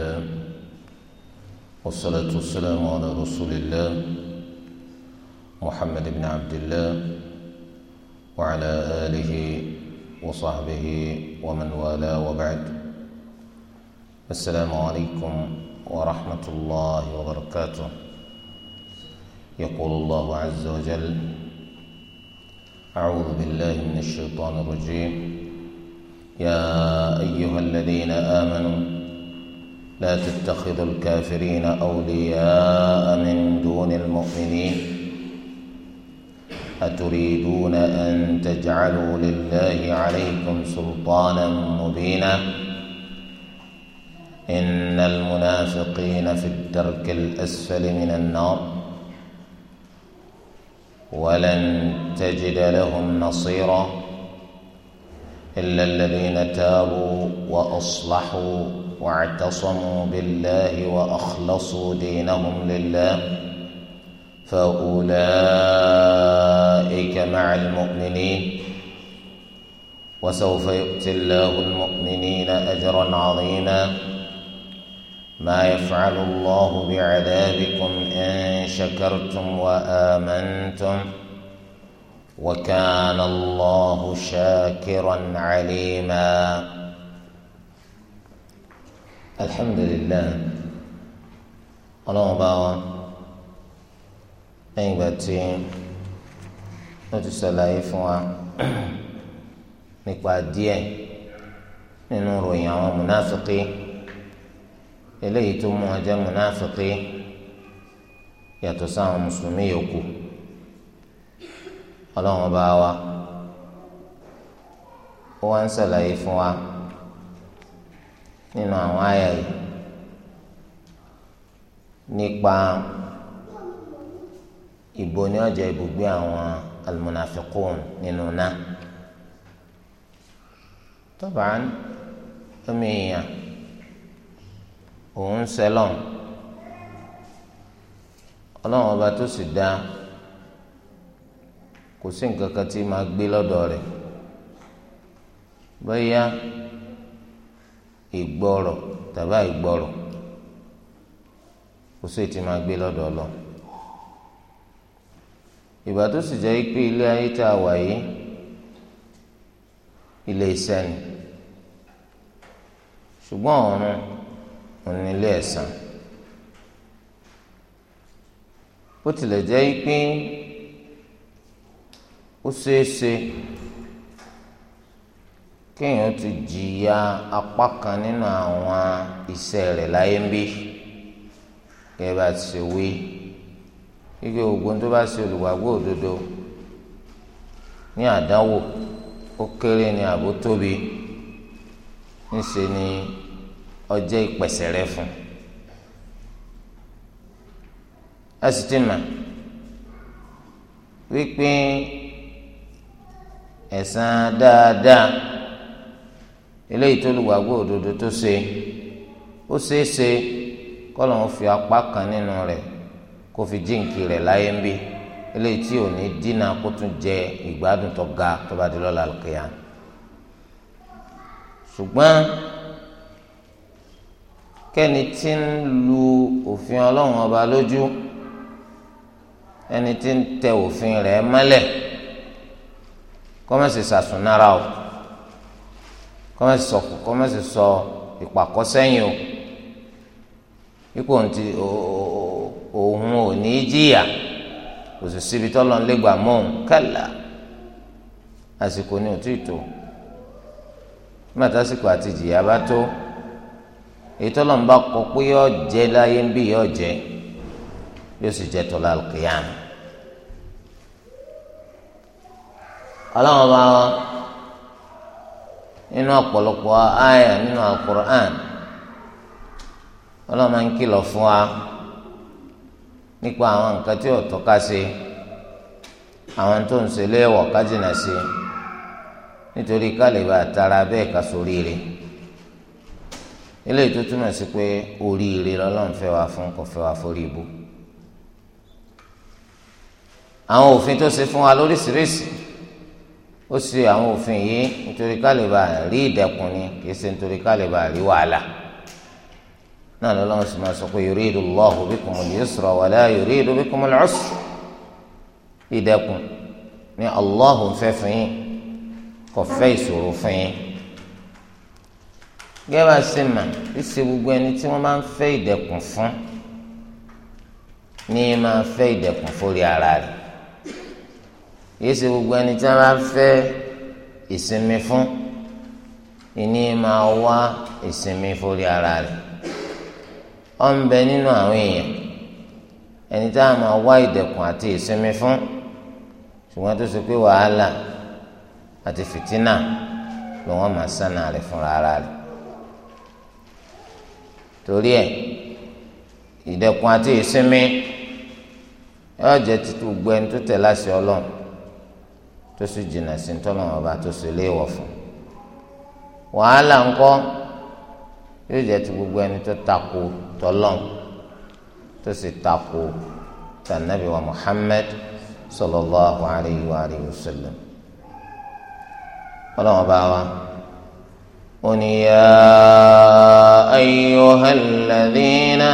الله والصلاة والسلام على رسول الله محمد بن عبد الله وعلى آله وصحبه ومن والاه وبعد السلام عليكم ورحمة الله وبركاته يقول الله عز وجل أعوذ بالله من الشيطان الرجيم يا أيها الذين آمنوا لا تتخذوا الكافرين أولياء من دون المؤمنين أتريدون أن تجعلوا لله عليكم سلطانا مبينا إن المنافقين في الدرك الأسفل من النار ولن تجد لهم نصيرا إلا الذين تابوا وأصلحوا واعتصموا بالله واخلصوا دينهم لله فاولئك مع المؤمنين وسوف يؤتي الله المؤمنين اجرا عظيما ما يفعل الله بعذابكم ان شكرتم وامنتم وكان الله شاكرا عليما alhamdulilayi ọlọ́run bá wa lẹ́yìn ìgbà tí wọ́n ti ṣàlàyé fún wa nípa díẹ̀ nínú ròyìn àwọn múnáfìkì eléyìí tó mú wọn jẹ́ yàtọ̀ sáwọn mùsùlùmí yòókù ọlọ́run bá wa ó wá ń ṣàlàyé fún wa nínú àwọn àyà yìí nípa ìbò ní ọjà ibùgbé àwọn almunafikun nínú náà tọ́ba ọmọ èèyàn òun sẹlọ̀n ọlọ́run ọba tó sì dá kò sí nǹkan kan tí máa gbé lọ́dọ̀ rẹ̀ bóyá ìgbọrọ tàbá ìgbọrọ kò sí ètí máa gbé lọ́dọ̀ ọlọ ìgbà tó sì jẹ́ pé ilé ayé tá a wà yìí ilé iṣẹ́ ni ṣùgbọ́n ọ̀run òun ni bó tilẹ̀ jẹ́ pé ó ṣeé ṣe. kéèyàn ti jìyà apá kan nínú àwọn iṣẹ́ rẹ̀ láyé ń bí kẹ́ẹ́ bá ṣe wí kíkẹ́ ogun tó bá ṣe olùgbàgbọ́ òdodo ní àdánwò ó kéré ní àbó tóbi ńṣe ni ọjẹ́ ìpẹ̀sẹ̀ rẹ fún ẹ sì ẹ̀sán wípé dáadáa. eléyìí tó lùgbàgbọ́ òdodo tó ṣe ó ṣeé ṣe kọ́lọ̀ ń fi apá kan nínú rẹ̀ kó fi jíǹkì rẹ̀ láyé ń bí eléyìí tí ò ní dínà kó tún jẹ ìgbádùn tó ga tó bá di lọ́la kìíyà ṣùgbọ́n kẹ́ni tí ń lu òfin ọlọ́run ọba lójú ẹni tí ń tẹ òfin rẹ̀ mọ́lẹ̀ kọ́mẹ́sì sàṣùnára o. kọ́mẹ́sì sọ kọ́mẹ́sì sọ ìpàkọ́ sẹ́yìn o ipò ntí òun ò ní í jìyà kò sì síbi ń mọ́ òun kẹ́là ni ò àti jìyà bá tó èyí ń bá kọ pé yọ jẹ́ láyé ń bí yọ jẹ́ yóò sì jẹ́ nínú ọ̀pọ̀lọpọ̀ àyà nínú alukur'an ọlọ́run ń kìlọ̀ fún wa nípa àwọn nǹkan tí ò tọ́ka sí àwọn tó ń se léèwọ̀ ká sí nítorí kálíbà tara bẹ́ẹ̀ ká soríire eléyìí tó túmọ̀ sí pé oríire lọ́lọ́run fẹ́ wa fún kò fẹ́ wa forí ibú àwọn ó ṣe àwọn òfin yìí nítorí kálíbà rí ìdẹkùn ni kì í ṣe nítorí kálíbà rí wàhálà náà lọ́lọ́run sì máa sọ pé yuridu Allahu bikumul yusra wala yuridu bikumul usra ìdẹkùn ni Allahu ń fẹ́ fún yín kò fẹ́ ìṣòro fún yín gẹ́gẹ́ bá ṣe mà ṣíṣe gbogbo ẹni tí wọ́n máa ń fẹ́ ìdẹkùn fún ni máa fẹ́ ìdẹkùn fórí ara rẹ̀ yìí ṣe gbogbo ẹni tí bá fẹ́ ìsinmi fún ìní wá ìsinmi forí ara rẹ̀ ọ ń bẹ nínú àwọn èèyàn ẹni tí wá ìdẹ̀kùn àti ìsinmi fún ṣùgbọ́n tó so pé wàhálà àti fìtínà ló wọn máa sànà rẹ̀ fúnra ara rẹ̀ torí ẹ̀ ìdẹ̀kùn àti ìsinmi yóò jẹ́ títú gbẹ́ni tó tẹ̀ láṣẹ tó sì jìnnà sí tọ́lọ́wọ́n ọba tó sì léèwọ̀ fún wàhálà ńkọ́ yóò jẹ́ ti gbogbo ẹni tó tako tọ́lọ́n tó sì tako tànàbí wa Muhammad sallallahu alayhi wa alihi wa sallam bá wa ó ní ayyuhal ladhina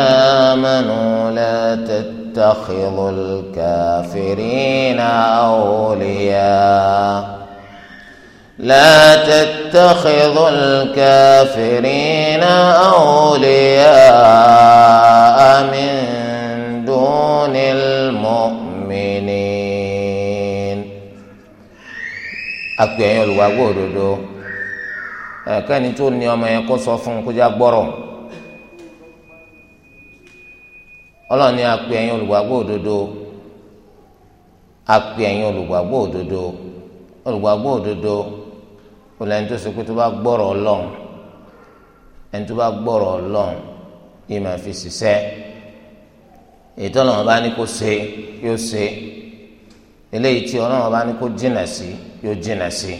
amanu la tẹ̀tẹ̀. تتخذ الكافرين أولياء لا تتخذ الكافرين أولياء من دون المؤمنين أكيد الواقود ẹ̀kẹ́ni tó ní ọmọ yẹn kó sọ ọlọ́ọ̀ni àpè ẹ̀yin olùgbàgbọ́ òdodo àpè ẹ̀yin olùgbàgbọ́ òdodo olùgbàgbọ́ òdodo olùyẹn tó ṣe pé tó bá gbọ́rọ̀ ọlọ́run ẹni tó bá gbọ́rọ̀ ọlọ́run yìí máa fi ṣiṣẹ́ ètò ọlọ́run bá ní kó ṣe yóò ṣe eléyìí tí ọlọ́run bá ní kó jìnà sí yóò jìnà sí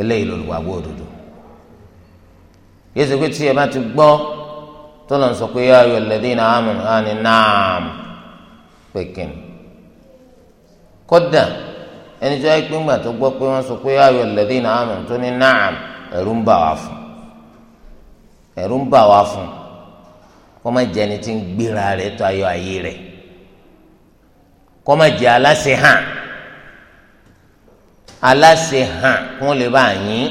eléyìí lolùgbàgbọ́ òdodo yóò tí ẹ bá ti gbọ́ tọ́lọ̀ ń sọ pé yá ayọ̀ lẹ́dínà amanu àní naam pèkìn kódà ẹni tó yá pé ńgbà tó gbọ́ pé wọ́n sọ pé yá ayọ̀ lẹ́dínà amanu tó ní naam ẹ̀rù ń bà wá fún ẹ̀rù ń bà wá fún kó jẹ́ ẹni tí ń gbéra rẹ̀ tó ayọ̀ ayé rẹ̀ kó jẹ́ aláṣẹ hàn aláṣẹ hàn kó lè bá yín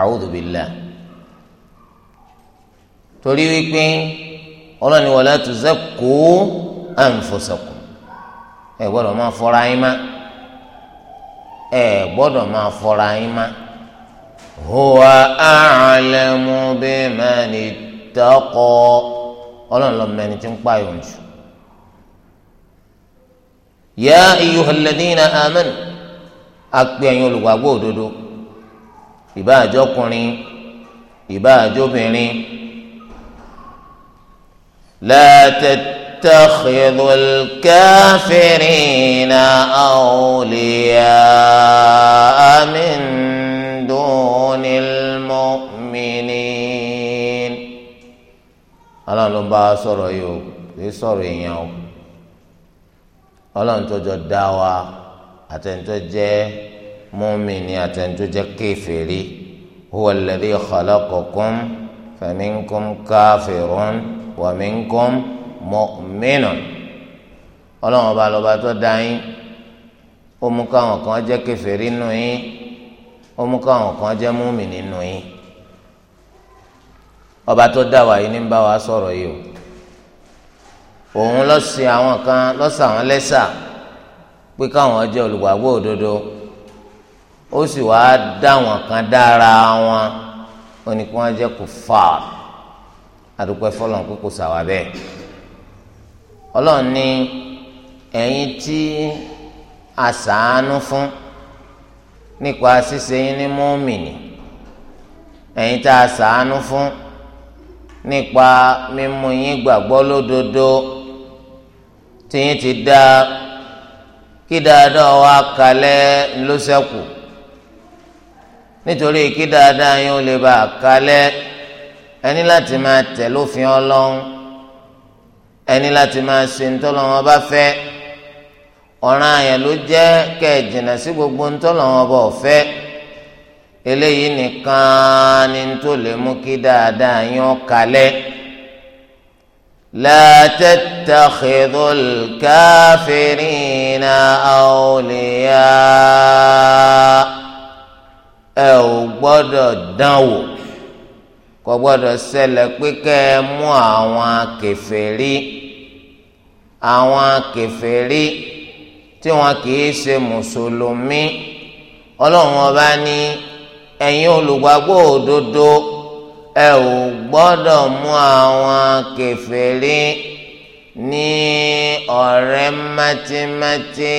a'udhu billah torí wípé ọlọ́ni wala tuzakku anfusakum ẹ gbọ́dọ̀ máa fọra yín má ẹ gbọ́dọ̀ máa fọra yín má huwa a'lamu biman ittaqa ọlọ́run lọ́mọ ẹni tí ń pààyàn jù. ya ayyuhal ladina amanu àpè ẹ̀yin olùgbàgbọ́ òdodo ìbá àjọkùnrin ìbá àjọbìnrin. لا تتخذوا الكافرين أولياء من دون المؤمنين ألا لبا سورة يوب في سورة ألا أنتو جدوا أتنتو جي مؤمني أتنتو جي كفري هو الذي خلقكم فمنكم كافرون wa minkum mu'minun ọlọ́run ọba lọ́ba tó dá yín ó mú káwọn kan jẹ́ kèfèrí nù yín ó mú káwọn kan jẹ́ múmìnì nù yín ọba tó dá wa yìí ní bá wa sọ̀rọ̀ yìí o òun ló ṣe àwọn kan ló ṣà wọ́n lẹ́ṣà pé káwọn jẹ́ olùgbàgbọ́ òdodo ó sì wáá dá wọn kan dára wọn ó ní kí wọ́n jẹ́ kufar. adúpẹ́ fọlọ́n kókó sàwà bẹ́ẹ̀ ọlọ́run ní ẹ̀yin tí a ṣàánú fún nípa ṣíṣe yín ní mọ́mìnì ẹ̀yin tá a ṣàánú fún nípa mímú yín gbàgbọ́ lódodo tí yín ti dá kí dáadáa wá kalẹ̀ ló ṣẹ́kù nítorí kí dáadáa yín ó lè bá a kalẹ̀. ẹni láti máa tẹ̀ lófin ọlọ́run ẹni láti máa ṣe ntọ́lọ́wọ́n bá fẹ́ ọ̀ràn àyàn ló jẹ́ kẹ́ ẹ̀ jìnnà sí gbogbo ntọ́lọ́wọ́n bá ọ̀fẹ́ eléyìí nìkan ni tó lè mú kí dáadáa yán kalẹ̀ la tattakhidhul kafirina awliya ẹ ò gbọ́dọ̀ dánwò kò gbọ́dọ̀ ṣẹlẹ̀ pé kẹ́ ẹ mú àwọn kèfèrí àwọn kèfèrí tí wọn kì í ṣe mùsùlùmí ọlọ́run ọba ní ẹ̀yin olùgbàgbọ́ òdodo ẹ ò gbọ́dọ̀ mú àwọn kèfèrí ní ọ̀rẹ́ mátímátí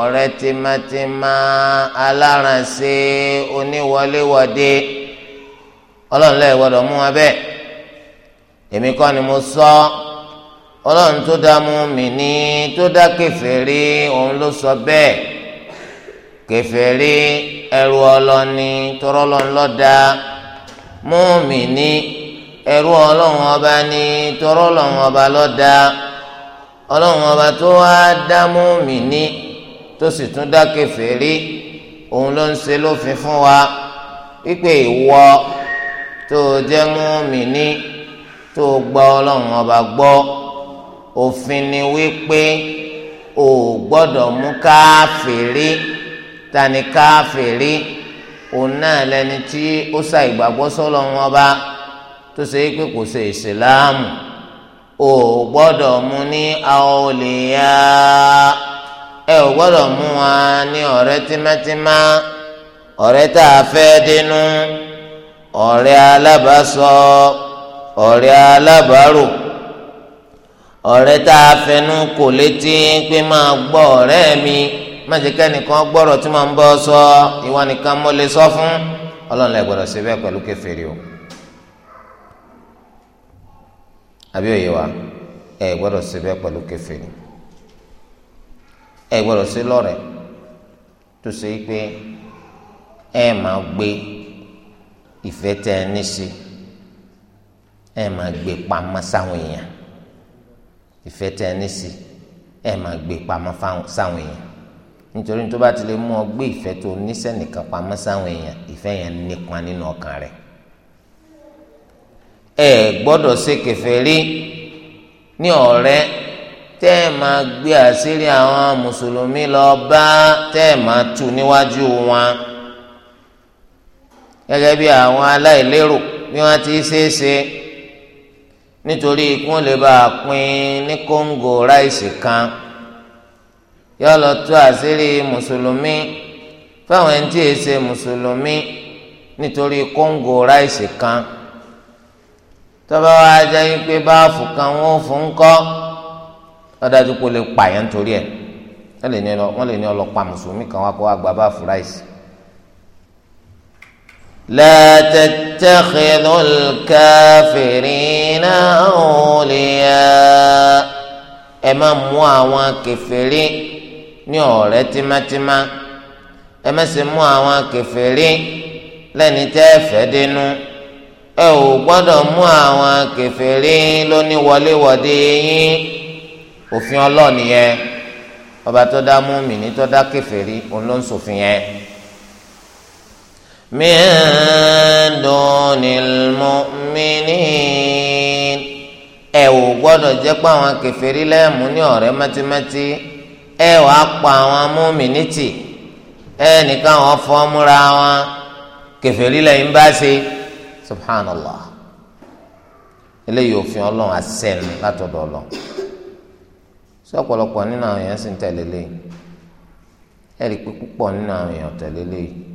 ọ̀rẹ́ tímátímá alárànṣe oníwọléwọ̀de. Wa ọlọ́run lẹ́ẹ̀ gbọ́dọ̀ mú wọn bẹ́ẹ̀ èmi kọ́ ni mo sọ ọlọ́run tó dá mú mi ní tó dá kèfèrí òun ló sọ bẹ́ẹ̀ kèfèrí ẹrú ọlọ́ni tọrọ ọlọ́run ló dá mú mi ní ẹrú ọlọ́run ọba ní tọrọ ọlọ́run ọba ló dá ọlọ́run ọba tó wá dá mú mi ní tó sì tún dá kèfèrí òun ló ń ṣe lófin fún wa wípé ìwọ tó o jẹ́ mùmíní tó o gbọ́ ọlọ́run ọba gbọ́ òfin ni wípé o gbọ́dọ̀ mú káfìrí tani káfìrí òun náà lẹni tí ó sa ìgbàgbọ́ sọ́lọ́run ọba tó ṣe é pé kò ṣe ìsìláàmù o gbọ́dọ̀ mú ní àwòlíyá ẹ ò gbọ́dọ̀ mú wa ní ọ̀rẹ́ tímátímá ọ̀rẹ́ tá a fẹ́ dínú. ọ̀rẹ́ alábàásọ ọ̀rẹ́ alábàárò ọ̀rẹ́ tá a fẹnu kò létí pé máa gbọ́ ọ̀rẹ́ mi má jẹ́ kẹ́nìkan gbọ́rọ̀ tí màá ń bọ́ sọ ìwà nìkan mo lè sọ fún ọlọ́run lè gbọ́dọ̀ ṣe bẹ́ẹ̀ pẹ̀lú kèfèrí o àbí òye wa ẹ gbọ́dọ̀ ṣe bẹ́ẹ̀ pẹ̀lú kèfèrí ẹ gbọ́dọ̀ ṣe lọ́rẹ̀ tó ṣe pé ẹ máa gbé. ìfẹ́ tẹ ẹ ní ẹ máa gbé pamọ́ sáwọn èèyàn ìfẹ́ tẹ ẹ ní ẹ máa gbé pamọ́ sáwọn èèyàn nítorí tó bá ti lè mú ọ gbé ìfẹ́ tó níṣẹ́nìkan pamọ́ sáwọn èèyàn ìfẹ́ yẹn nípa nínú ọkàn rẹ. ẹ gbọ́dọ̀ ṣe kèfèrí ní ọ̀rẹ́ tẹ́ ẹ máa gbé àṣírí àwọn mùsùlùmí lọ bá tẹ́ ẹ máa tú níwájú wọn. gẹ́gẹ́ bí àwọn aláìlérò bí wọ́n ti ṣe é ṣe nítorí kún lè bá a pín ní kóńgò ráìsì kan yóò lọ tú àṣírí mùsùlùmí fáwọn ẹni tí èsè mùsùlùmí nítorí kóńgò ráìsì kan tọ́ba wa jẹ́ pé báàfù kan wọ́n fún kọ́ ọ̀dájú kò lè pààyàn torí ẹ̀ wọ́n lè ní ọlọ́pàá mùsùlùmí kan wá kó wá gba báàfù ráìsì. لا تتخذوا الكافرين أولياء ẹ má mú àwọn kèfèrí ní ọ̀rẹ́ tímátímá ẹ má sì mú àwọn kèfèrí lẹ́ni tẹ́ ẹ fẹ́ dínú ẹ ò gbọ́dọ̀ mú àwọn kèfèrí lóní wọléwọ̀de yín òfin ọlọ́ọ̀nìyẹn ọba tó dá mú mi tó dá kèfèrí òun ló ń ṣòfin yẹn. من دون المؤمنين ẹ ò gbọ́dọ̀ jẹ́ pé àwọn kèfèrí lẹ́ẹ̀mú ní ọ̀rẹ́ mẹ́tímẹ́tí ẹ wàá pa àwọn mùmínì tì ẹ nìkan wọn múra wọn kèfèrí lẹ́yìn bá eléyìí òfin látọ̀dọ̀ sí nínú àwọn èèyàn sì ń nínú àwọn èèyàn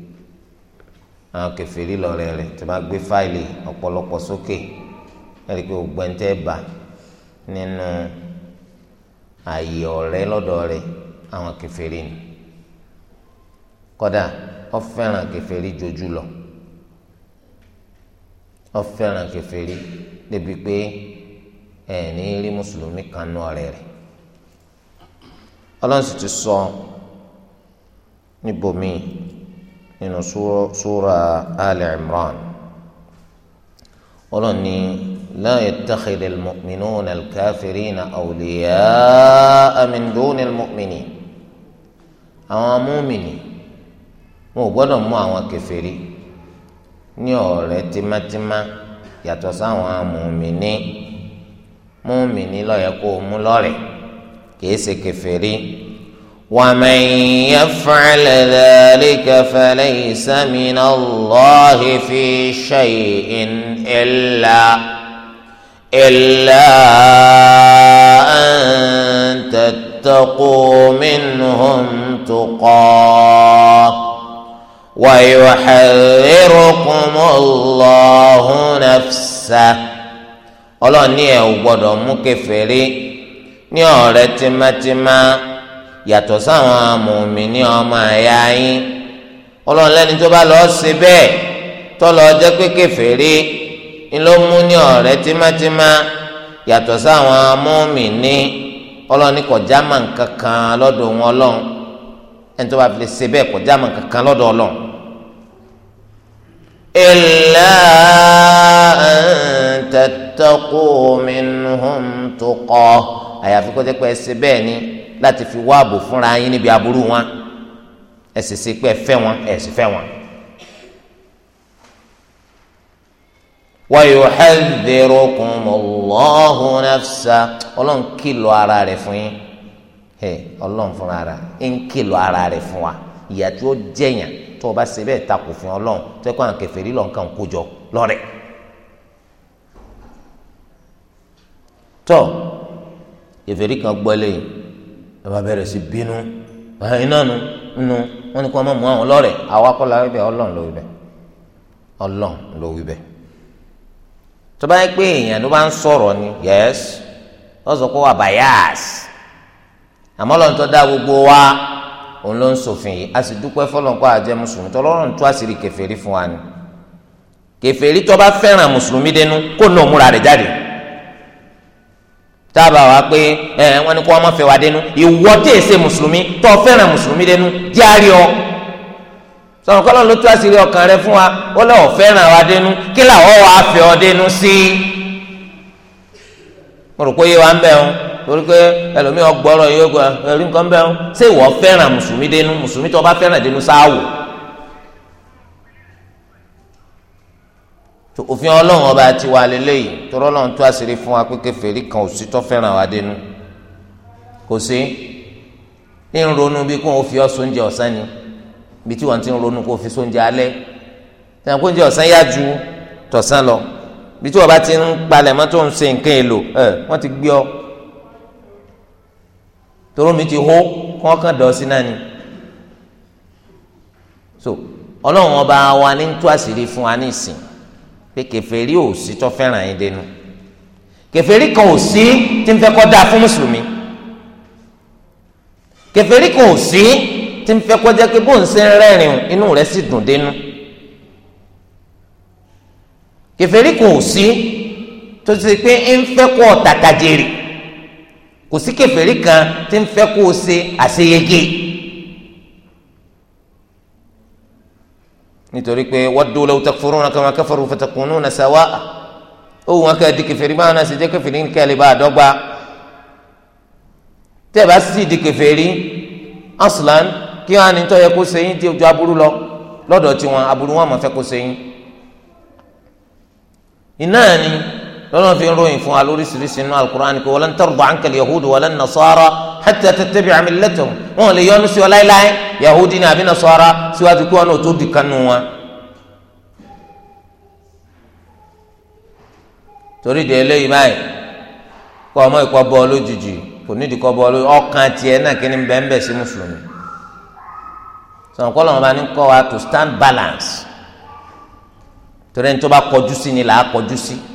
àwọn kẹfìrí lọrẹ rẹ tí wọn gbé fáìlì ọ̀pọ̀lọpọ̀ sókè ẹni pé ògbẹ́ntẹ́ bá nínú ààyè ọ̀rẹ́ lọ́dọ̀ rẹ àwọn kẹfìrí ni kódà ó fẹ́ràn kẹfìrí jojú lọ kẹfìrí débi pé rí mùsùlùmí kan sọ níbòmíì. nínú súra ali imran ọlọ́ni la yattakhidhu al-mu'minuna al-kafirina awliya'a min duni al-mu'minin àwọn múmìnì wọn ò gbọ́dọ̀ mú àwọn kèfèrí ní ọ̀rẹ́ tímátímá yàtọ̀ sáwọn múmìnì múmìnì ló kó mú lọ́rẹ̀ẹ́ kìí ṣe kèfèrí. ومن يفعل ذلك فليس من الله في شيء إلا إلا أن تتقوا منهم تقاه ويحذركم الله نفسه ọlọ́ọ̀ni ẹ̀ ò gbọ́dọ̀ mú kẹfẹ́ rí yàtọ̀ sáwọn ní ọmọ àyà yín ọlọ́run lẹ́ni tó bá lọ́ọ́ ṣe bẹ́ẹ̀ tọ́lọ́ jẹ́ pé kèfèrí ni ní ọ̀rẹ́ tímátímá yàtọ̀ sáwọn amòmìnì ọlọ́run kò jámà kankan lọ́dọ̀ wọn ọlọ́run ẹni tó bá fi ṣe bẹ́ẹ̀ kò jámà kankan lọ́dọ̀ ọlọ́run. إلا أن تتقوا منهم تقاه àyàfi kó jẹ́ pé ẹ ṣe bẹ́ẹ̀ ni láti fi wá ààbò fúnra yín níbi aburú wọn ẹ sì sí pé ẹ fẹ́ wọn ẹ sì fẹ́ wọn. wa yuhadhdhirukumullahu nafsa ọlọ́run kìlọ̀ ara rẹ̀ fún yín ọlọ́run fúnra rẹ̀ ń kìlọ̀ ara rẹ̀ fún wa ìyà tí ó jẹ̀yàn tó o bá ṣe bẹ́ẹ̀ takò fún ọlọ́run tó kọ́ àwọn kèfèrí lọ́nkàn kó jọ lọ́rẹ̀. tọ́ kèfèrí kan gbọ́ lẹ́yìn lọ́ba bẹ̀rẹ̀ sí bínú ẹ̀yin nu nu wọ́n ní kí wọ́n máa mú àwọn lọ́rẹ̀ àwa kọ́ la wíbẹ̀ ọlọ́run ló wíbẹ̀ ọlọ́run ló wíbẹ̀ tó bá yẹ pé èèyàn ló bá ń sọ̀rọ̀ ni yẹ́s lọ́sọ̀ kó wà bàyàs àmọ́ lọ́n tó dá gbogbo wa òun ló ń ṣòfin yìí a sì dúpẹ́ fọlọ́nkọ́ àjẹ́ mùsùlùmí tọ́lọ́run tó àṣírí kèfèrí fún wa ni kèfèrí tó bá fẹ́ràn mùsùlùmí dénú kó náà múra rẹ̀ jáde Taba wa pé ẹ wọn ni kó wọn má fẹ́ wá dénú ìwọ tí èyí ṣe mùsùlùmí tó fẹ́ràn mùsùlùmí dénú járe ọ sọ̀rọ̀ kọ́lọ́ ló tú àṣírí ọkàn rẹ fún wa ó lọ́wọ́ fẹ́ràn wa dénú kí làwọn wàá fẹ́ ọ dénú sí i. mo rò pé yé wa ń bẹ̀ ọ́n torí pé ẹlòmíràn gbọ́rọ̀ yóò gba ẹ̀rí nǹkan bẹ̀ ọ́n ṣé ìwọ fẹ́ràn mùsùlùmí dénú mùsùlùmí tó bá fẹ́ràn dénú sáà wò. òfin ọlọ́run ọba ti wà lélẹ́yìí tọ́rọ́ lọ́run tó àṣírí fún wa pé kèfèrí kan ò sí tó fẹ́ràn wa dénú kò sí ń ronú bí kò ń fi ọ́ ọ̀sán ni bí tí wọ́n ti ń ronú kò fi sóúnjẹ alẹ́ tẹ̀wọ́n kó oúnjẹ ọ̀sán yá ju tọ̀sán lọ bí tí wọ́n bá ti ń palẹ̀ mọ́ tó ń ṣe nǹkan èlò ẹ̀ wọ́n ti gbé ọ tọ́rọ́ mi ti hó kọ́ kàn dọ̀ sí náà ni so ọlọ́run ọba wa ní tó àṣírí fún wa ní ìsìn pé kèfèrí ò sí tó fẹ́ràn yín dénú kèfèrí kan ò sí tí ń fẹ́ kó dáa fún mùsùlùmí kèfèrí kan ò sí tí ń fẹ́ kó jẹ́ pé bóun ṣe ń rẹ́rìn inú rẹ̀ sì dùn dénú kèfèrí kan ò sí tó ti pé ń fẹ́ kó tàkàjèrè kò sí kèfèrí kan tí ń fẹ́ kó ṣe àṣeyege. nítorí pé waddu law takfuruna kama kafaru fatakununa sawa'a òun wọn kẹ́ di kèfèrí báwọn náà ṣe jẹ́ kèfèrí ní kẹ́lẹ́ bá a dọ́gba tẹ́ ẹ bá sì di kèfèrí aslan kí wọn á ní tọ́ yẹ kó ṣe yín ojú aburú lọ lọ́dọ̀ tiwọn aburú wọn mọ̀ fẹ́ kó ṣe yín ni lọ́nà fi ń ròyìn fún wa lóríṣiríṣi nínú alukur'an kò walan tarda anka yahudu walan nasara hatta tattabi'a millatahum wọn lè yọ́nú sí ọ láéláé yahudi ní àbí nasara síwájú kí wọn náà tó di kanu wọn. torí de eléyìí báyìí kọ́ ọmọ ìkọ́ bọ́ ọ lójijì kò nídìí kọ́ bọ́ ọ lójijì ọkàn tiẹ̀ náà kí ni bẹ́ẹ̀ bẹ́ẹ̀ sí mùsùlùmí. sọ̀rọ̀ kọ́ lọ́wọ́ bá ní kọ́ wa to stand balance torí ẹni tó bá kọjú sí ni là á kọjú sí. Si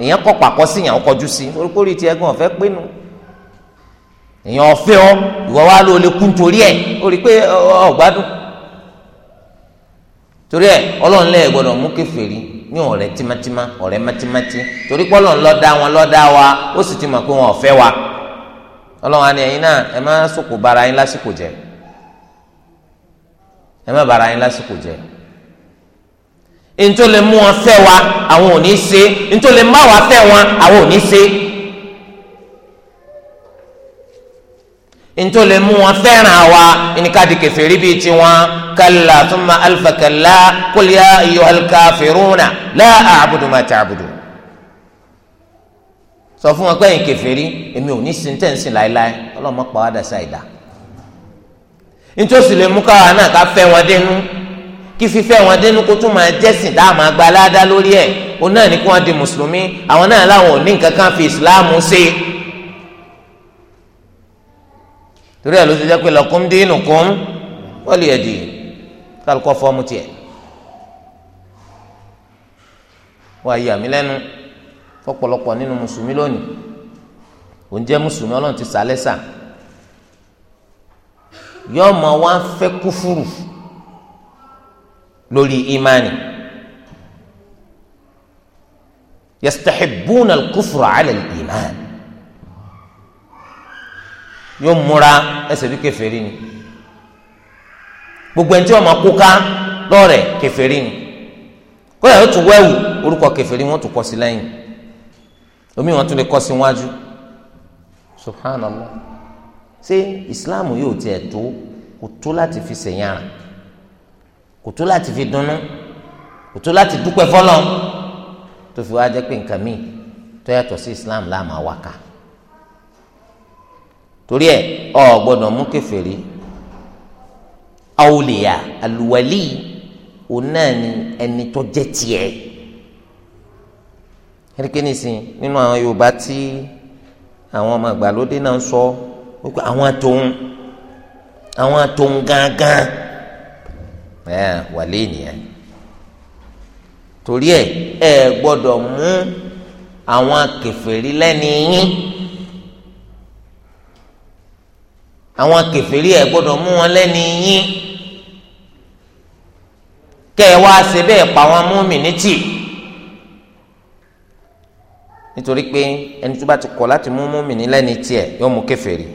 èèyàn kọ pàkọ sí yàn ọkọjú sí orí tiẹ̀ gan ọ̀fẹ́ pinnu èèyàn ọ̀fẹ́ ọ ìwọ wa ló lè kún torí ẹ̀ ó rí i pé ọ̀gbádùn torí ẹ̀ ọlọ́run lẹ́yìn gbọ́dọ̀ mú kèfèrí ní ọ̀rẹ́ tímátímá ọ̀rẹ́ mátímátí torí pé ọlọ́run ló dá wọn ló dá wa ó sì ti mọ̀ pé wọn ọ̀fẹ́ wa ọlọ́run àni ẹ̀yin náà ẹ má sòkò bara yín lásìkò jẹ ẹ má bara yín lásìkò jẹ ntó lè mú wọn fẹ́ wa àwọn ò ní ṣe ntó lè má wa fẹ́ wọn àwọn ò ní ṣe ntó lè mú wọn fẹ́ràn wa ẹnìkadì kèfèrí bíi tiwọn kalla thumma alfa kalla qul ya ayyuhal kafiruna la a'budu ma ta'budu sọ fún wọn pé ẹ̀yin kèfèrí èmi ò ní sin tẹ̀sìn láéláé ọlọ́mọ pàwádà sáì dá ntó sì lè mú káwa náà ká fẹ́ wọn dénú kí fífẹ́ wọn dénú kó tún máa jẹ́sìn tá a máa gba aládá lórí ẹ̀ òun náà ní kí wọ́n di mùsùlùmí àwọn náà láwọn ò ní nǹkan kan fi ìsìláàmù ṣe. torí ẹ̀ ló ti jẹ́ pé lakum dinukum waliya din kálukọ́ fọ́ọ̀mù tiẹ̀. wọ́n ayé àmì lẹ́nu fọ́pọ̀lọpọ̀ nínú mùsùlùmí lónìí òun jẹ́ mùsùlùmí ọlọ́run ti sàlẹ̀ sà yọ́ọ̀mọ̀ wá fẹ́ kúfúrú lórí imani yastahibbuna al-kufra ala al-iman yóò múra ẹsẹ̀ bí kèfèrí ni gbogbo ẹni tí wọ́n máa kó ká lọ́rẹ̀ kèfèrí ni kódà ó tún wẹ́wù orúkọ kèfèrí wọ́n tún kọ́ sí lẹ́yìn omi wọn tún lè kọ́ sí wájú subhanallah ṣé ìsìláàmù yóò tiẹ̀ tó kò tó láti fi ṣèyàn kò tó láti fi dunnú kò tó láti dúpẹ́ fọlọ́ tó fi wá jẹ́ pé nǹkan míì tó yàtọ̀ sí islam láàmú àwàkà torí ẹ ọ gbọ́dọ̀ mú kèfèrí awliya aluwali òun náà ni ẹni tó jẹ́ tiẹ̀ ẹnikẹ́ni nìsín nínú àwọn yorùbá tí àwọn ọmọ àgbàlódé náà ń sọ wípé àwọn àtòun àwọn àtòun gángan ẹ wàlẹ́ nìyẹn torí ẹ ẹ gbọ́dọ̀ mú àwọn kèfèrí lẹ́ni yín àwọn kèfèrí ẹ gbọ́dọ̀ mú wọn lẹ́ni yín kẹ ẹ wá ṣe bẹ́ẹ̀ pa wọn mú mi ní tì nítorí pé ẹni tó bá ti kọ̀ láti mú mú mi ní lẹ́ni tiẹ̀ yóò mú kèfèrí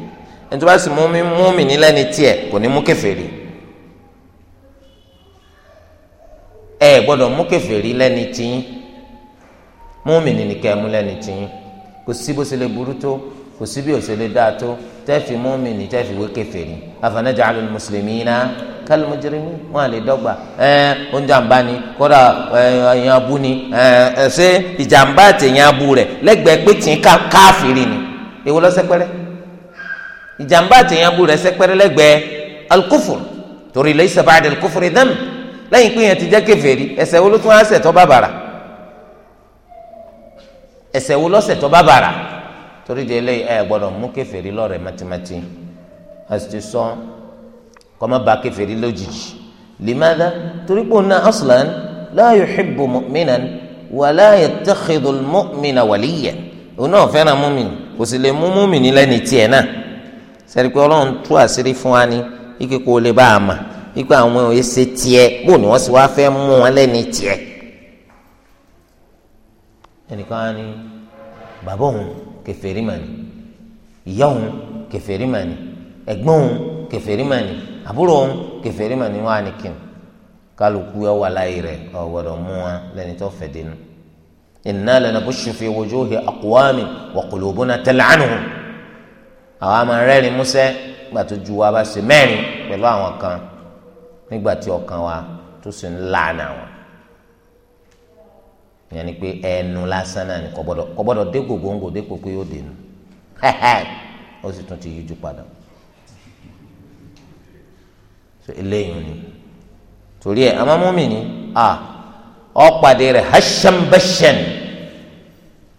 ẹni tó bá sì mú mú mi ní lẹ́ni tiẹ̀ kò ní mú kèfèrí. ẹ gbọ́dọ̀ mú kèfèrí lẹ́ni tiyín múmìnì ni kẹ́ mú lẹ́ni tiyín kò sí bó ṣe lè burú tó kò sí bí ó ṣe lè dáa tó tẹ́fì múmìnì tẹ́fì wé kèfèrí afanaj'alul muslimina kal mujrimin wọn à lè dọ́gba ẹ oúnjàmbá ni kódà ẹyàn abú ni ẹ ṣe ìjàmbá àtẹ̀yìn abú rẹ̀ pé tì káfìrí ni èwo ló sẹ́pẹ́rẹ́ ìjàmbá àtẹ̀yìn abú rẹ̀ sẹ́pẹ́rẹ́ lẹ́gbẹ̀ẹ́ torí laysa ba'da al-kufri dhanb lẹ́yìn pé yẹn ti jẹ́ kèfèrí ẹ̀ṣẹ̀ wo ló tún ẹ̀ṣẹ̀ tó bàbàrà ẹ̀ṣẹ̀ wo lọ́ṣẹ̀ tó bàbàrà torí de eléyìí ẹ gbọ́dọ̀ mú kèfèrí lọ́rẹ̀ mẹtimẹti a sì ti sọ kọ́má ba kèfèrí lójijì limadha torí pé òun náà aslan la yuhibbu mu'minan wa la yattakhidhu al-mu'mina òun náà fẹ́ràn mu'min kò sì lè mú mu'min lẹ́ni tiẹ̀ náà sẹ́ni ọlọ́run tú àṣírí fún wa ní ike kó lè bá a mà wípé àwọn òye ṣe tiẹ̀ bó ni wọ́n sì wá fẹ́ mú wọn lẹ́ni tiẹ̀ ẹnìkan á ní bàbá òun kèfèrí mà ní ìyá òun kèfèrí mà ní ẹ̀gbọ́n òun kèfèrí mà ní àbúrò òun kèfèrí mà ní wọn á ní kí n kálukú ẹ wà láyé rẹ ọ mú wọn lẹ́ni tó fẹ́ dénú inna lanabushu fi wujuhi aqwami wa qulubuna tal'anuhum àwọn àmọ rẹ́rìn músẹ́ gbàtújú wa bá ṣe mẹ́rin pẹ̀lú àwọn kan nígbà tí ọkàn wa tó sì ń lànà wọn ìyẹn ni pé ẹnu lásán náà ni kò gbọ́dọ̀ kò gbọ́dọ̀ dé gògóńgò dépò pé yóò dénú ó sì tún ti yíjú padà so eléyìí ni torí ẹ àmọ́ mú mi ni a ọ̀pàdé rẹ̀ hashanbashan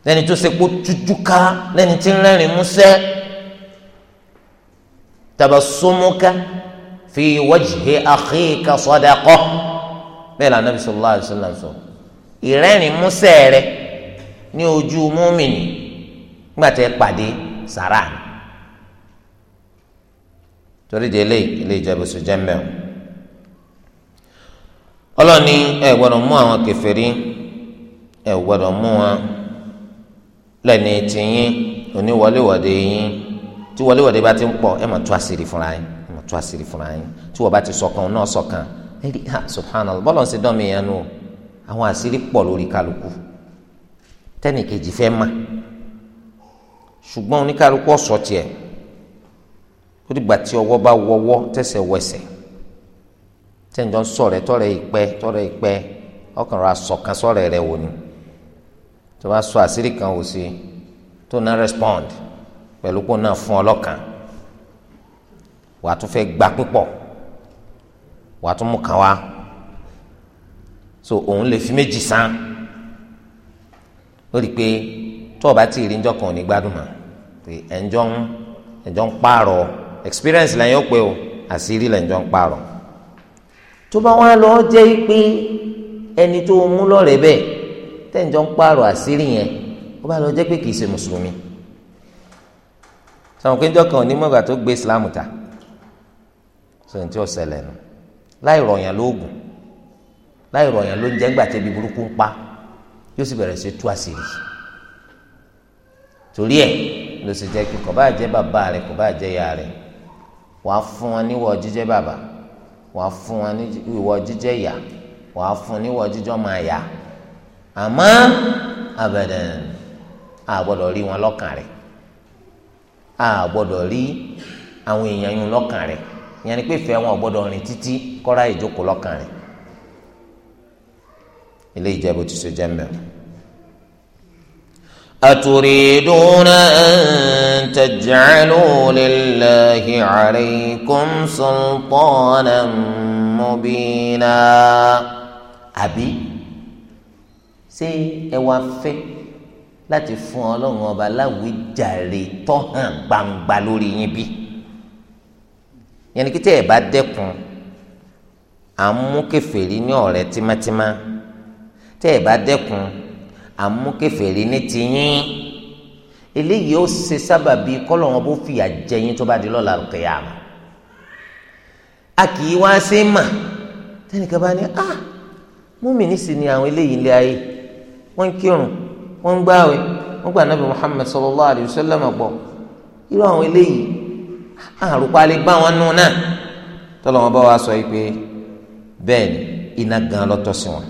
lẹ́ni tó ṣe kó tújúká lẹ́ni tí ń rẹ́rìn músẹ́ tabasumuka fi wajhi akhika sadaqah bẹ́ẹ̀ la nabi sallallahu alayhi wa sallam sọ ìrẹ́rìn músẹ́ rẹ ní ojú múmìnì gbàtẹ́ pàdé sàrà ni torí de ilé ilé ìjẹ́bùsùn jẹ́ mẹ́wọ̀n ọlọ́ni ẹ gbọ́dọ̀ mú àwọn kèfèrí ẹ gbọ́dọ̀ mú wọn lẹ́ni tìyín oníwọléwọ̀de yín tí wọléwọ̀de bá ti ń pọ̀ ẹ máa tú àṣírí fúnra yín tú àṣírí fúnra yín tí wọ́n bá ti sọ̀kan òun náà sọ̀kan ẹ̀rí ha subhanallah bọ́lá ń ṣe dán mi yẹn nu àwọn àṣírí pọ̀ lórí kálukú tẹ́nìkejì fẹ́ má ṣùgbọ́n oníkálukú ọ̀sọ̀ tiẹ̀ ó dìgbà tí ọwọ́ bá wọwọ́ tẹ̀sẹ̀ wẹsẹ̀ tẹ́nìjọ́ ń sọ̀rẹ́ tọ́rẹ́ ìpẹ́ tọ́rẹ́ ìpẹ́ ọkàn rà sọ̀kan sọ̀rẹ́ rẹ̀ wò ni tó bá sọ àṣírí kan wò sí tó náà respond pẹ̀lú kó náà fún ọlọ́kan wà á tún fẹ́ gba púpọ̀ wà á tún mú kàn wá so òun lè fi méjì san ó rí i pé tó o bá ti rí njọ́ ní gbádùn mọ́ pé ẹ̀ńjọ́ ń ẹ̀ńjọ́ ń pààrọ̀ experience lẹ́yìn ó pé o àṣírí lẹ́ńjọ́ ń pààrọ̀ tó bá wá lọ jẹ́ pé ẹni tó mú lọ́rẹ̀ẹ́ bẹ́ẹ̀ tẹ́ǹjọ́ ń pààrọ̀ àṣírí yẹn ó bá lọ jẹ́ pé kì í ṣe mùsùlùmí sọ̀rọ̀ pé njọ́ kan ò tó gbé islam ta so ní tí ó ṣẹlẹ̀ nù láì rọ̀yàn lóògùn láì rọ̀yàn ló ń jẹ́ gbàtẹ́ bí burúkú ń pa yóò sì bẹ̀rẹ̀ sí tú àṣírí torí ẹ̀ ló sì jẹ́ kí kò bá jẹ́ bàbá rẹ̀ kò bá jẹ́ ìyá rẹ̀ wàá fún wọn níwọ̀ jíjẹ́ bàbá wàá fún wọn níwọ̀ jíjẹ́ ìyá wàá fún níwọ̀ jíjọ́ máa yá àmọ́ abadan a gbọ́dọ̀ rí wọn lọ́kàn rẹ̀ a rí àwọn èèyàn yún lọ́kàn rẹ̀ ìyẹn ni pé ìfẹ́ wọn ò gbọ́dọ̀ rìn títí kọ́ra ìjókòó lọ́kàn rẹ̀ ilé ìjẹ́bù ti so jẹ́ mẹ́rin. أتريدون أن تجعلوا لله عليكم سلطانا مبينا àbí ṣé ẹ wá fẹ́ láti fún ọlọ́run ọba láwùjáre tó hàn gbangba lórí yín bíi yẹn ni kíkẹ́ ẹ̀ bá dẹ́kun àmúkèfèrí ní ọ̀rẹ́ tímátímá tẹ́ ẹ̀ bá dẹ́kun àmúkèfèrí ní tiyín eléyìí ó ṣe sábàbí kọ́lọ̀ wọn bó fìyà jẹyìn tó bá di lọ́la kìyàmù a kì í wá sí mà tẹnìkan bá ní a múmìnì sì ni àwọn eléyìí ilé ayé wọ́n kírun wọ́n gbáwé wọ́n gba Ànábì Muhammad sallallahu alayhi wa sallam gbọ́ irú àwọn eléyìí Ah, àrùpá lè gbá wọn nù náà tọ́lọ̀ wọn bá wa sọ pé bẹ́ẹ̀ ni iná gan lọ́tọ́ sí wọn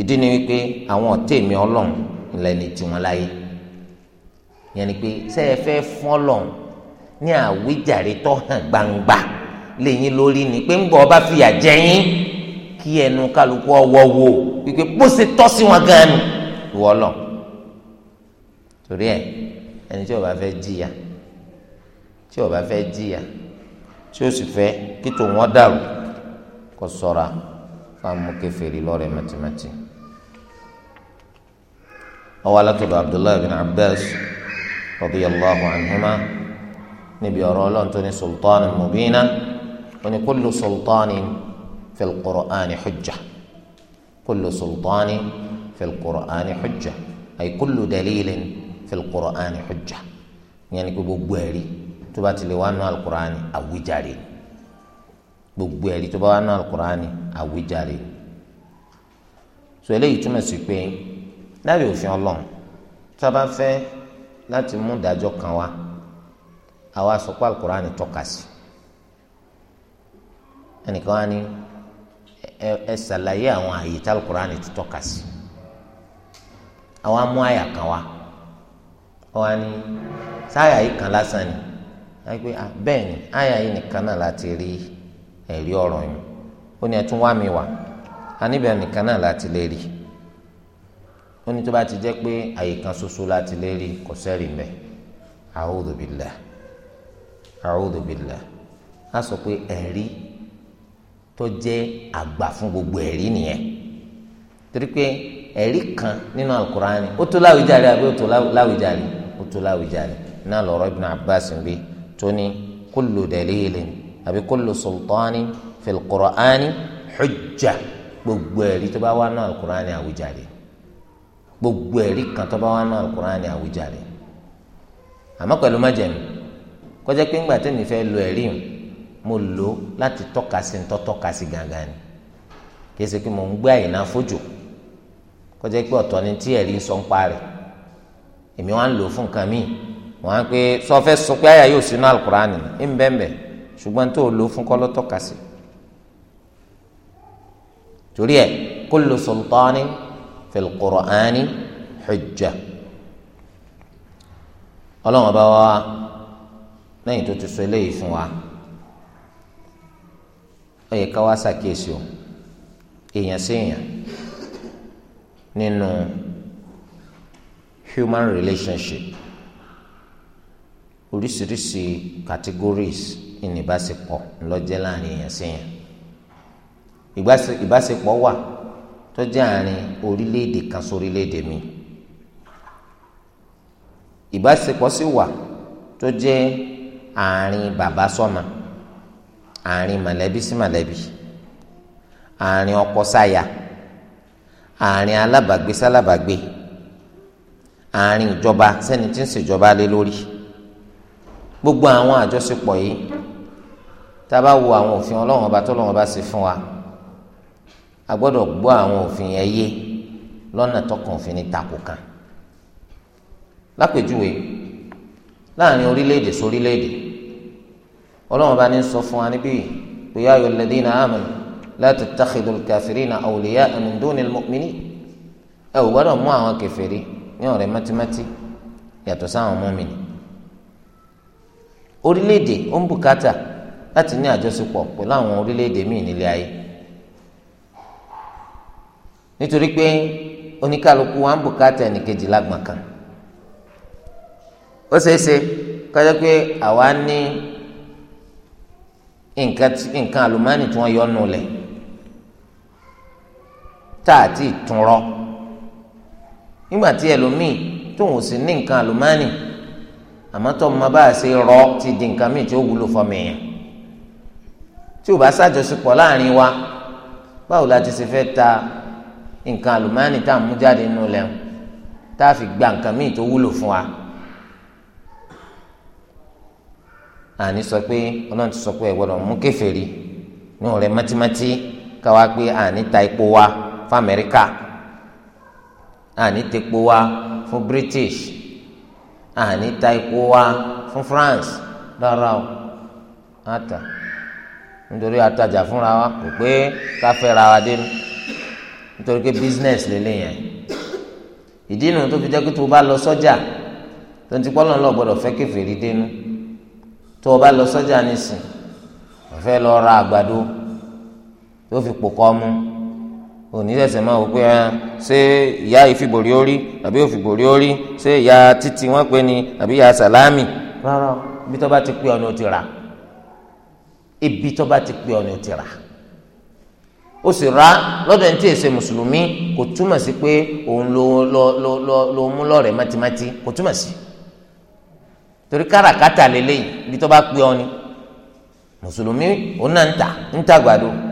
ìdí ni wípé àwọn ọ̀tẹ̀ mi ọlọ́run ilẹ̀ ní tiwọn láyé yẹn ni pé ṣé ẹ fẹ́ fún ọlọ́run ní àwíjàre tó hàn gbangba lẹ́yìn lórí ni pé ń bọ̀ ọba fìyà jẹ yín kí ẹnu kálukú ọwọ́ wo wípé bó ṣe tọ́ sí wọn gan ni ìwọ torí ẹ ẹni tí ó fẹ́ jìyà tí ó bá fẹ́ jìyà tí ó sì fẹ́ kí tòun wọn dàrú kó ṣọ́ra fáwọn kèfèrí lọrẹ mẹtẹmẹtẹ. ọwọ́ alátọ̀dọ̀ abdullahi bin abbas radiyallahu anhuma níbi ọ̀rọ̀ ọlọ́run tó ní sultana mubina ó ní kullu sultani fil qur'ani hujja kullu sultani fil qur'ani hujja ay kullu dalilin fil qur'ani hujja ìyẹn ni gbogbo ẹ̀rí tó bá ti lè wá nù alukurani àwíjàre gbogbo ẹ̀rí tó bá wá nù alukurani àwíjàre so eléyìí túmọ̀ sí pé lábẹ́ òfin ọlọ́run tá a bá fẹ́ láti mú ìdájọ́ kan wá àwa sọ pé alukurani tọ́ka sí ẹnìkan wá ní ẹ ẹ ṣàlàyé àwọn àyè tí alukurani ti tọ́ka sí àwa mú àyà kan wá ọ wá ní sáyà yìí kan lásán ni ẹgbẹ́ ah, bẹ́ẹ̀ ni àyà yìí nìkan náà láti rí ẹ̀rí ọ̀rọ̀ yìí ó ní ẹtún wá mi wá aníbẹ̀ nìkan náà láti lè rí ó ní tó bá ti jẹ́ pé àyè kan ṣoṣo láti lè rí kò sẹ́rì mẹ́ a'udhu billah a'udhu billah á sọ pé ẹ̀rí tó jẹ́ àgbà fún gbogbo ẹ̀rí nìyẹn torí pé ẹ̀rí kan nínú alukur'ani ó tó láwùjáde àbí ó tó láwùjáde ó tó láwùjáde náà lọ́rọ̀ Ibn Abbas ń bíi tó ní kullu dalilin àbí kullu sultani fil qur'ani hujja gbogbo ẹ̀rí tó bá wà náà alukur'ani àwùjáde gbogbo ẹ̀rí kan tó bá wà náà alukur'ani àwùjáde àmọ́ pẹ̀lú májẹ̀mú kọjá pé ńgbà tẹ́mi fẹ́ lo ẹ̀rí yìí mo lò ó láti tọ́ka sí ní tọ́tọ́ka sí gangan ni kí pé mo ń gbé àyìnà fojú kọjá pé ọ̀tọ̀ ni tí ẹ̀rí sọ ń parẹ́ èmi wá ń lò fún nǹkan míì wọ́n á pé sọfẹ sọ pé àyà yóò sínú alukurani ní nbẹnbẹ ṣùgbọ́n tó o lò fún kọlọtọ kàsí torí ẹ kullu sultani fil qur'ani hujja Ọlọ́run ọba wa lẹ́yìn tó ti sọ eléyìí fún wa ó ká wá ṣàkíyèsí o èèyàn sí èèyàn nínú human relationship oríṣiríṣi categories ní ìbáṣepọ̀ lọ́jẹ́ láàrin èèyàn sẹ́yìn ìbáṣepọ̀ wà tó jẹ́ àárín orílẹ̀-èdè kan sórílẹ̀-èdè mi ìbáṣepọ̀ sì wà tó jẹ́ àárín bàbá sọ́mọ àárín mọ̀lẹ́bí sí mọ̀lẹ́bí àárín ọkọ sáya àárín alábàgbé sálábàgbé àárín ìjọba sẹ́ni tí ń ṣèjọba lé lórí gbogbo àwọn àjọṣepọ̀ yìí tá a bá wo àwọn òfin ọlọ́wọ́n ọba tó lọ́wọ́n bá fún wa a gbọ́dọ̀ gbọ́ àwọn òfin yẹn lọ́nà tọkàn òfin ní takò kan lápèjúwe láàrin orílẹ̀-èdè sórílẹ̀-èdè ọlọ́wọ́n bá ní sọ fún wa níbí pé yā ayyuhalladhīna āmanū lā tattakhidhul kāfirīna awliyā'a min dūnil mu'minīn ẹ ò gbọ́dọ̀ mú àwọn kèfèrí ní ọ̀rẹ́ mátímátí yàtọ̀ sáwọn mọ́mìnì orílẹ̀-èdè ó ń bùkátà láti ní àjọṣepọ̀ pẹ̀lú àwọn orílẹ̀-èdè míì nílé ayé nítorí pé oníkàlùkù wa ń bùkátà ẹnìkejì lágbọ̀n kan ó ṣeé ṣe kájọ pé àwa ní nǹkan àlùmánì tí wọ́n yọ nù lẹ̀ tá a ti tún rọ nígbà tí ẹlòmíì tóun sì ní nǹkan àlùmánì àmọ́ tó ọmọ bá a ṣe rọ ti di nǹkan míì tí ó wúlò fọmọ èèyàn tí ò bá ṣàjọṣepọ̀ láàrin wa báwo la ti ṣe fẹ́ ta nǹkan àlùmáàní tá à ń mú jáde nínú lẹ́hìn tá a fi gba nǹkan míì tó wúlò fún wa. àní sọ pé ọlọ́run ti sọ pé ẹ mú kèfèrí ní ọ̀rẹ́ mátímátí káwa pé àní ta epo wa fún Amẹ́ríkà àní tepo wa fún British àní ah, ta epo wa fún France rárá o àtà nítorí àtajà fúnra wa kò pé ká fẹ́ ra wa dénú nítorí pé business lélẹ̀ yẹn ìdí nu tó fi jẹ́ pé tó o bá lọ sọ́jà tó ń ti pọ́nlọ́n lọ gbọ́dọ̀ fẹ́ kèfèrí dénú tó o bá lọ sọ́jà nísìn ó fẹ́ lọ ra àgbàdo tó fi pò kọ́ mu oníṣẹ̀ṣẹ̀ máa wò pé ẹ ah, ṣé ìyá ìfìbòrí orí àbí òfìbòrí orí ṣé ìyá títí wọ́n pè ní àbí ìyá sàlámì rárá ibi tó bá ti pé ọ̀nà ò ti rà ibi tó bá ti pé ọ̀nà ò ti rà ó sì rà lọ́dọ̀ ní tí èsè mùsùlùmí kò túmọ̀ sí pé òun ló lọ lọ lọ mú lọ́rẹ̀ mátimáti kò túmọ̀ sí torí káràkátà lélẹ́yìn ibi tó bá pé ọ mùsùlùmí òun náà ń tà ń tà gbàdo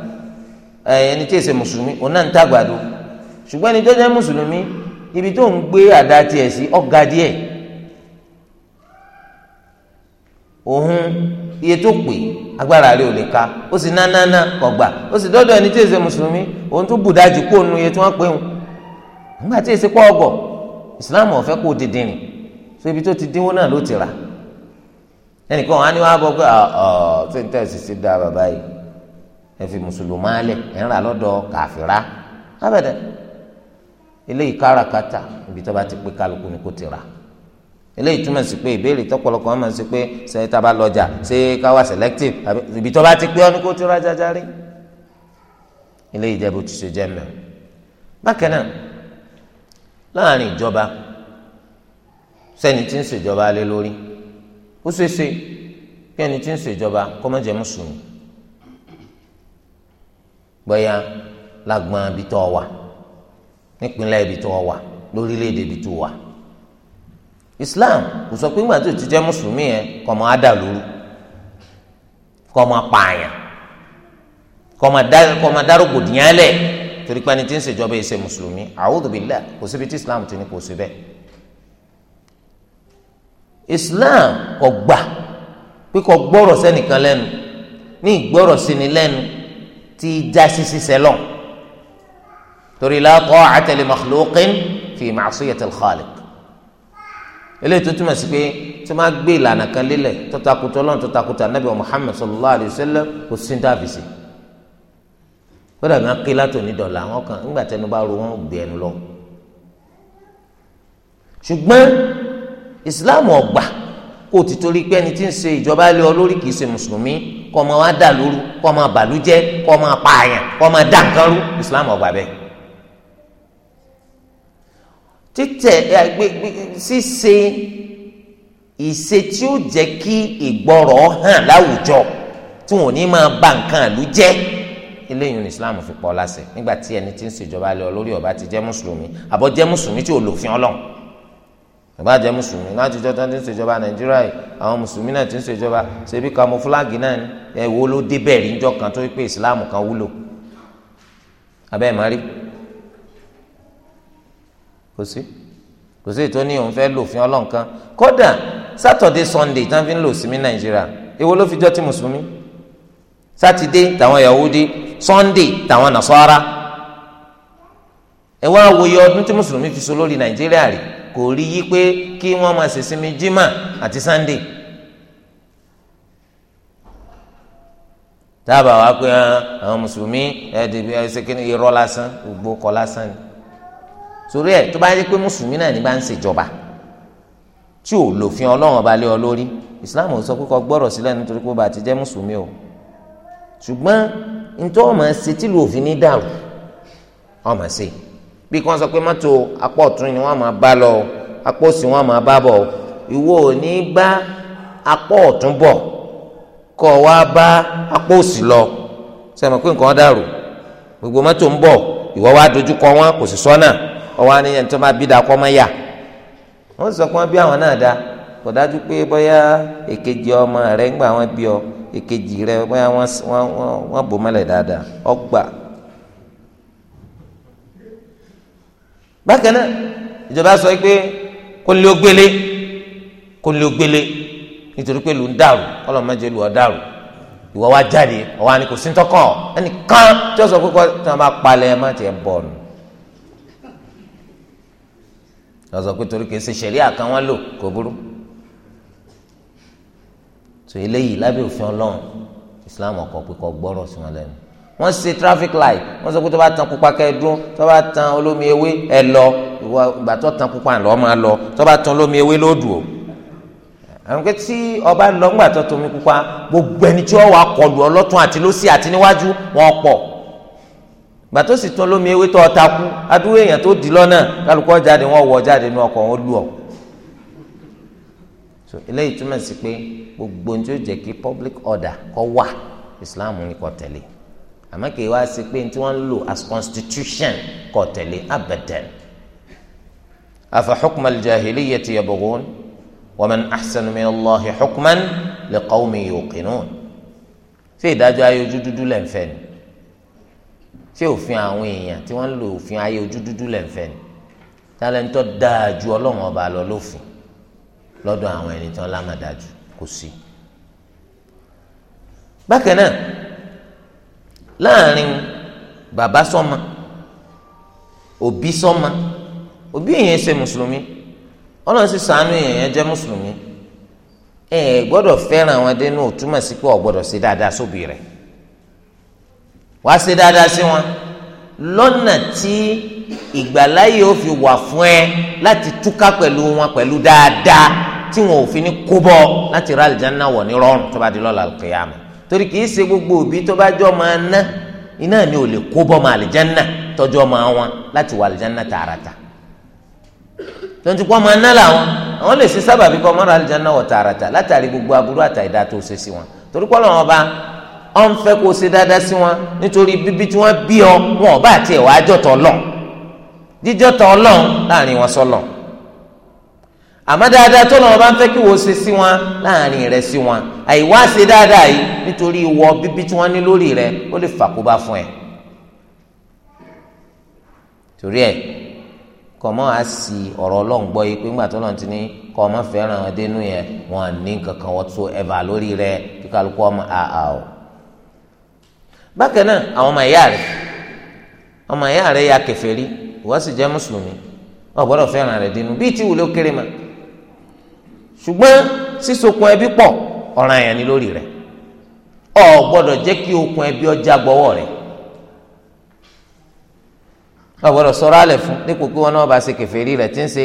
ẹni tí èsè mùsùlùmí òun náà ń tàgbàdo ṣùgbọ́n ẹni tó jẹ́ mùsùlùmí ibi tó ń gbé àdá tiẹ̀ sí ọ̀gá díẹ̀ òun iye tó pè agbára ò ka ó sì ná náná ọgbà ó sì dọ́dọ̀ ẹni tí èsè mùsùlùmí òun tó bùdájú kó nu iye tí wọ́n pè wọn nígbà tí èsè pọ̀ ọgọ̀ kó so ibi tó ti dínwó náà ló ti rà ẹnìkan wọn á ní wọn á bọ pé ẹ fi mùsùlùmá lẹ̀ ẹ̀ ń rà lọ́dọ̀ kàfìrá abẹ́dẹ̀ eléyìí káràkátà ibi tó bá ti pé kálukú ni kò ti rà eléyìí túmọ̀ sí pé ìbéèrè tọpọlọpọ ọmọ sí pé ṣe tá a bá lọ́jà ṣé ká wà selective ibi tó bá ti pé ọ ni kò ti rà jájárí eléyìí jẹ́ bó ti ṣe jẹ́ mẹ́rin bákan náà láàrin ìjọba sẹ́ni tí ń ṣèjọba lé lórí ó ṣeé kí ẹni tí ń ṣèjọba kó mùsùlùmí bóyá lágbọn ibi tó wà nípínlẹ̀ ibi tó wà lórílẹ̀‐èdè ibi tó islam kò sọ pé ńgbà tó ti jẹ́ mùsùlùmí yẹn kọ́ máa dà lóru kọ́ máa pààyàn kọ́ máa dá kọ́ máa dá torí pé ẹni tí ń ṣèjọba yìí ṣe mùsùlùmí a'udhu billah kò síbi tí islam ti ní kò síbẹ̀ islam kò gbà pé kò gbọ́rọ̀ sẹ́nìkan lẹ́nu ní ìgbọ́rọ̀ sí ni lẹ́nu tí já sisi sẹlọ torí la ta'ata li makhluqin fi ma'siyatil khaliq eléyìí tó túmọ̀ sí pé tó máa gbé ìlànà kan lélẹ̀ tó takùtà Ọlọ́run tó takùtà Ànábì Muhammad sallallahu alayhi wa sallam kò sí ní tàbísì ó dàbí wọn ké látò ní dọ̀là àwọn kan ńgbà tẹnu bá ro wọn gbé ẹnu lọ ṣùgbọ́n Islam ò gbà kó pé ẹni tí ń ṣe ìjọba lé ọ lórí kì í ṣe mùsùlùmí kọ́ máa wá dà lóru kọ́ máa bàlújẹ́ kọ́ máa pààyàn kọ́ máa islam ò gbà bẹ́ẹ̀. títẹ̀ ṣíṣe ìṣe tí ó jẹ́ kí ìgbọ́rọ̀ hàn láwùjọ tí wọn ò ní máa bà nǹkan ìlú jẹ́ eléyìí ní islam fi pọ̀ láṣẹ nígbà tí ẹni tí ń ṣèjọba lọ lórí ọba ti jẹ́ mùsùlùmí àbọ̀ jẹ́ mùsùlùmí tí ò lòfin ọlọ́run ìbá jẹ́ mùsùlùmí láti jọ tó ń ṣèjọba nàìjíríà yìí àwọn mùsùlùmí náà ti ń ṣèjọba ṣebí kamofúláàgì náà ẹ wo ló débẹ̀ rí njọ́ kan tó ń pè ìsìláàmù kan wúlò abẹ́ ẹ̀ má rí kò sí kò sí ètò ní òun fẹ́ lò fún ọlọ́run kan kódà sátọ̀dé sọ́ndé tán fi ń lò sí ní nàìjíríà èwo ló fi jọ́ ti mùsùlùmí sátidé tàwọn yahudi sọ́ndé tàwọn nàṣọ́ra ẹ wá wòye ọdún tí mùsùlùmí fi so lórí nàìjíríà rèé kò rí yí pé kí wọ́n máa ṣèsinmi jimá àti sannde tábà wá pé ah, àwọn mùsùlùmí ẹ̀ẹ́dẹ̀bí ẹ̀ṣẹ̀kẹ́ni irọ́ lásán gbogbo kọ́ lásán ni torí ẹ̀ tó bá yẹ pé mùsùlùmí náà ní bá ń ṣèjọba tí ò lòfin ọlọ́run ọba lé ọ lórí islam ò sọ pé kó gbọ́rọ̀ sílẹ̀ nítorí pé bàtí jẹ́ mùsùlùmí o ṣùgbọ́n ntọ́ ọmọ ṣe tí lòfin ní dàrú ọmọ ṣe bí kí wọ́n sọ pé mọ́tò apá ọ̀tún ni wọ́n máa bá lọ apá òsì wọ́n máa bá bọ̀ ìwọ ò ní bá apá ọ̀tún bọ̀ kọ́ ọ wá bá apá òsì lọ sẹ́mi pé nǹkan dàrú gbogbo mọ́tò ń bọ̀ ìwọ wá dojú kọ wọn kò sì sọ́nà ọwọ́ àníyàn tó máa bí da kọ́ máa yà wọ́n sọ pé wọ́n bí àwọn náà da kò dájú pé bóyá èkejì ọmọ rẹ̀ ń gbà wọ́n bí ọ èkejì rẹ̀ bóyá wọ́n bò mọ́lẹ̀ dáadáa ọgbà. bákan náà ìjọba sọ pé kò lè gbélé kò lè gbélé nítorí pé lù ń dàrú ọlọ́mọdé lù ọ́ dàrú ìwọ wa jáde ọwọ́ àni kò sí tọkàn ẹnìkan tí wọ́n sọ pé kọ́ tí wọ́n bá palẹ̀ ẹ má tiẹ̀ bọ̀ nù. wọ́n sọ pé torí kìí ṣe ṣẹ̀ríà kan wọ́n lò kò burú. tó eléyìí lábẹ́ òfin ọlọ́run Islam ọkọ̀ pé kọ́ gbọ́rọ̀ sí wọn lẹ́nu wọ́n ṣe traffic light wọ́n sọ pé tó bá tan pupa kẹ́ ẹ dún tó bá tan olómi ewé ẹ lọ ìgbà tó tan pupa lọ́ máa lọ tó bá tan olómi ewé lódù o. àwọn pé tí ọba ń lọ ńgbà tó tomi pupa gbogbo ẹni tí wọ́n wà kọlù ọlọ́tún àti lọ́sí àti níwájú wọn pọ̀ gbà tó sì tan olómi ewé tó ọta kú adúlọ èèyàn tó dì lọ́nà kálukọ́ jáde wọ́n wọ jáde ní ọkọ̀ wọn lù ọ́ so eléyìí túmọ̀ sí pé gbogbo ohun tí ó jẹ́ kí public order kó wà Islam ní kó tẹ̀lé àmọ́ kì í wá sí pé tí wọ́n lò as constitution kọ̀ tẹ̀lé abadan afa hukma aljahiliyyati yabghun wa man ahsanu min allahi hukman liqawmin yuqinun ṣé ìdájọ́ ayé ojú dúdú lẹ̀ ń fẹ́ ni ṣé òfin àwọn èèyàn tí wọ́n ń lo òfin ayé ojú dúdú lẹ̀ ń fẹ́ ni tálẹ́ńtọ́ dáa ju ọlọ́run ọba lọ lófin lọ́dọ̀ àwọn ẹni tí wọ́n lámàdájú kò sí. bákan náà láàrin bàbá sọ́mọ òbí sọ́mọ òbí èèyàn ṣe mùsùlùmí ọlọ́run sì sànú èèyàn jẹ́ mùsùlùmí ẹ gbọ́dọ̀ fẹ́ràn àwọn adé náà túmọ̀ sí pé o gbọ́dọ̀ ṣe dáadáa sóbì rẹ̀ wá ṣe dáadáa sí wọn lọ́nà tí ìgbàláyè ó fi wà fún ẹ láti túká pẹ̀lú wọn pẹ̀lú dáadáa tí wọn ò fi ní kó bọ́ láti rà àlìjáná wọ̀ ní rọrùn tó bá di lọ́la kìyàmù torí kìí ṣe gbogbo òbí tó bá jọ máa ná iná ni ò lè kó bọ́mọ àlìjánná tọ́jú ọmọ wọn láti wà àlìjánná tààràtà tonti kó ọmọ aná làwọn àwọn lè ṣe sábàbí kó ọmọ àlìjánná wọ tààràtà látàrí gbogbo aburú àtàìdá tó ṣe sí wọn torí kọ́ lọ́wọ́ bá ọ ń fẹ́ kó ṣe dáadáa sí wọn nítorí bíbí tí wọ́n bí ọ wọn ò bá tiẹ̀ wá jọ̀tọ̀ ọlọ́run jíjọ́tọ̀ ọlọ́run láàrin wọn sọ́lọ́run àmọ́ dáadáa tó náà bá ń fẹ́ kí wọ́n ṣe sí wọn láàrin rẹ̀ sí wọn àìwá ṣe dáadáa yìí nítorí ìwọ bíbí tí wọ́n ní lórí rẹ̀ ó lè fàkóbá fún ẹ torí ẹ kọmọ á sì ọ̀rọ̀ Ọlọ́run gbọ́ yìí pé ńgbà tó náà ti ní kọmọ fẹ́ràn ọdẹnu yẹn wọn ní kankan whatsoever lórí rẹ̀ kí kálukú ọmọ àà o bákan náà àwọn ọmọ ẹ̀yà rẹ̀ ọmọ ẹ̀yà rẹ̀ ya kèfèrí ìwọ sì jẹ́ mùsùlùmí wọn gbọ́dọ̀ fẹ́ràn rẹ̀ dínú bíi ti wùlé ṣùgbọ́n sísokùn ẹbí pọ̀ ọ̀ràn àyàn ni lórí rẹ̀ o gbọ́dọ̀ jẹ́ kí okùn ẹbí ọjà gbọ́wọ́ rẹ̀ o gbọ́dọ̀ sọ̀rọ̀ alẹ̀ fún dípò pé wọn náà bá ṣe kèfèrí rẹ̀ tí ń ṣe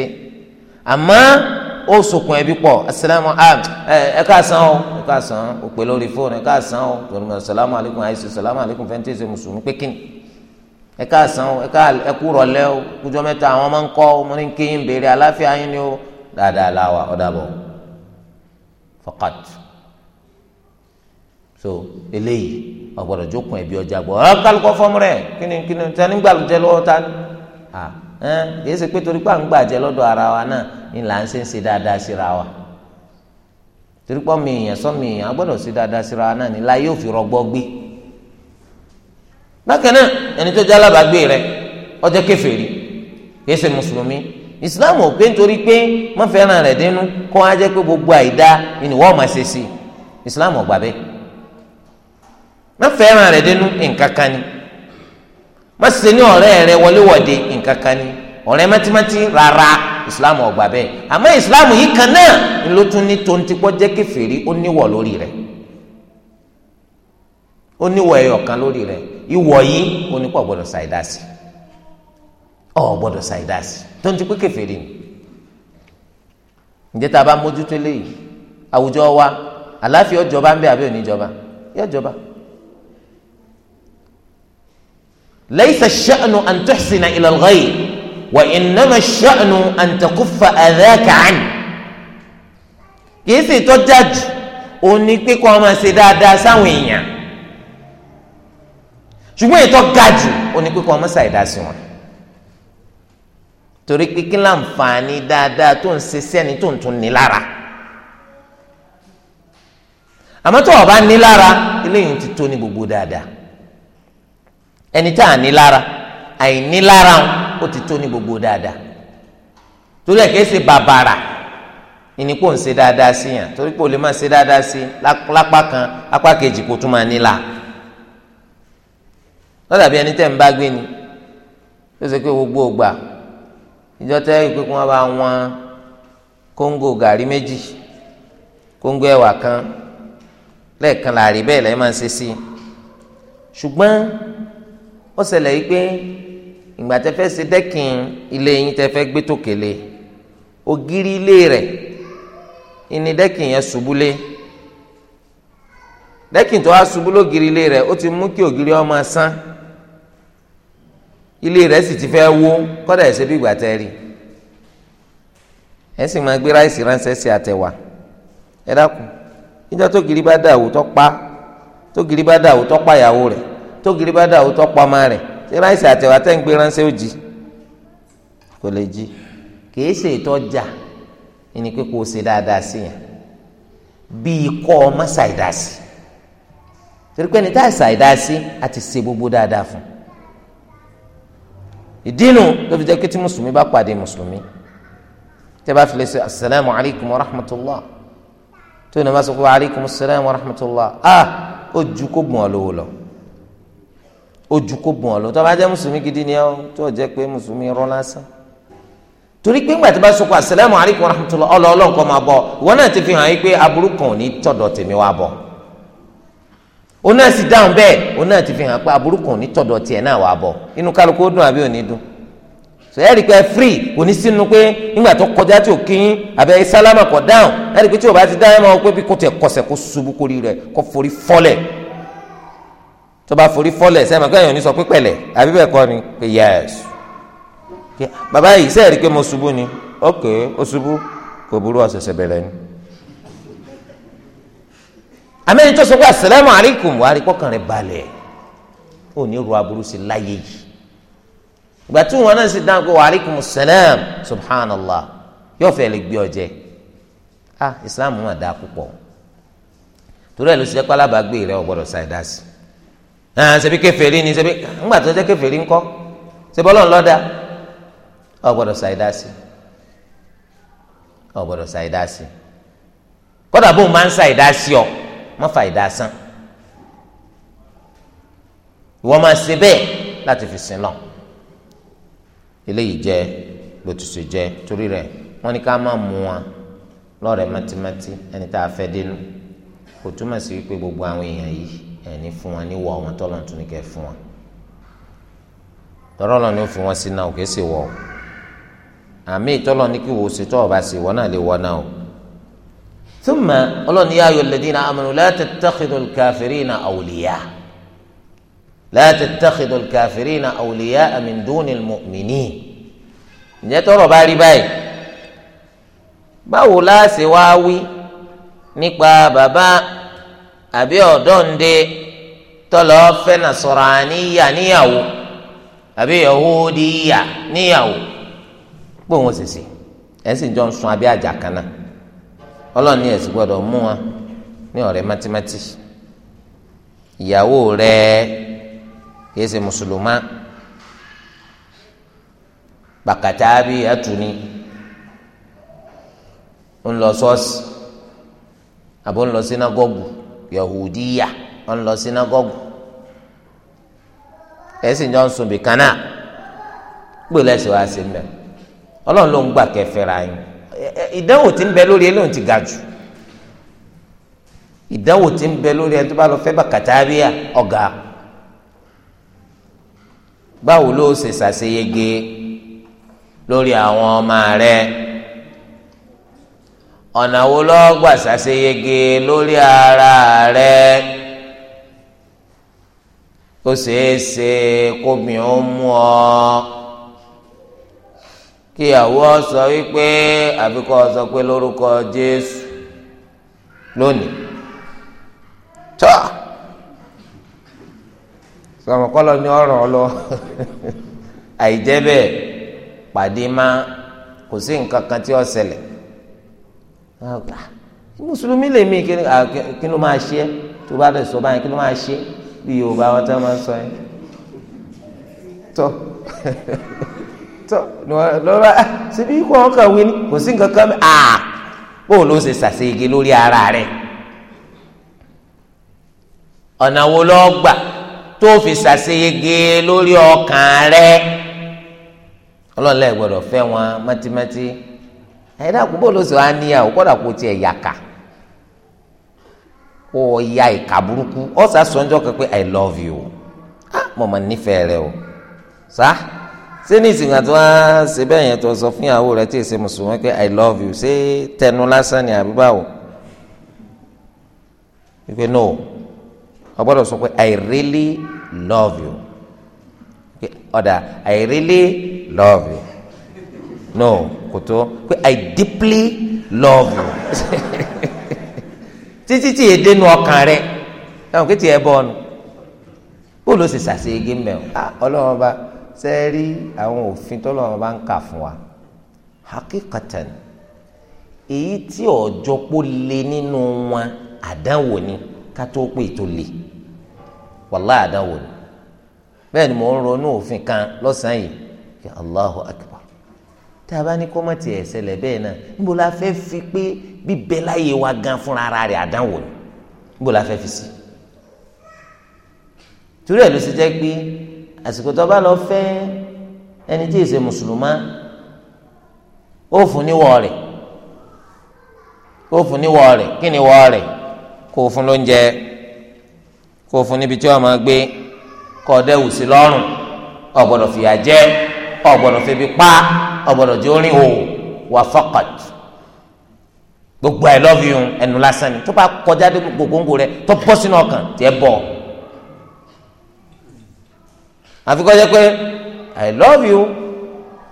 àmọ́ ó sokùn ẹbí pọ̀ asalaamu ẹ ẹ káàsán o ẹ káàsán o pè lórí fóònù ẹ káàsán o tòun náà salaamu alaykum àìsí salaamu alaykum fẹ́ntì ṣe mùsùlùmí pé kíni ẹ káàsán o ẹ ká ẹ kú rọ̀lẹ́ o kújọ mẹ́ta àwọn máa ń kọ́ ọmọ ní kéyìn béèrè àláfíà yín ni o dáadáa láwa ọ̀dà bọ̀ faqat so eléyìí ọgbọdọ jókòó ẹbí ọjà gbọ ọ kálukọ fọmù rẹ kíni kíni tani gbàlùjẹ lọ́wọ́ tani à ẹ kìí ṣe pé torí pé à ń gbàjẹ lọ́dọ̀ ara wa náà ni là ń ṣe ń ṣe dáadáa síra wa torí pé ọmọ èèyàn sọmọ èèyàn agbọ́dọ̀ ṣe dáadáa síra wa náà ni láyé òfin rọgbọ gbé bákan náà ẹni tó jẹ alábàágbé rẹ ó jẹ́ kìí ṣe mùsùlùmí islam ò pé nítorí pé wọ́n fẹ́ràn rẹ̀ dínú kó wọ́n á jẹ́ pé gbogbo àìda ni wọ́n máa ṣe sí islam ò gbà bẹ́ẹ̀ wọ́n fẹ́ràn rẹ̀ dínú nǹkan kan ni wọ́n ṣe ní ọ̀rẹ́ rẹ̀ wọléwọ̀de nǹkan kan ni ọ̀rẹ́ mẹ́tímẹ́tí rárá islam ò gbà bẹ́ẹ̀ àmọ́ islam yìí kan náà ni ló tún ní tontipọ́ jẹ́ kèfèrí ó níwọ̀ lórí rẹ̀ ó níwọ̀ ẹ̀yọ̀ kan lórí rẹ̀ ìwọ̀ yìí onípọ̀ gbọ́dọ̀ ṣàìdá sí ọ gbọ́dọ̀ ṣàìdásí tó ń ti pé kèfèrí ni ǹjẹ́ tá a bá mójútó eléyìí àwùjọ wa àláfíà ọjọba ń bẹ àbí oníjọba yọjọba. ليس الشأن أن تحسن إلى الغير وإنما الشأن أن تكف أذاك عنه kìí sì tó jájú òní pípọ́ ọmọ ṣe dáadáa sáwọn èèyàn ṣùgbọ́n ètò ga jù òní pípọ́ ọmọ ṣàìdá sí wọn torí pé kí láǹfààní dáadáa tó ń ṣe sẹ́ni tó ń tún ní lára àmọ́ tó o bá ní lára eléyìí ti tó ní gbogbo dáadáa ẹni tá à ní lára àìní lára ó ti tó ní gbogbo dáadáa torí ẹ̀ kìí ṣe bàbàrà ìní kò ń ṣe dáadáa sí yàn torí pé lè má ṣe dáadáa sí lápá kan apá kejì kò tún máa nílà lọ́dàbí ẹni tẹ́ ń bá gbé ni ó ṣe pé gbogbo ògbà ìjọ tẹ́ ìpè kí wọ́n bá wọn kóńgò gàrí méjì kóńgò ẹ̀wà kan lẹ́ẹ̀kan láàrin bẹ́ẹ̀ lẹ́yìn máa ń ṣe sí i ṣùgbọ́n ó ṣẹlẹ̀ yìí pé ìgbà tẹ́ fẹ́ ṣe dẹ́kìn ilé yín tẹ́ fẹ́ gbé tòkèlè ògiri ilé rẹ̀ ìní dẹ́kìn yẹn ṣubúlé dẹ́kìn tó wá ṣubú lógiri ilé rẹ̀ ó ti mú kí ògiri ọmọ sán ilé rẹ̀ sì ti fẹ́ wó kọ́dà ẹ̀ṣẹ́ bí ìgbà tẹ́ rí ẹ sì máa gbé ráìsì ránṣẹ́ sí àtẹ̀wà ẹ dákun níjọ tó giri bá dà òótọ́ pa tó giri bá dà òótọ́ pa ìyàwó rẹ̀ tó giri bá dà òótọ́ pa ọmọ rẹ̀ ṣé ráìsì àtẹ̀wà tẹ́ ń gbé ránṣẹ́ ó jí kò lè jí kìí ṣe ìtọ́jà ẹni pé kò ṣe dáadáa sí yẹn bíi kọ́ ọmọ ṣàìdá torí pé ẹni tá a ṣàìdá sí a ti ṣe gbogbo dáadáa fún un ìdínú ló fi jẹ́ pé tí mùsùlùmí bá pàdé mùsùlùmí tẹ́ bá fi lè ṣe asalaamu alaykum wa rahmatulah tó ní ma sọ pé wa alaykum asalaam wa rahmatulah ah ó ju kó bùn ọ lówó lọ ó ju kó bùn ọ lọ tó bá jẹ́ mùsùlùmí gidi ni ọ tó jẹ́ pé mùsùlùmí rọ lásán torí pé ńgbà tí bá sọ pé asalaamu alaykum wa rahmatulah ọlọ́ọ̀lọ́ nǹkan máa bọ̀ ìwọ náà ti fi hàn yín pé aburú kan ò ní tọ̀dọ̀ tèmi wá bọ̀. Ona náà sì dáhùn Ona òun náà ti fi hàn pé aburúkú ní tọ̀dọ̀ tiẹ̀ náà wà bọ̀ inú kálukú ó dùn àbí òní dùn so ẹ rí i pé free kò ní sínú pé nígbà tó kọjá tí ò kín àbẹ sálámà kọ dáhùn ẹ rí i pé tí o bá ti dáhùn máa wọ pé bí kò tẹ kọsẹ̀ kó ṣubú kórì rẹ̀ kó forí fọ́lẹ̀ tó bá forí fọ́lẹ̀ sẹ́yìn máa kẹ́yìn ò ní sọ pé àbí bẹ́ẹ̀ kọ́ ni pé yes bàbá yìí sẹ́yìn rí i pé mo ṣubú ni ok o ṣubú kò burú ọ̀sẹ̀sẹ̀ bẹ̀rẹ̀ ni amẹ́ni tó sọ pé asalaamu alaykum wàá rí kọ́kàn rẹ̀ balẹ̀ ó ní ru aburú sí láyé yìí ìgbà tí wọn náà sì dáhùn pé wa alaykum salaam subhanallah yóò fẹ́ lè gbé ọjẹ́ ah islam máa dáa púpọ̀ torí ẹ̀ ló ṣiṣẹ́ pálábàágbé rẹ̀ ọ̀gbọ́dọ̀ ṣàìdá sí ẹ̀ ṣẹbi kèfèrí ni ṣẹbi ńgbà tó jẹ́ kèfèrí ńkọ́ ṣẹbi ọlọ́run lọ́dà ọ̀gbọ́dọ̀ ṣàìdá sí ọ̀gbọ́dọ̀ ṣàìdá bóun máa ń ṣàìdá sí mọ́fà ìdásán ìwọ máa ṣe bẹ́ẹ̀ láti fi sin lọ eléyìí jẹ́ lòtùsù jẹ́ torí rẹ̀ wọ́n ní ká má mú wọn lọ́rẹ̀ mátímátí ẹni tá a fẹ́ dénú kò túmọ̀ sí wípé gbogbo àwọn èèyàn yìí ẹni fún wọn níwọ̀ wọn tọ́lọ̀ tún ní kẹ́ fún wọn tọ́lọ̀ lọ ni ó fi wọn sí náà òkè sí wọ̀ àmì ìtọ́lọ̀ ní kí wò ṣe tọ́ ọ̀ bá ṣe wọ́n náà lè wọ́ náà o. ثم ọlọ́ni yá ayọ̀ lẹ́dínà amanu láti tẹ́kìdùn káfírínà àwòlíyá láti tẹ́kìdùn káfírínà àwòlíyá àmìndúnì mọ̀mìnì. ǹjẹ́ tọrọ bá rí báyìí báwo láàṣẹ wá wí nípa bàbá àbí ọ̀dọ́ǹde tọ́lọ́ fẹ́ nasọ̀ràníyà níyàwó àbí yahudiya níyàwó gbóhùn sèse ẹ̀ sì jọ ń sun abẹ́ àjà kan náà. ọlọ́run ní ẹ̀sìn gbọ́dọ̀ mú wọn ní ọ̀rẹ́ mátímátì ìyàwó rẹ kìí ṣe mùsùlùmá bàkàtà bí atuni ń lọ ṣọ́ọ̀ṣì àbó ń lọ yahudiya ń lọ sínágọ́gù ẹ̀sìn jọ ń sunbì kan náà gbọ́dọ̀ ẹ̀sìn wá sí mbẹ́ ọlọ́run ló ìdánwò tí ń bẹ lórí eléyìí ti ga jù ìdánwò tí ń bẹ lórí ẹni tó bá lọ fẹ́ bá kàtàríà ọ̀gá báwo ló ṣe ṣàṣeyege lórí àwọn ọmọ rẹ ọ̀nà wo ló gbà ṣàṣeyege lórí ara rẹ ó ṣeé ṣe kóbìnrin ó mú ọ kí ìyàwó sọ wípé àbíkọ́ sọ pé lórúkọ Jésù lónìí tó sọmọkọlọ ni ọ̀rọ̀ lọ àìjẹ́ bẹ́ẹ̀ pàdé má kò sí nǹkan kan tí ó ṣẹlẹ̀ mùsùlùmí lèmi kí ló máa ṣe tó bá dẹ̀ sọ báyìí kí ló máa ṣe bí Yorùbá wọn tẹ́ máa sọ yẹn tó. tọ́ lọ́ra síbi ikú àwọn kan wí ni kò sí nǹkan kan mẹ́ àá ah! bóun ló ń ṣe ṣàṣeyege lórí ara rẹ̀ ọ̀nà wo ló gbà tó fi ṣàṣeyege lórí ọkàn rẹ̀ ọlọ́ọ̀lẹ́ gbọ́dọ̀ fẹ́ wọn mọ́tímọ́tí ẹ̀dá kú bóun ló ṣe wá níyàwó kọ́dà kó tiẹ̀ yàkà kó o ya ìka burúkú ọ̀sà sọ́njọ́ kan pé i love you ah mo máa nífẹ̀ẹ́ rẹ o sáà ṣé ní ìsìnkú àti wá ṣe bẹ́ẹ̀ yẹn tó sọ fún ìyàwó rẹ tí èsì mùsùlùmí pé i love you ṣé tẹnu lásán ni àbí báwo wípé no o gbọ́dọ̀ sọ pé i really love you ọ̀dà i really love you no kò tó pé i deeply love you títí tí èdè nu ọkàn rẹ táwọn kìtì ẹ bọ́ ọ nù bó ló sì ṣàṣeyege mbẹ́ ọ ah, ọlọ́run ọba sẹ́ẹ̀rí àwọn òfin tọ́lọ́run bá ń kà fún wa hakikatan èyí tí ọ̀jọ́ pọ̀ lé nínú wọn àdánwò ni ká tó pé tó lé wàlá àdánwò ni bẹ́ẹ̀ ni mò ń ronú òfin kan lọ́sàn-án yìí kí Allahu akbar tá a bá ní kó má tiẹ̀ bẹ́ẹ̀ náà níbo la fẹ́ fi pé bíbẹ láyé wa gan fúnra ara rẹ̀ àdánwò ni níbo la fẹ́ fi sí torí ẹ̀ ló ṣe jẹ́ pé àsìkò tó bá lọ fẹ́ ẹni tí èsè mùsùlùmá ó fún ní wọ́ rẹ̀ ó fún ní wọ́ rẹ̀ kí ni wọ́ rẹ̀ kó fún lóúnjẹ kó fún níbi tí wọ́n máa gbé kọ́ ọ dẹ́wù sí lọ́rùn ò gbọ́dọ̀ fìyà jẹ ò gbọ́dọ̀ febi pa ò gbọ́dọ̀ orin o wà faqat gbogbo i love you ẹnu lásán ni tó bá kọjá dé gbogbo gbòǹgbò rẹ tó bọ́ sínú ọkàn tiẹ̀ bọ̀ ọ́ àfi kọ́ pé i love you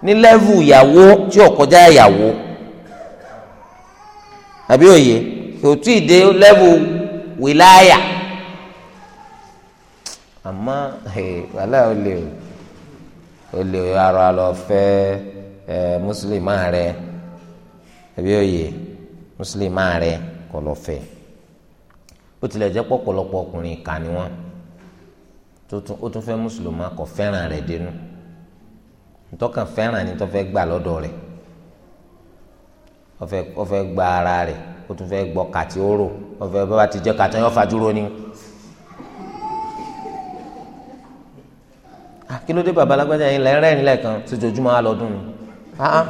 ní lẹ́vù ìyàwó tí ò kọjá ìyàwó àbí òye kò tí ì dé lẹ́vù wìláyà àmọ́ eh, wàhálà ò lè ò lè ara lọ fẹ́ ẹ mùsùlùmá rẹ àbí òye mùsùlùmá rẹ kọ̀ lọ tilẹ̀ jẹ́ pọ̀ pọ̀lọpọ̀ ọkùnrin kà ni wọ́n ó tún fẹ́ mùsùlùmí kò fẹ́ràn rẹ̀ dénú ntọ́kàn fẹ́ràn ni tó fẹ́ gbà lọ́dọ̀ rẹ̀ ó fẹ́ gba ara rẹ̀ ó tún fẹ́ gbọ́ kàtí ó rò ó fẹ́ bá ti jẹ́ kàtí ó fajúro ni. kí ló dé bàbá alágbájá yìí lẹ́rẹ́ ní lẹ́ẹ̀kan sojoojúmọ́ á lọ́dún ni ah, ah.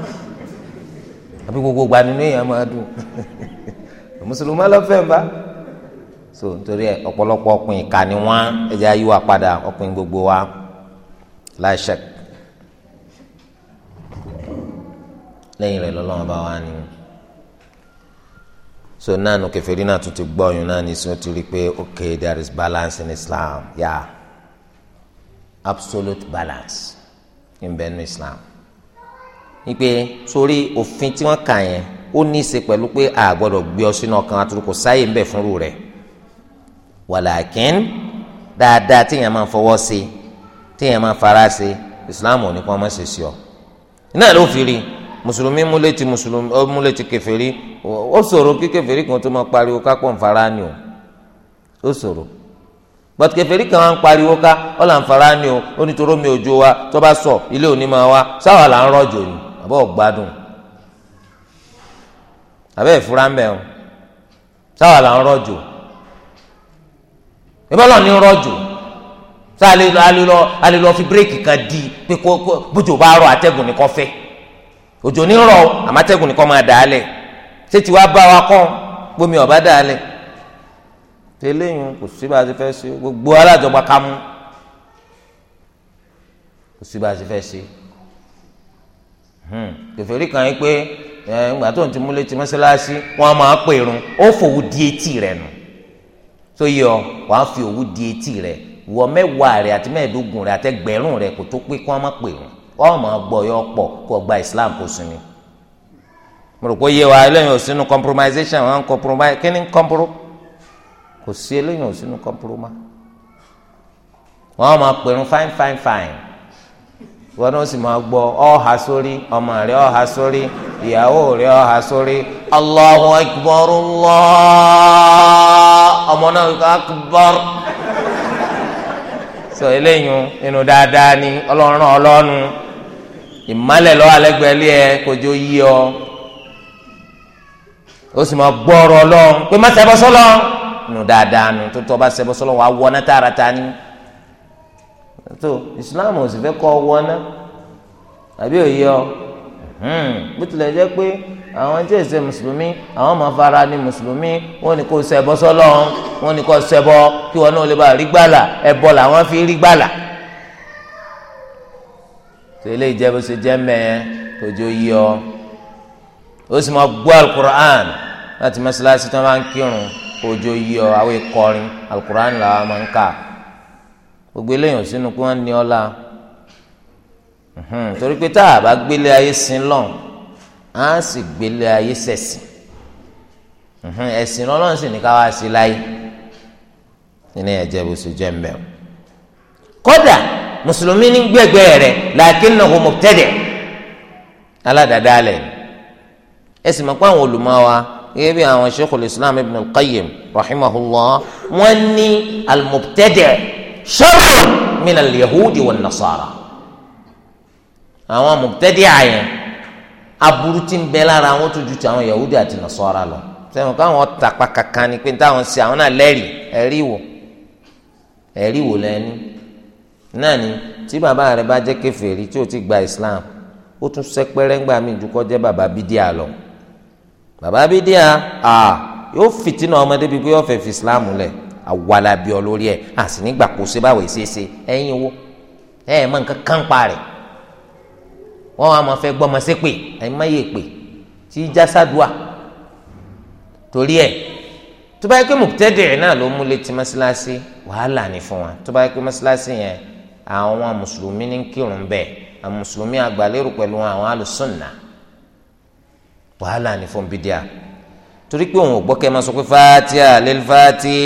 àbí gbogbo gbani ní èèyàn máa dùn mùsùlùmí lọ́fẹ̀ẹ́ bá so nítorí ẹ ọ̀pọ̀lọpọ̀ ọkùnrin ìka ni wọ́n ẹ̀jẹ̀ ayé wa padà ọkùnrin gbogbo wa láìsẹ̀k lẹ́yìn rẹ̀ lọ́lọ́run bá wa ni so náà nù kẹfẹ́rí náà tún ti gbọ́yìn náà ní sọ ti rí pé okay there is balance in Islam yeah absolute balance in bẹ́ẹ̀ Islam wípé sórí òfin tí wọ́n kà yẹn ó ní í ṣe pẹ̀lú pé a gbé ọ sínú ọkàn àtúrò kò sáyè ń bẹ fúnrú rẹ̀ wàlàkín dáadáa téèyàn máa fọwọ́ sí téèyàn máa fara sí islam ò ní kó má ṣe sí ọ iná ló fi rí mùsùlùmí múlẹ̀tì mùsùlùmí ó múlẹ̀tì kẹfẹ́rí ó ṣòro kí kẹfẹ́rí kan tó máa pariwo kápọ̀ nfara ni o ó ṣòro bọ́t kẹfẹ́rí kan wá ń pariwo ká ó là ń fara ni o ó ní toró mi òjò wa tó bá sọ ilé òní máa wá sáwà là ń rọ̀jò ni àbọ̀ gbádùn àbẹ́ ìfura o sáwà là ń rọ̀jò ìbọ́lọ̀ ní rọ́jò sá alelọ fi bírèkì kan di pé kó bójú bá rọ atẹ́gùn ní kọ́fẹ́ òjò ni rọ àmọ́ atẹ́gùn ní kọ́ máa dà ṣé tiwa bá wa kọ́ gbomi ọ̀bá dà á lẹ̀ tẹ́lẹ̀yìn kò sí bá a ti fẹ́ ṣe gbogbo alájọba ká mú kò sí bá a ti fẹ́ ṣe hmm. kẹfẹ́rí kan yín pé ẹ̀ ńgbà tó ń ti múlẹ̀ ti mọ́ṣáláṣí wọ́n máa pè irun ó fòwú di etí rẹ̀ nù tó yọ wàá fi òwú di etí rẹ wọ mẹwàá rẹ àti mẹ́ẹ̀ẹ́dógún rẹ àtẹgbẹ̀rún rẹ kò tó pé kí wọ́n má pè wọ́n wọ́n mọ̀ gbọ́ yọ pọ̀ kó gba Islam kó sinmi mo rò pé yé wa eléyìí ò sínú compromisation wọn compromise kí ni compro kò sí eléyìn ò sínú comproma wọ́n mọ̀ pèrún fine fine fine wọn náà sì máa gbọ́ ọha sórí ọmọ rẹ ọha sórí ìyàwó rẹ ọha sórí Allahu Akbar Allah. ọmọ náà wípé akbar sọ eléyìí inú dáadáa ni ọlọ́run ọlọ́nu ìmálẹ̀ lọ́wọ́ alẹ́gbẹ̀ẹ́lẹ́ ẹ kojú yí ọ ó sì máa gbọ́ ọ̀rọ̀ ọlọ́run pé má ṣẹbọ sọ́lọ́ inú dáadáa nu tó tọ́ bá ṣẹbọ sọ́lọ́ wàá wọ náà tààràtà ni tó ìsìláàmù ò sì fẹ́ kọ́ wọ náà àbí òye ọ hmm. bó tilẹ̀ jẹ́ pé àwọn tí èsè mùsùlùmí àwọn máa fara ní mùsùlùmí wọn ni kò ṣẹbọ sọ́lọ́run wọn ni kò ṣẹbọ kí wọn náà lè bá rí gbàlà ẹbọ làwọn fi rí gbàlà. tẹ́lẹ̀ ìjẹ́bù ṣe jẹ́ mẹ́ẹ̀ tójó yí ọ ó sì máa gbọ́ alukur'an láti mọ́ṣáláṣí tí máa ń kírun kójó yí ọ àwọn ìkọrin alukur'an làwọn máa ń kà gbogbo eléyìí sínú pé wọ́n ní ọ́ la torí pé tá a bá gbélé ayé sin lọ́n á sì gbélé ayé sẹ̀sìn ẹ̀sìn ọlọ́run sì ní ká wá sí láyé nínú ẹ̀jẹ̀ bó ṣe jẹ́ mbẹ́ o kódà mùsùlùmí ní gbẹ̀gbẹ́ rẹ̀ lakinnahu mubtadi' aládàádáalẹ̀ ẹ̀sìn mọ̀ pé àwọn olùmọ̀ gẹ́gẹ́ bí àwọn sheikhul islam ibn qayyim rahimahullah wọ́n ní al-mubtadi' shar'un yahudi wan-nasara àwọn mubtadi' àyẹn aburú tí ń bẹ lára àwọn tó ju ti àwọn Yahudi àti Nasara lọ sẹ́wọ̀n káwọn tàpá kankan ni pé táwọn ṣe àwọn náà lẹ́rìí ẹ̀rí wò ẹ̀rí wò lẹ́ni náà ni tí bàbá rẹ bá jẹ́ kèfèrí tí o ti gba Islam ó tún sẹ́pẹ́rẹ́ ńgbà mí ju kó jẹ́ bàbá bídíà lọ bàbá bídíà à yóò fìtínà ọmọdé bíi pé yóò fẹ́ fi Islam lẹ̀ àwàlábíọ́ lórí ẹ̀ àsìnígbà kò ṣe báwo ṣe ẹ̀yin wo ẹ̀ mọ̀ nǹkan kan pa rẹ̀ wọn wà máa fẹ́ gbọ́mọ sí pè àìmọye pè tí jásádùá torí ẹ̀ tó bá yẹ pé mùtẹ́dẹ̀ẹ́ náà ló mú létí mọ́sálásí wàhálà ni fún wa tó bá yẹ pé mọ́sálásí yẹn àwọn mùsùlùmí ní kírun bẹ́ẹ̀ àwọn mùsùlùmí àgbàlérò pẹ̀lú àwọn alùsùnà wàhálà ni fún bídíà torí pé òun ò gbọ́ kẹ́ ẹ máa sọ pé fatia lilfati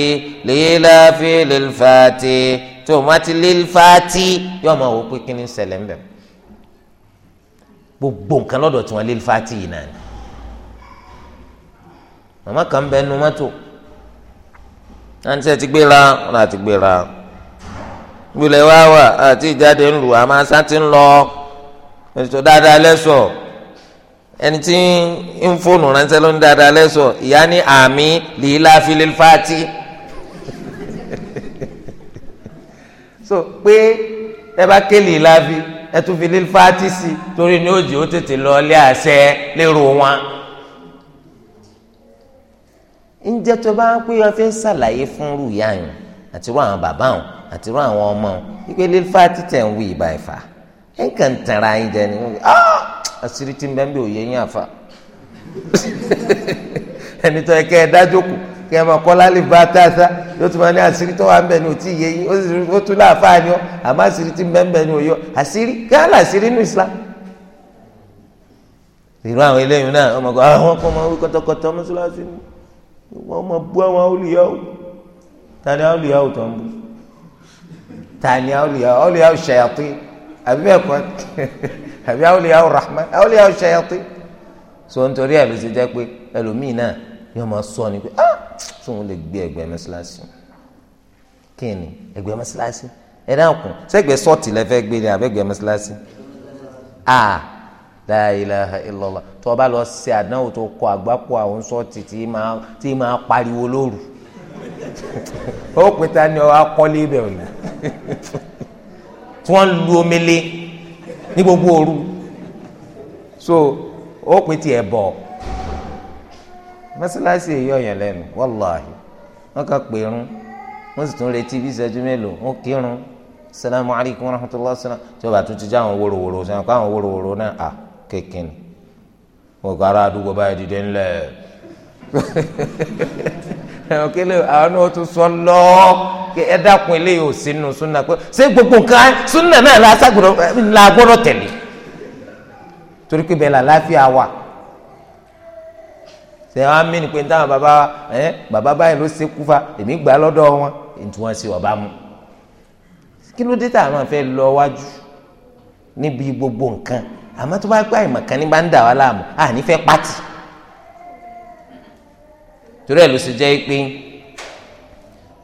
lilafi lilfati tó o máa ti lilfati yóò máa wò pé kí ni ń ṣẹlẹ̀ ń bẹ̀rẹ̀ gbogbo nǹkan lọ́dọ̀ tí wọ́n lé fati yìí náà ni màmá kan bẹ nu mọ́tò àǹtí ẹ ti gbéra wọn àti gbéra gbilẹ̀ wá wà àti ìjáde ń lù àmọ́ asá ti ń lọ ètò dáadáa lẹ́sọ̀ ẹni tí ń fóònù ránṣẹ́ ló ń dáadáa lẹ́sọ̀ ìyá ní àmì lìlá filẹ̀ fati so pé ẹ bá ké lìlá fi ẹ tún fi lil fati si torí ní òjì ó tètè lọ lé àṣẹ lérò wọn. ǹjẹ́ tó bá ń pè ọ́ fẹ́ ṣàlàyé fún rúùyà yẹn àtirú àwọn bàbá wọn àtirú àwọn ọmọ wọn wípé lil fati tẹ̀ ń wí ìbá ẹ̀fà ẹ̀ ń kàn tẹ̀ra yín jẹ ni wọ́n ah! àṣírí tí ń bẹ́ẹ̀ bí òye yín àfa. ẹni tó yẹ kẹ́ ẹ dájókòó kẹ́ ẹ máa kọ́ lálẹ́ bá tá a sá yóò tún máa ní àṣírí tó wà ń bẹ̀ ní òtí yẹ yín ó tún láàfáà ni ọ àmọ́ àṣírí ti bẹ́ẹ̀ bẹ́ẹ̀ ni òyọ àṣírí kí á láṣírí nù Islam. ìlú àwọn eléyìí náà ah, ọmọ kan àwọn kan máa wí kọ́tọ́kọ́tọ́ mọ́ṣáláṣí ni wọ́n máa bú àwọn olùyàwó tani olùyàwó tó ń bú tani olùyàwó olùyàwó ṣayàtì àbí bẹ́ẹ̀ kọ́ àbí olùyàwó rahman olùyàwó ṣayàtì so nítorí ẹ̀ ló ti jẹ́ pé ẹlòmíì náà yóò máa sọ ni pé ah tóun lè gbé ẹgbẹ́ mọ́ṣáláṣí kí ni ẹgbẹ́ mọ́ṣáláṣí ẹ dákun sẹ́gbẹ́ sọ́ọ̀tì lẹ́fẹ́ gbé ni àbẹ́gbẹ́ mọ́ṣáláṣí ah la ilaha illallah tó o bá lọ ṣe àdánwò tó kọ àgbákò àwọn sọ́ọ̀tì tí máa tí máa pariwo lóru ó pè ta ni ọ akọ́lé ibẹ̀ òní tí wọ́n lu omele ní gbogbo òru so ó pè tiẹ̀ bọ̀. mọ́sálásí èyí ọ̀yàn lẹ́nu wàláhì wọ́n kà pé irun wọ́n sì tún retí bí ìṣẹ́jú mélòó wọ́n kírun salamu alaykum wa rahmatulah salam tí wọ́n bá tún ti já àwọn wòrowòro sẹ́yìn kó àwọn wòrowòro náà à kékin wọ́n kọ́ ara àdúgbò báyìí dìde ńlẹ̀ ẹ̀rọ kele àwọn náà tún sọ lọ ẹ dákun eléyìí ò sínú súnà pé ṣé la tẹ̀lé ṣe wọn mí ni pé táwọn bàbá ẹ bàbá báyìí ló ṣe kú fa èmi gbà lọ́dọ̀ wọn ètò wọn ṣe ọba mu kí ló dé tá àwọn fẹ́ lọ wájú níbi gbogbo nǹkan àmọ́ tó bá gbé àìmọ̀kan ní bá ń dà wá láàmú àní fẹ́ pátì torí ẹ̀ ló ṣe jẹ́ pé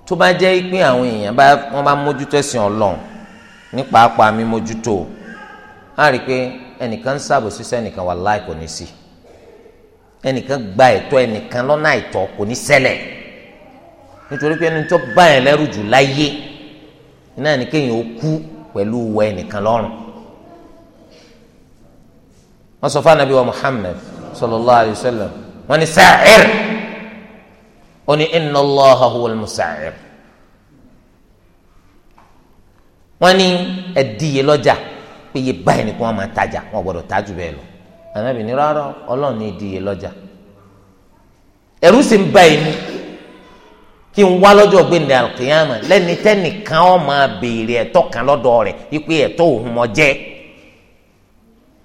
tó bá jẹ́ pé àwọn èèyàn bá wọ́n bá mójútó ẹ̀sìn ọlọ́run ní pàápàá mi mójútó a rí i pé ẹnìkan ń ṣàbòsí sẹ́nìkan wà láì kò ní sí i ẹnìkan gba ẹ̀tọ́ ẹnìkan lọ́nà àìtọ́ kò ní ṣẹlẹ̀ nítorí pé ẹni tó bá yẹn lẹ́rù jù láyé náà ni kéèyàn ó kú pẹ̀lú wọ ẹnìkan lọ́rùn wọ́n sọ fún anabi wa Muhammad sallallahu alayhi wa sallam wọ́n ní sa'ir ó ní inna Allaha huwa al-musa'ir wọ́n ní ẹ̀díye lọ́jà pé iye báyìí ni kí wọ́n máa tajà wọ́n gbọ́dọ̀ tajú bẹ́ẹ̀ lọ. ànábì n'i rárá ọlọ́run ní ìdíye lọ́jà ẹ̀rú sì ń bá ẹni kí n wá lọ́jọ́ gbẹ̀ndé alkiyama lẹ́ni tẹ́nìkan ó máa kan lọ́dọ̀ rẹ̀ wípé ẹ̀tọ́ òun mọ̀ jẹ́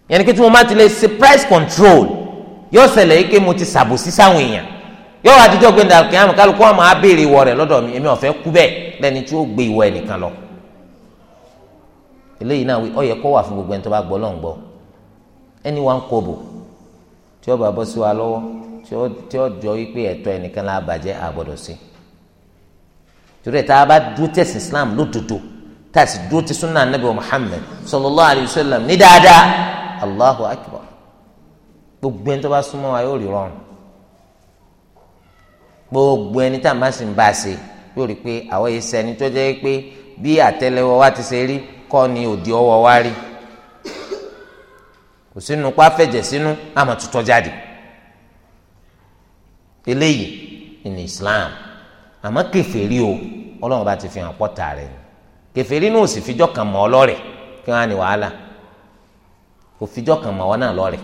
yẹnni pé tí mo bá ti lè ṣe price control yóò ṣẹlẹ̀ yìí mo ti ṣàbòsí sáwọn èèyàn yóò wá àtijọ́ gbẹ̀ndé alkiyama kálukú ó máa béèrè ìwọ rẹ̀ lọ́dọ̀ mi èmi ẹni wà ń kobo tí ó bá bọ́ sí wa lọ́wọ́ tí ó jọ wípé ẹ̀tọ́ ẹnìkan la bàjẹ́ àgbọ̀dọ̀ sí torí ẹ̀ bá dúró tẹ̀sí Islam lódodo tá a sì dúró ti sunna anabi Muhammad sallallahu alayhi wa sallam ní dáadáa Allahu akbar gbogbo ẹni tó bá súnmọ́ wa yóò rí rọrùn gbogbo ẹni tá a máa sì ń bá a ṣe yóò rí pé àwọn ẹsẹ̀ ẹni tó jẹ́ pé bí àtẹ́lẹwọ́ wa ti ṣe rí kọ́ ni òdi ọwọ́ wa rí kò sínú pa fẹ̀jẹ̀ sínú àmọ́ tutọ́ jáde eléyìí ní Islam àmọ́ kèfèrí o Ọlọ́run bá ti fi hàn pọta rẹ ni kèfèrí náà ò sì fijọ́ kan mọ́ ọ lọ́rẹ̀ kí wọ́n á ní wàhálà kò fijọ́ kan mọ́ ọ náà lọ́rẹ̀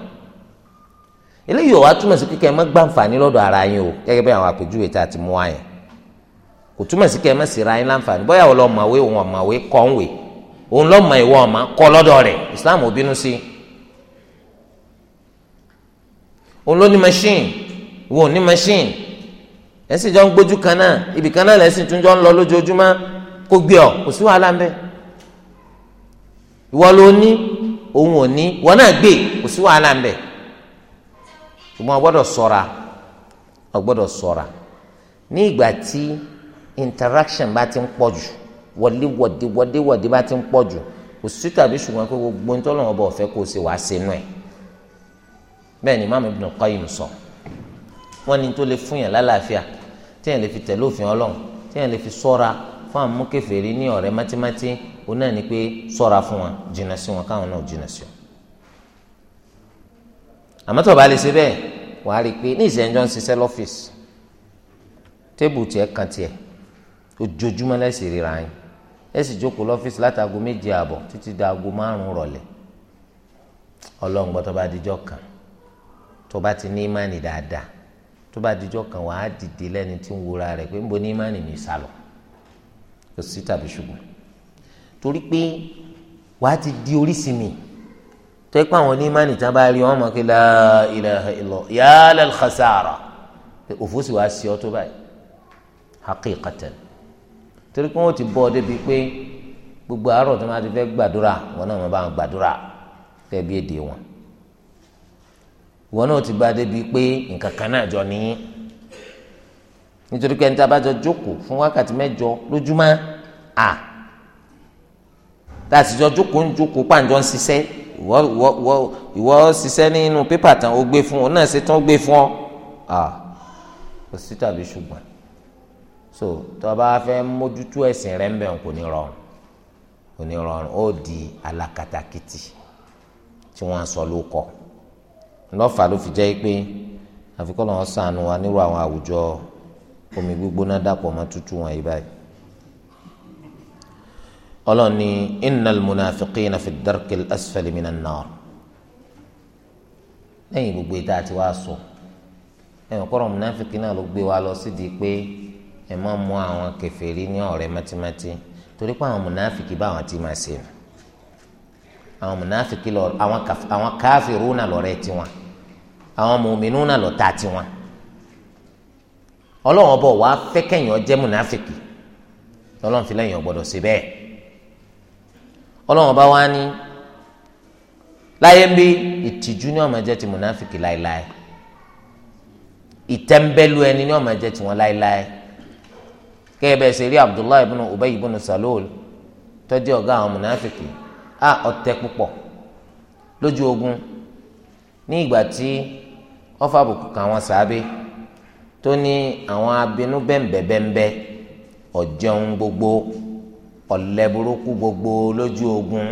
eléyìí ò wá túmọ̀ sí kíkẹ́ ẹ má gba àǹfààní lọ́dọ̀ ara yín o gẹ́gẹ́ bí àwọn àpèjúwe tá a ti mú wa kò túmọ̀ sí kíkẹ́ ẹ má sì ra yín láǹfààní bóyá òun òun ọ̀mọ̀wé kọ́ òun lọ́ọ́ ìwọ ọ̀mọ̀ kọ́ lọ́dọ̀ rẹ̀ Islam ò bínú sí i òun ló ní machine wo ní machine ẹ sì jọ ń gbójú kan náà ibì kan náà lẹ́sìn tún jọ ń lọ lójoojúmọ́ kó gbé ọ kò sí wàhálà ńbẹ ìwọ ló ní òun ò ní wọn náà gbé kò sí wàhálà ńbẹ ṣùgbọ́n o gbọ́dọ̀ ṣọ́ra o gbọ́dọ̀ ṣọ́ra ní ìgbà tí interaction bá ti ń pọ̀ jù wọléwọ̀dé wọléwọ̀dé bá ti ń pọ̀ jù kò sí tàbí ṣùgbọ́n pé gbogbo ń tọ́lọ́wọ́ bọ̀ kó o ṣe wàá ṣe nù ẹ̀ bẹ́ẹ̀ ni Imam Ibn Qayyim sọ wọ́n ní tó lè fún yàn lálàáfíà téèyàn lè fi tẹ̀lé òfin Ọlọ́run téèyàn lè fi ṣọ́ra fún àwọn mọ́kẹ́fẹ́rí ní ọ̀rẹ́ mátímátí òun náà ni pé ṣọ́ra fún wọn jìnnà sí wọn káwọn náà jìnnà sí wọn. àmọ́ tó o bá lè ṣe bẹ́ẹ̀ wàá rí i pé ní ìṣẹ́njọ́ ń ṣiṣẹ́ lọ́fíìsì tébù tiẹ̀ kan tiẹ̀ ojoojúmọ́ lẹ́sìn ríra yín ẹ jókòó lọ́fíìsì látago méje àbọ̀ títí daago márùn-ún rọ̀lẹ́ ọlọ́ngbọ́n tó bá dijọ́ kan tó bá ti ní ìmánì dáadáa tó bá dijọ́ kan wàá dìde lẹ́ni tí ń wúra rẹ̀ pé ń bo ní ìmánì mi sá lọ kò sí tàbí ṣùgbọ́n torí pé wàá ti di oríṣi mi tó pé àwọn onímánì tí wọ́n bá rí wọn mọ̀ pé la ilaha illallah ya lal òfò sì wàá sí ọ tó báyìí haqiqatan torí pé wọ́n ti bọ́ ọ débi pé gbogbo àárọ̀ tó máa ti fẹ́ gbàdúrà wọn náà máa bá wọn gbàdúrà fẹ́ bí èdè wọn wọn náà ti bá débi pé nǹkan kan náà jọ ní nítorí pé ẹni tá a bá jọ jókòó fún wákàtí mẹ́jọ lójúmọ́ à tá a sì jọ jókòó ń jókòó pàǹjọ́ ń ṣiṣẹ́ ìwọ ìwọ nínú pépà tán ó gbé fún ọ náà ṣe tán gbé fún ọ à kò sí tàbí ṣùgbọ́n so tó o bá fẹ́ mójútó ẹ̀sìn rẹ̀ ń bẹ̀ kò ní rọrùn kò ní rọrùn ó di alákatakítí tí wọ́n sọ ló kọ́ lọ́fà ló fi jẹ́ pé àfikún náà sànù wa nírú àwọn àwùjọ omi gbígbóná dàpọ̀ mọ́ tútù wọn yìí báyìí. ọlọ́ni innal munafiqina fi darkil asfali minan nar lẹ́yìn gbogbo ìta àti wàá sọ ẹ̀wọ̀n kọ́rọ̀ munafiki náà ló gbé wa lọ sídìí pé ẹ̀ máa mú àwọn kèfèrí ní ọ̀rẹ́ mátímátí torí pé àwọn munafiki báwọn ti máa ṣe rẹ̀ àwọn mùnàfíkì lọ àwọn káfíìrù náà lọ́rẹ́ tiwọn àwọn mùmínú náà lọ́tà tiwọn ọlọ́run ọbọ̀ wàá fẹ́ kẹ́yìn jẹ́ mùnàfíkì ọlọ́run fi lẹ́yìn ọ̀gbọ́dọ̀ sí bẹ́ẹ̀ ọlọ́run ọba wa ní láyé ń bí ìtìjú ní ọmọ jẹ́ ti mùnàfíkì láéláé ìtẹ́ńbẹ́lú ẹni ní ọmọ jẹ́ tiwọn láéláé kẹ́ẹ̀ bẹ́ẹ̀ ṣe Abdullahi ibn Ubay ibn Salul tó jẹ́ ọ̀gá àwọn mùnàfíkì a ọ̀tẹ̀ púpọ̀ lójú ogun ní ìgbà tí wọ́n fàbùkù kan àwọn sàábé tó ní àwọn abinú bẹ́ńbẹ́bẹ́ńbẹ́ ọ̀jẹun gbogbo ọ̀lẹ burúkú gbogbo lójú ogun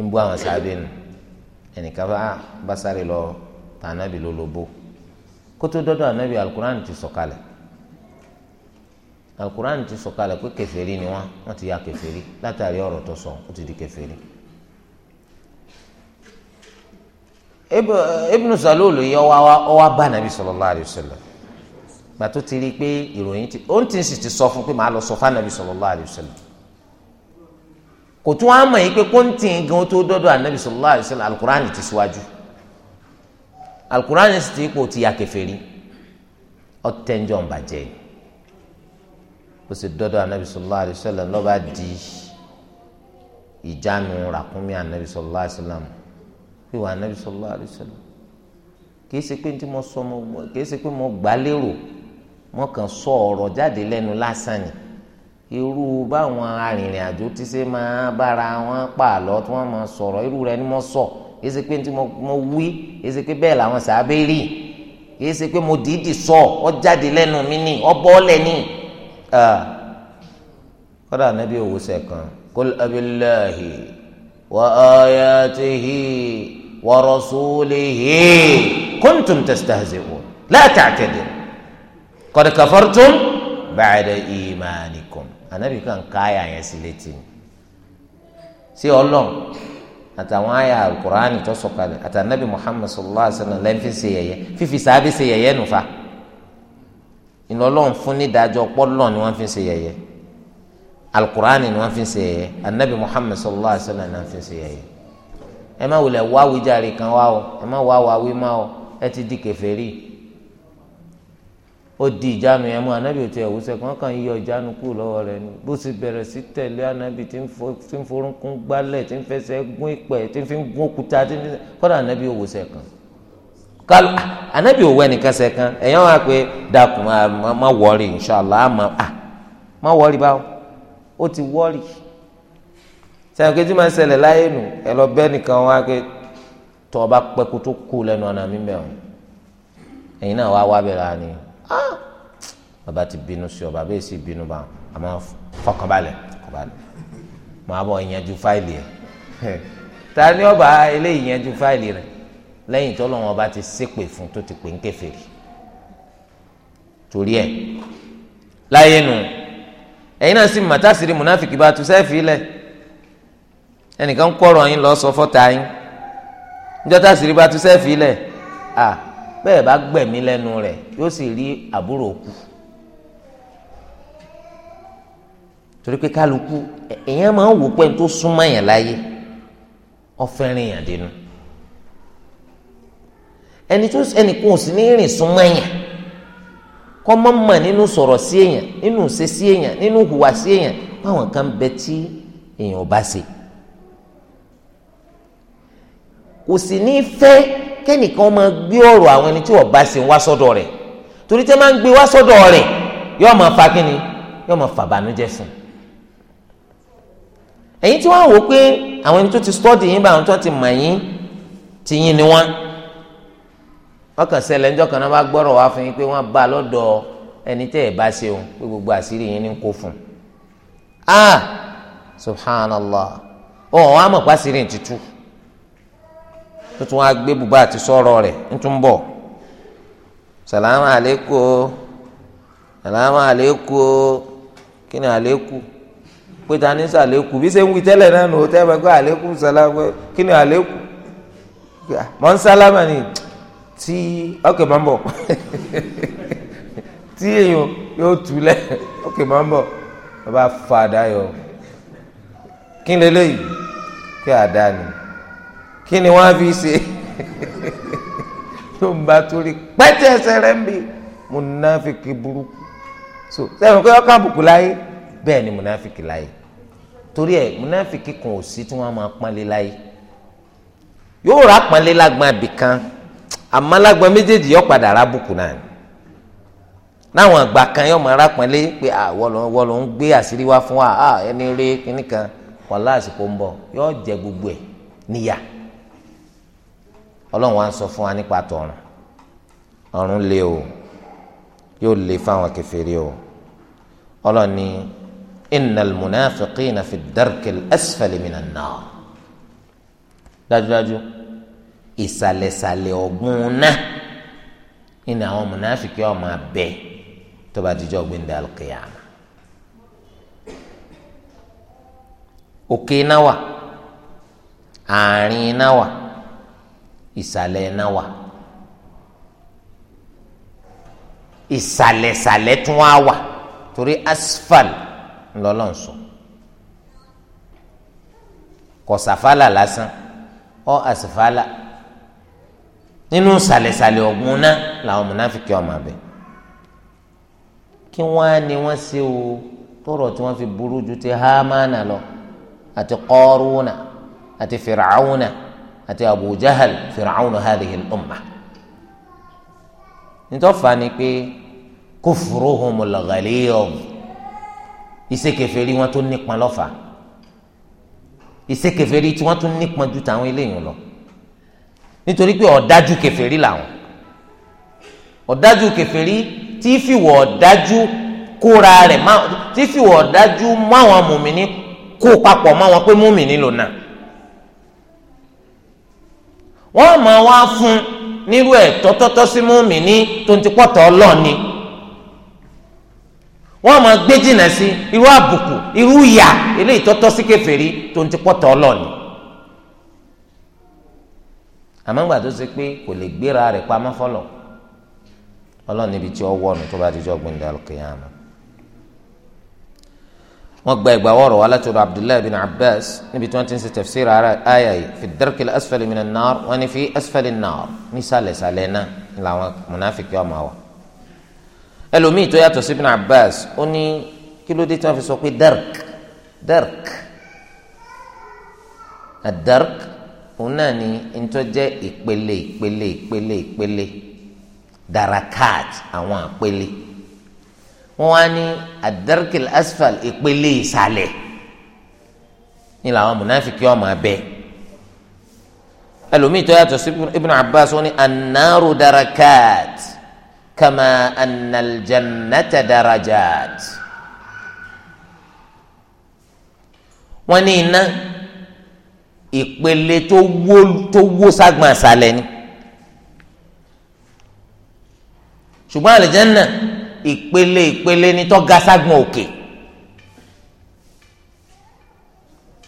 ń bú àwọn sàábé nù ẹnìkan bá bá sáré lọ tànàbì lólobó kótó dọ́dọ̀ ànábì alukur'an ti sọ̀kalẹ̀. So alukur'an ti sọ̀kalẹ̀ pé kèfèrí ni wọ́n wọ́n ti ya kèfèrí látàrí ọ̀rọ̀ tó sọ ó ti di kèfèrí. ibnu salulu yìí ó wá bá nàbí sallallahu alayhi wa sallam gbàtó ti rí i pé ìròyìn ti ó ń tì sì ti sọ fún pé màá lọ sọ fún nàbí sallallahu alayhi sallam kò tún wá mọ̀ yìí pé kó gan tó dọ́dọ̀ ànábì sallallahu alayhi wa sallam alukur'an ti síwájú alukur'an sì ti kó ti ya kèfèrí ọ̀tẹ̀ ń jọ̀ yìí ó sì dọ́dọ̀ anabi sallallahu alayhi wa sallam lọ́ba di ìjánu ràkúnmí anabi sallallahu alayhi wa sallam wíwá anabi sallallahu alayhi wa sallam kìí ṣe pé tí mo sọ mo kìí ṣe pé mo gbà lérò mo kàn sọ ọ̀rọ̀ jáde lẹ́nu lásán ni irú báwọn arìnrìn àjò ti ṣe máa bára wọn pààlọ́ tí wọ́n máa sọ̀rọ̀ irú rẹ̀ ni mo sọ kìí ṣe pé tí mo wí kìí ṣe pé bẹ́ẹ̀ làwọn sábẹ́ rí kìí ṣe pé mo dìídì sọ ọ jáde lẹ́nu mi ni ọ bọ́ lẹ́ni a ah. kọ́dà nàbí òwúsẹ̀ kan kul abillahi wa ayatihi wa rasulihi kuntum tastahzi'un la ta'tadiru qad kafartum ba'da imanikum anabi kan káyà yẹn sí létí sí ọlọ́n àtàwọn àyà alukur'ani tó sọ̀kalẹ̀ àtànàbí muhammad sallallahu alayhi wa sallam lẹ́yìn fífi fífi sábẹ́ ṣe yẹ̀yẹ́ ìlọlọ́run fún nídàájọ́ pọ́lọ́ ni wọ́n fi ń ṣe yẹ̀yẹ́ alukur'ani ni wọ́n fi ń ṣe yẹ̀yẹ́ anabi muhammed sallallahu alayhi wa sallam ni wọ́n fi ń ṣe yẹ̀yẹ́ ẹ má wulẹ̀ wá wíjàre kan wá o ẹ má wá wá wí má o ẹ ti di kèfèrí ó di ìjánu yẹn mú anabi òtí ẹ̀wù sẹ́kùn wọn kàn yíyọ ìjánu kúrò lọ́wọ́ rẹ̀ ni bó sì bẹ̀rẹ̀ sí tẹ̀lé anabi tí ń forúnkún gbálẹ̀ tí ń fẹsẹ̀ gún ìpẹ́ tí ń fi gún òkúta tí ń fi kọ́dà anabi òwò sẹ́kùn kalu anabi òwò ẹnìkan sẹ̀kan ẹ̀yàn wá pé ma má wọ́ọ̀rì inṣàlá ma à má wọ́ọ̀rì ah, báwo ó ti wọ́ọ̀rì sẹ́yìn kejì máa ń ṣẹlẹ̀ láyé nù ẹ lọ bẹ́ẹ̀ nìkan wá pé tọ́ ọ bá pẹ́kú tó kú lẹ́nu ọ̀nà mi bẹ́ẹ̀ ẹ̀yin náà wá wá bẹ̀rẹ̀ àní ah, bàbá ti bínú sí ọ bàbá èsì bínú bá a máa fọkànbalẹ̀ fọkànbalẹ̀ màá bọ̀ ìyẹn ju fáìlì ẹ̀ ta ni ọba eléyìí yẹn ju fáìlì rẹ̀ lẹ́yìn tó lọ́wọ́ bá ti ṣépè fún tó ti pè ń kèfèrí torí ẹ̀ láyé nu ẹ̀yin náà sì màtásìrì múnáfìkì bá tu sẹ́ẹ̀fì lẹ̀ ẹnìkan kọ̀rọ̀ yín lọ sọ fọ́tà yín níjọ́ tásìrì bá tu sẹ́ẹ̀fì lẹ̀ à bẹ́ẹ̀ bá gbẹ̀mí lẹ́nu rẹ̀ yóò sì rí àbúrò kù torí pé kálukú èèyàn máa ń wò pé tó súnmọ́ yẹn láyé ọ̀fẹ́rin yàn dénú ẹni tó ẹnìkan ò sí ní rìn súnmọ́ èèyàn kọ́ mọ́ mọ̀ nínú sọ̀rọ̀ sí èèyàn nínú ṣe sí èèyàn nínú hùwà sí èèyàn báwọn kan bẹ tí èèyàn ò bá ṣe kò sì ní fẹ́ kẹ́nìkan máa gbé ọ̀rọ̀ àwọn ẹni tí ò bá ṣe wá sọ́dọ̀ rẹ̀ torí tẹ́ máa ń gbé wá sọ́dọ̀ rẹ̀ yóò máa fa kínni yóò máa fa bànújẹ́ fún un ẹ̀yin tí wọ́n wò pé àwọn ẹni tó ti stọ́ọ̀dì yín bá àwọn tó ti mọ̀ yín ti yín ni wọ́n. wọ́n kàn ṣẹlẹ̀ ńjọ́ kan náà wọ́n gbọ́rọ̀ wá fún yín pé wọ́n bá ẹni tẹ ẹ bá ṣe òun pé gbogbo àṣírí yín n'i kó fún un. ah subhanallah ọ̀hún àmọ̀ pàṣírí ń tutù tó tún wá gbé bùbá àti sọ̀rọ̀ rẹ̀ ń tún bọ̀ salamu aleikum salamu aleikum kí ni aleikum pé ta ní sàlékù bí ṣe ń tẹ́lẹ̀ náà nù tẹ́ ẹ bá gbé aleikum kí ni mọ̀ ń ni. tí ọkẹ máa ń bọ̀ tí èèyàn yóò túlẹ̀ ọkẹ máa ń bọ̀ wọ́n bá fa àdá yọ kí leléyìí kí àdá ni kí ni wọ́n á fi ṣe tó ń bá torí pẹ́tẹ́ ẹsẹ̀ rẹ̀ ń bì múnáfíkì burúkú so sẹ́yìn pé ọkàn àbùkù láyé bẹ́ẹ̀ ni múnáfíkì láyé torí ẹ̀ múnáfíkì kan ò sí tí wọ́n máa pọ́nlé láyé yóò rà pọ́nlé lágbọ́n àbìkan àmọ́ lágbọn méjèèjì yọ padà rábùkù náà láwọn àgbà kan yọ máa rápọnlé pé àwọ̀ ló ń gbé àṣírí wá fún wa ẹni rí kíní kan wọn láàsìkò ń bọ̀ yọ jẹ gbogbo ẹ̀ níyà ọlọ́run wa ń sọ fún wa nípa tọ̀run ọ̀run lé o yóò lé fáwọn kèfèrí o ọlọ́run ní innal munafiqina fi ddarkil asfali minan nar dájúdájú. Dájú ìsàlẹ̀sàlẹ̀ ọ̀gbun náà nínú àwọn mùnáfìkì ọmọ abẹ tó bá dijọ́ gbẹ̀ndẹ̀ alùkìyàmà òkè náà Oke àárín náà ìsàlẹ̀ náà ìsàlẹ̀sàlẹ̀ tún wá wà torí asfal ńlọlọ́nsùn kọ̀sàfàlà lásán ọ́ asfàlà. nínú sàlẹ̀sàlẹ̀ ọ̀gbun náà làwọn mùnáfíkì ọmọ abẹ kí wọ́n á ní wọ́n ṣe o tọrọ tí wọ́n fi burú ju ti hámánà lọ àti kọ́rùnà àti fìràwùnà àti abu jahal fìràwùnà hadhihi al-umma nítọ́fà ni pé kufruhumul ghalidh ìṣekèfèrí wọn tó nípọn lọ́fà ìṣekèfèrí tí wọ́n tún nípọn ju tàwọn eléyìí lọ nítorí pé ọ̀dájú kèfèrí làwọn ọ̀dájú kèfèrí tí fìwọ̀ ọ̀dájú kóra rẹ̀ má tí fìwọ̀ ọ̀dájú mọ́ àwọn mùmíní kó papọ̀ mọ́ àwọn pé mùmíní lò náà wọ́n máa wá fún nírú ẹ̀ tọ́tọ́tọ́ sí mùmíní tó ń ti pọ̀tọ́ ọlọ́ọ̀ni wọ́n máa gbé jìnnà sí irú àbùkù irú ìyà eléyìí tọ́tọ́ sí kèfèrí tó ń ti pọ̀tọ́ ọlọ́ọ̀ni àmọ́ ńgbà tó ṣe pé kò lè gbéra rẹ̀ pamọ́ fọlọ̀ ọlọ́run níbi tí ó wọ̀nù tó bá ti jọ gbẹ̀ndẹ̀ alùkìyàmù. wọ́n gba ìgbà wọ̀rọ̀ wá láti ọ̀dọ̀ abdullahi bin abbas níbi tí wọ́n ti ń ṣe tafsir àyà yìí fi dẹ́rkìl asfali minan nar wọ́n ní fi asfali nar ní náà làwọn munafiki ọmọ wa. ẹlòmíì tó yàtọ̀ sí bin abbas ó ní kí ló dé tí wọ́n fi sọ pé dẹ́rk dẹ́rk òun náà ni ntọ́jẹ́ ìpele ìpele ìpele ìpele darakat àwọn àpele wọn á ní adarikil asfal ìpele ìsàlẹ̀ ní làwọn munafiki ọmọ abẹ ẹlòmíì tó yàtọ̀ sí Ibn Abbas wọn ni annaru darakat kama analjannata darajat wọn ní iná ìpele tó wó tó wó ságbọn àṣàlẹ̀ ni ṣùgbọ́n àlùjànnà ìpele ìpele ni tó ga ságbọn òkè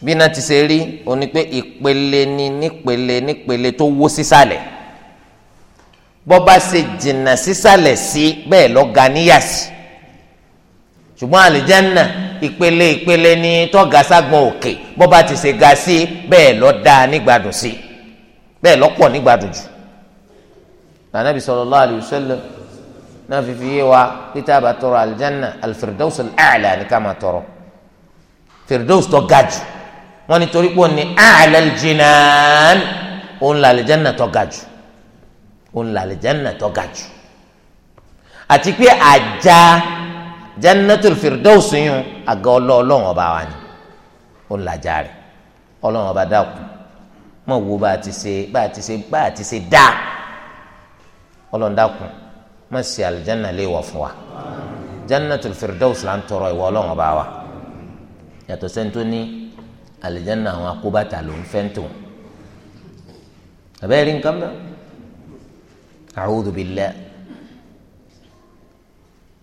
bí náà ti ṣe rí ó ní pé ìpele ni nípele nípele tó wó sísàlẹ̀ bó bá ṣe jìnnà sísàlẹ̀ sí bẹ́ẹ̀ ló ga níyà sí ṣùgbọ́n àlùjànnà ìpele ìpele ní tọ́ga ságbọn òkè bó bá ti ṣe ga sí bẹ́ẹ̀ lọ dáa nígbàdùn sí bẹ́ẹ̀ lọ́pọ̀ nígbàdùn jù nànàbì sallallahu alayhi wa sallam náà fífi yé wa pété àbá tọrọ aljanna alfirdaus al-a'la ni ká máa tọrọ firdaus tó ga jù wọn ni torí pé ó a'la al òun là aljanna tó ga jù òun là aljanna tó ga jù àti pé àjà jannatul firdaus yun àga ọlọ́ọ̀lọ́hún ọba wa ni ó lajà rẹ̀ ọlọ́hún ọba dákun mọ̀ wo bá a ti ṣe bá a ti ṣe bá a ti ṣe dá ọlọ́hún dákun mọ̀ sí alìjánná lè wọ̀ fún wa jannatul firdaus là ń tọrọ ìwọ ọlọ́hún ọba wa yàtọ̀ sẹ́ńtò ní alìjánná àwọn akóbàtà ló ń fẹ́ ń nǹkan bẹ́ẹ̀ a'udhu billahi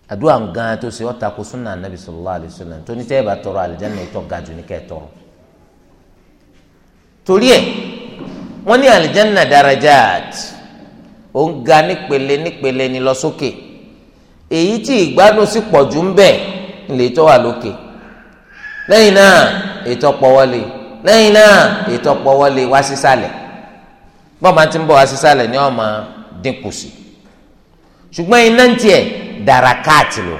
àdúrà gan tó ṣe ọ̀tà kó súnà nàbì sallallahu alaihi wasallam tó ní tẹ́ẹ̀bà tọrọ àlìjáná ìtọ́ ga jù ní kẹ́ẹ̀tọ́rọ̀ torí ẹ̀ wọ́n ní àlìjáná darajat ó ń ga nípele nípele ní lọ sókè èyí tí ìgbádùn sì pọ̀ jù ń bẹ̀ lè tọ́ wà lókè lẹ́yìn náà ètò pọ̀wọ́lé lẹ́yìn náà ètò pọ̀wọ́lé wá sísàlẹ̀ bọ́ọ̀ máa ti ń bọ̀ wá sísàlẹ̀ ni wọ́n máa dínkù sí ṣùgbọ́n iná ń tiẹ̀ darakaati lò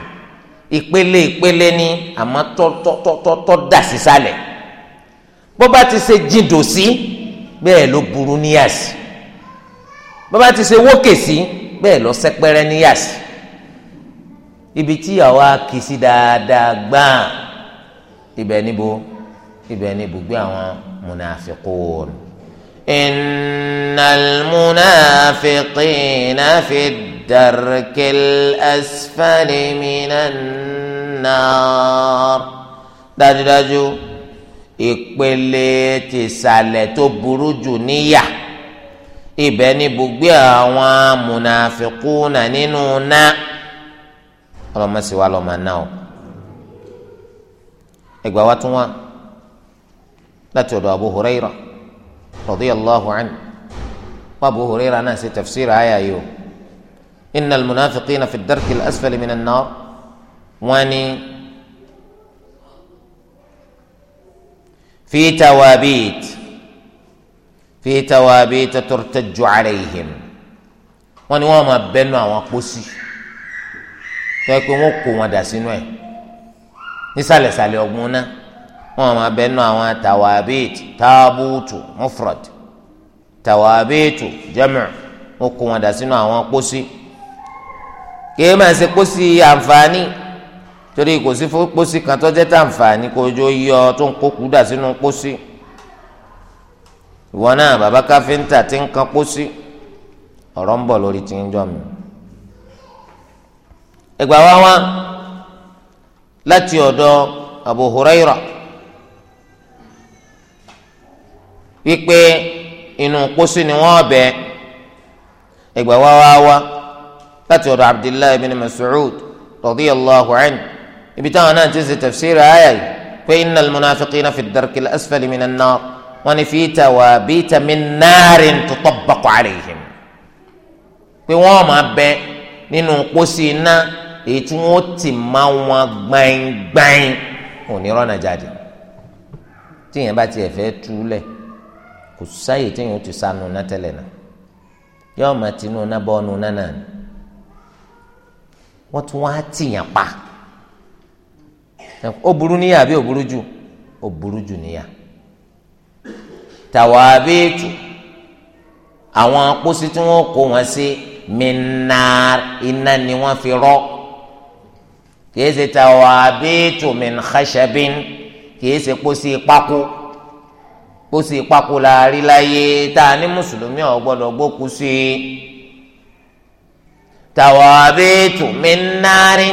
ìpele ìpele ni àmọ́ tọ́tọ́tọ́tọ́ dà sísàlẹ̀ bó bá ti ṣe jìndò sí bẹ́ẹ̀ ló burú níyàsí bó bá ti ṣe wókè sí bẹ́ẹ̀ lọ sẹ́pẹ́rẹ́ níyàsí ibi tí àwa kì dáadáa gbáà ibẹ̀ níbo ibẹ̀ níbo gbé àwọn mùnàfíkùn. إن المنافقين في الدرك الأسفل من النار dájúdájú ìpele tìsàlẹ̀ tó burú jù níyà ibẹ̀ ni bùgbé àwọn mùnàfíkúnà nínú ná ọlọ́mọ sì wá lọ́mọ náà o ẹgbàá wa tún wá láti ọ̀dọ̀ Abu Hurairah. رضي الله عنه وابو هريرة ناسي تفسير آية أيوة إن المنافقين في الدرك الأسفل من النار واني في توابيت في توابيت ترتج عليهم واني وما بنوا وقسي فيكم وقوما داسينوه نسال سالي أبونا wọn máa bẹ nù àwọn tawabit taabutu mufrad tawabitu jami' ó kó wọn dà sínú àwọn pósí kìí máa ṣe pósí àǹfààní torí kò sí pósí kan tó jẹ́ tàǹfààní kó ojú yọ tó ń kókù dà sínú pósí ìwọ náà bàbá káfíńtà ti ń kan pósí ọ̀rọ̀ ń bọ̀ lórí ti ń jọ mi. ẹgbàá wá wá láti ọ̀dọ̀ Abu Hurairah. wípé inú pósí ni wọ́n bẹ̀ ẹgbẹ́ wá wá wá láti ọ̀dọ̀ abdullahi bin mas'ud radiyallahu anhu ibi táwọn náà ti ṣe tafsir ayà yìí pé innal munafiqina fi darkil asfali minan nar wọ́n ní fi tawabita min narin tutabbaqu alayhim pé wọ́n máa bẹ nínú pósí iná èyí tí wọ́n ti máa wọn gbáyìn gbáyìn òní rọ́nà jáde tíyẹn bá tiẹ̀ fẹ́ túlẹ̀ kò sáyè téèyàn ti sá nu ná tẹ́lẹ̀ náà yóò máa ti nu ná bọ́ nu ná náà ni wọ́n tún wá tìyàn pa ó burú níyà àbí ó burú jù ó burú jù níyà tàwábéètù àwọn akpọ́sí tí wọ́n kó wọn sí minnaar iná ni wọ́n fi rọ́ kìí ṣe tàwábéètù min khashabin kìí ṣe kpọ́sí pákó kó sì papò láàrí láyé tá a ní mùsùlùmí ò gbọ́dọ̀ gbókú sí i. tàwábẹ́ẹ̀tù mi nárí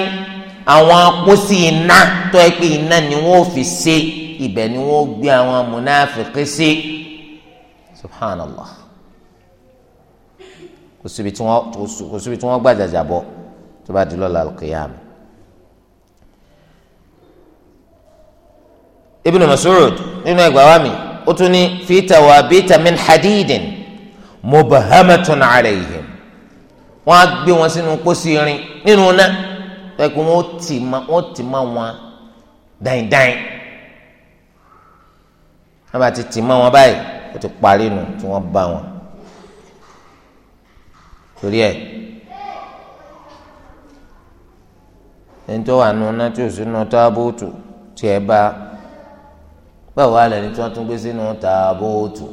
àwọn pósí iná tó ẹ pé iná ni wọ́n fi ṣe ibẹ̀ ni wọ́n gbé àwọn múnáfìkì sí subhanallah kò síbi tí wọ́n gbàjàjà bọ̀ tó bá di lọ́la alqiyam. ibn Mas'ud nínú ẹgbàá wa mi ó tún ní fi tawabita min hadidin mubahamatun alayhim wọ́n á gbé wọn sínú pósí irin nínú iná pẹ̀kú wọn ó tì má wọn ó tì má wọn dáindáin wọ́n bá ti tì má wọn báyìí ó ti parí nu tí wọ́n bá wọn torí ẹ̀ ẹni tó wà nù iná tí ò sínú tábùtù tí ẹ bá báwo wá ni tí wọ́n tún gbé sínú tààbóòtù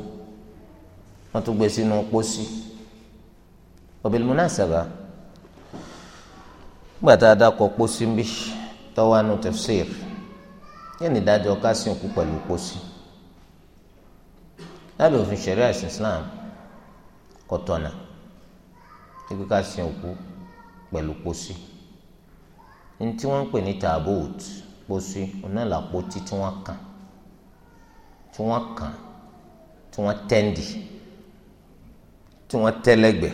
wọ́n tún gbé sínú pósí bil munasaba nígbà tá a dákọ̀ pósí ń bí tọ́wánu tafsir yẹn ní ìdájọ́ ká sìnkú pẹ̀lú pósí lábẹ́ òfin ṣẹ̀ríà Islam kò tọ̀nà ibi ká sin òkú pẹ̀lú pósí ní tí wọ́n pè ní tààbóòtù pósí onáàlà pótí tí wọ́n kàn tí wọ́n kàn tí wọ́n tẹ́ndì tí wọ́n tẹ́lẹ̀gbẹ́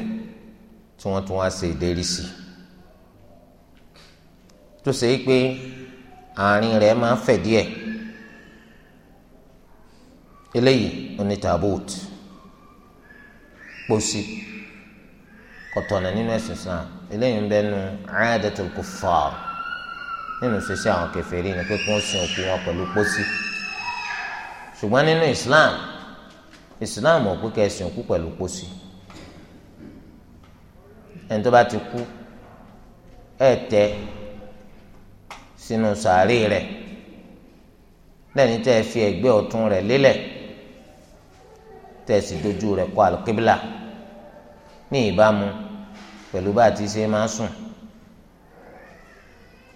tí wọ́n tún wá ṣe ìdérí sí tó ṣe é pé àárín rẹ̀ máa ń fẹ̀ díẹ̀ eléyìí oní tabut kposi kọtọ̀nà nínú ẹ̀sìn Islam eléyìí ń bẹnu aadatul kuffar nínú ṣiṣẹ́ àwọn kèfèrí ni pé kí wọ́n sin òkú wọn pẹ̀lú kposi ṣùgbọ́n nínú islam islam ò pé kẹsìn òkú pẹ̀lú pósí ẹni tó bá ti kú ẹ tẹ sínú sàárè rẹ̀ lẹ́ni tẹ́ ẹ fi ẹ̀gbẹ́ ọ̀tún rẹ̀ lélẹ̀ tẹ́ ẹ sì dojú rẹ̀ kọ àlùkébílà ní ìbámu pẹ̀lú bá a ti ṣe máa sùn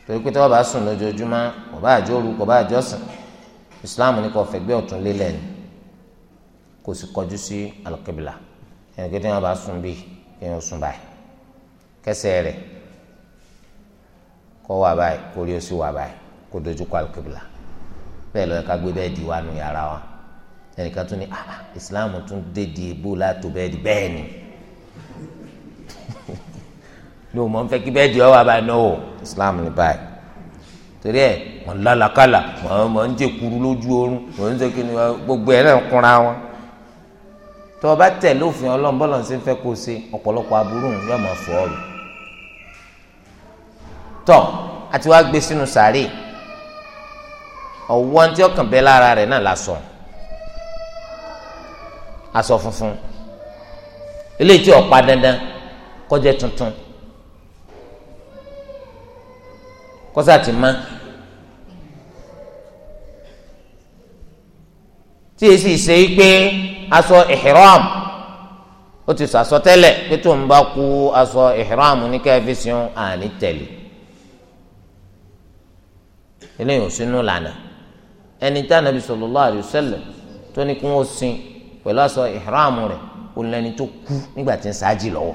torí pé tí wọ́n bá sùn lójoojúmọ́ kò bá àjọ òru bá àjọ sùn islam ní kò fẹ̀gbẹ́ ọ̀tún lélẹ̀ ni kò sì kọjú sí alùkébìlà ẹni kí wọn bá sùn bí kéèyàn sùn báyìí kẹsẹ̀ rẹ̀ kó wà báyìí kó rí o sì wà báyìí kó dojú kọ alùkébìlà bẹ́ẹ̀ lọ́ọ́ ká gbé bẹ́ẹ̀ di wa nù yàrá wa ẹnìkan tún ní ah islam tún dé di ebó látò bẹ́ẹ̀ di bẹ́ẹ̀ ni ní o mọ̀ n fẹ́ kí bẹ́ẹ̀ di ọ wà báyìí náà o islam ní báyìí. torí ẹ wọn lálàkàlà wọn mọ ń jẹ kuru lójú oorun wọn ń jẹ kí gbogbo ẹ náà kúnra wọn Tọ́ o bá tẹ̀lé òfin ọlọ́run bọ́lọ̀ sí fẹ́ kó o ṣe ọ̀pọ̀lọpọ̀ aburú yóò máa fọ́ ọ lò tọ́ àti wàá gbé sínú sàárè ọ̀wọ́ tí ọkàn bẹ́ lára rẹ̀ náà lásọ Asọ funfun eléyìí tí ó dandan kọjá tuntun kọ́sà ti tí esi ṣe é pé aṣọ ìhìrọ́m o ti sọ asọ pé tó ń bá kú aṣọ ìhìrọ́m ní kẹfíṣìn àní tẹ̀lé eléyìí ò sínú lànà ẹni tí Ànábì sallallahu tó ní kí wọ́n sin pẹ̀lú ó tó kú nígbà tí lọ́wọ́.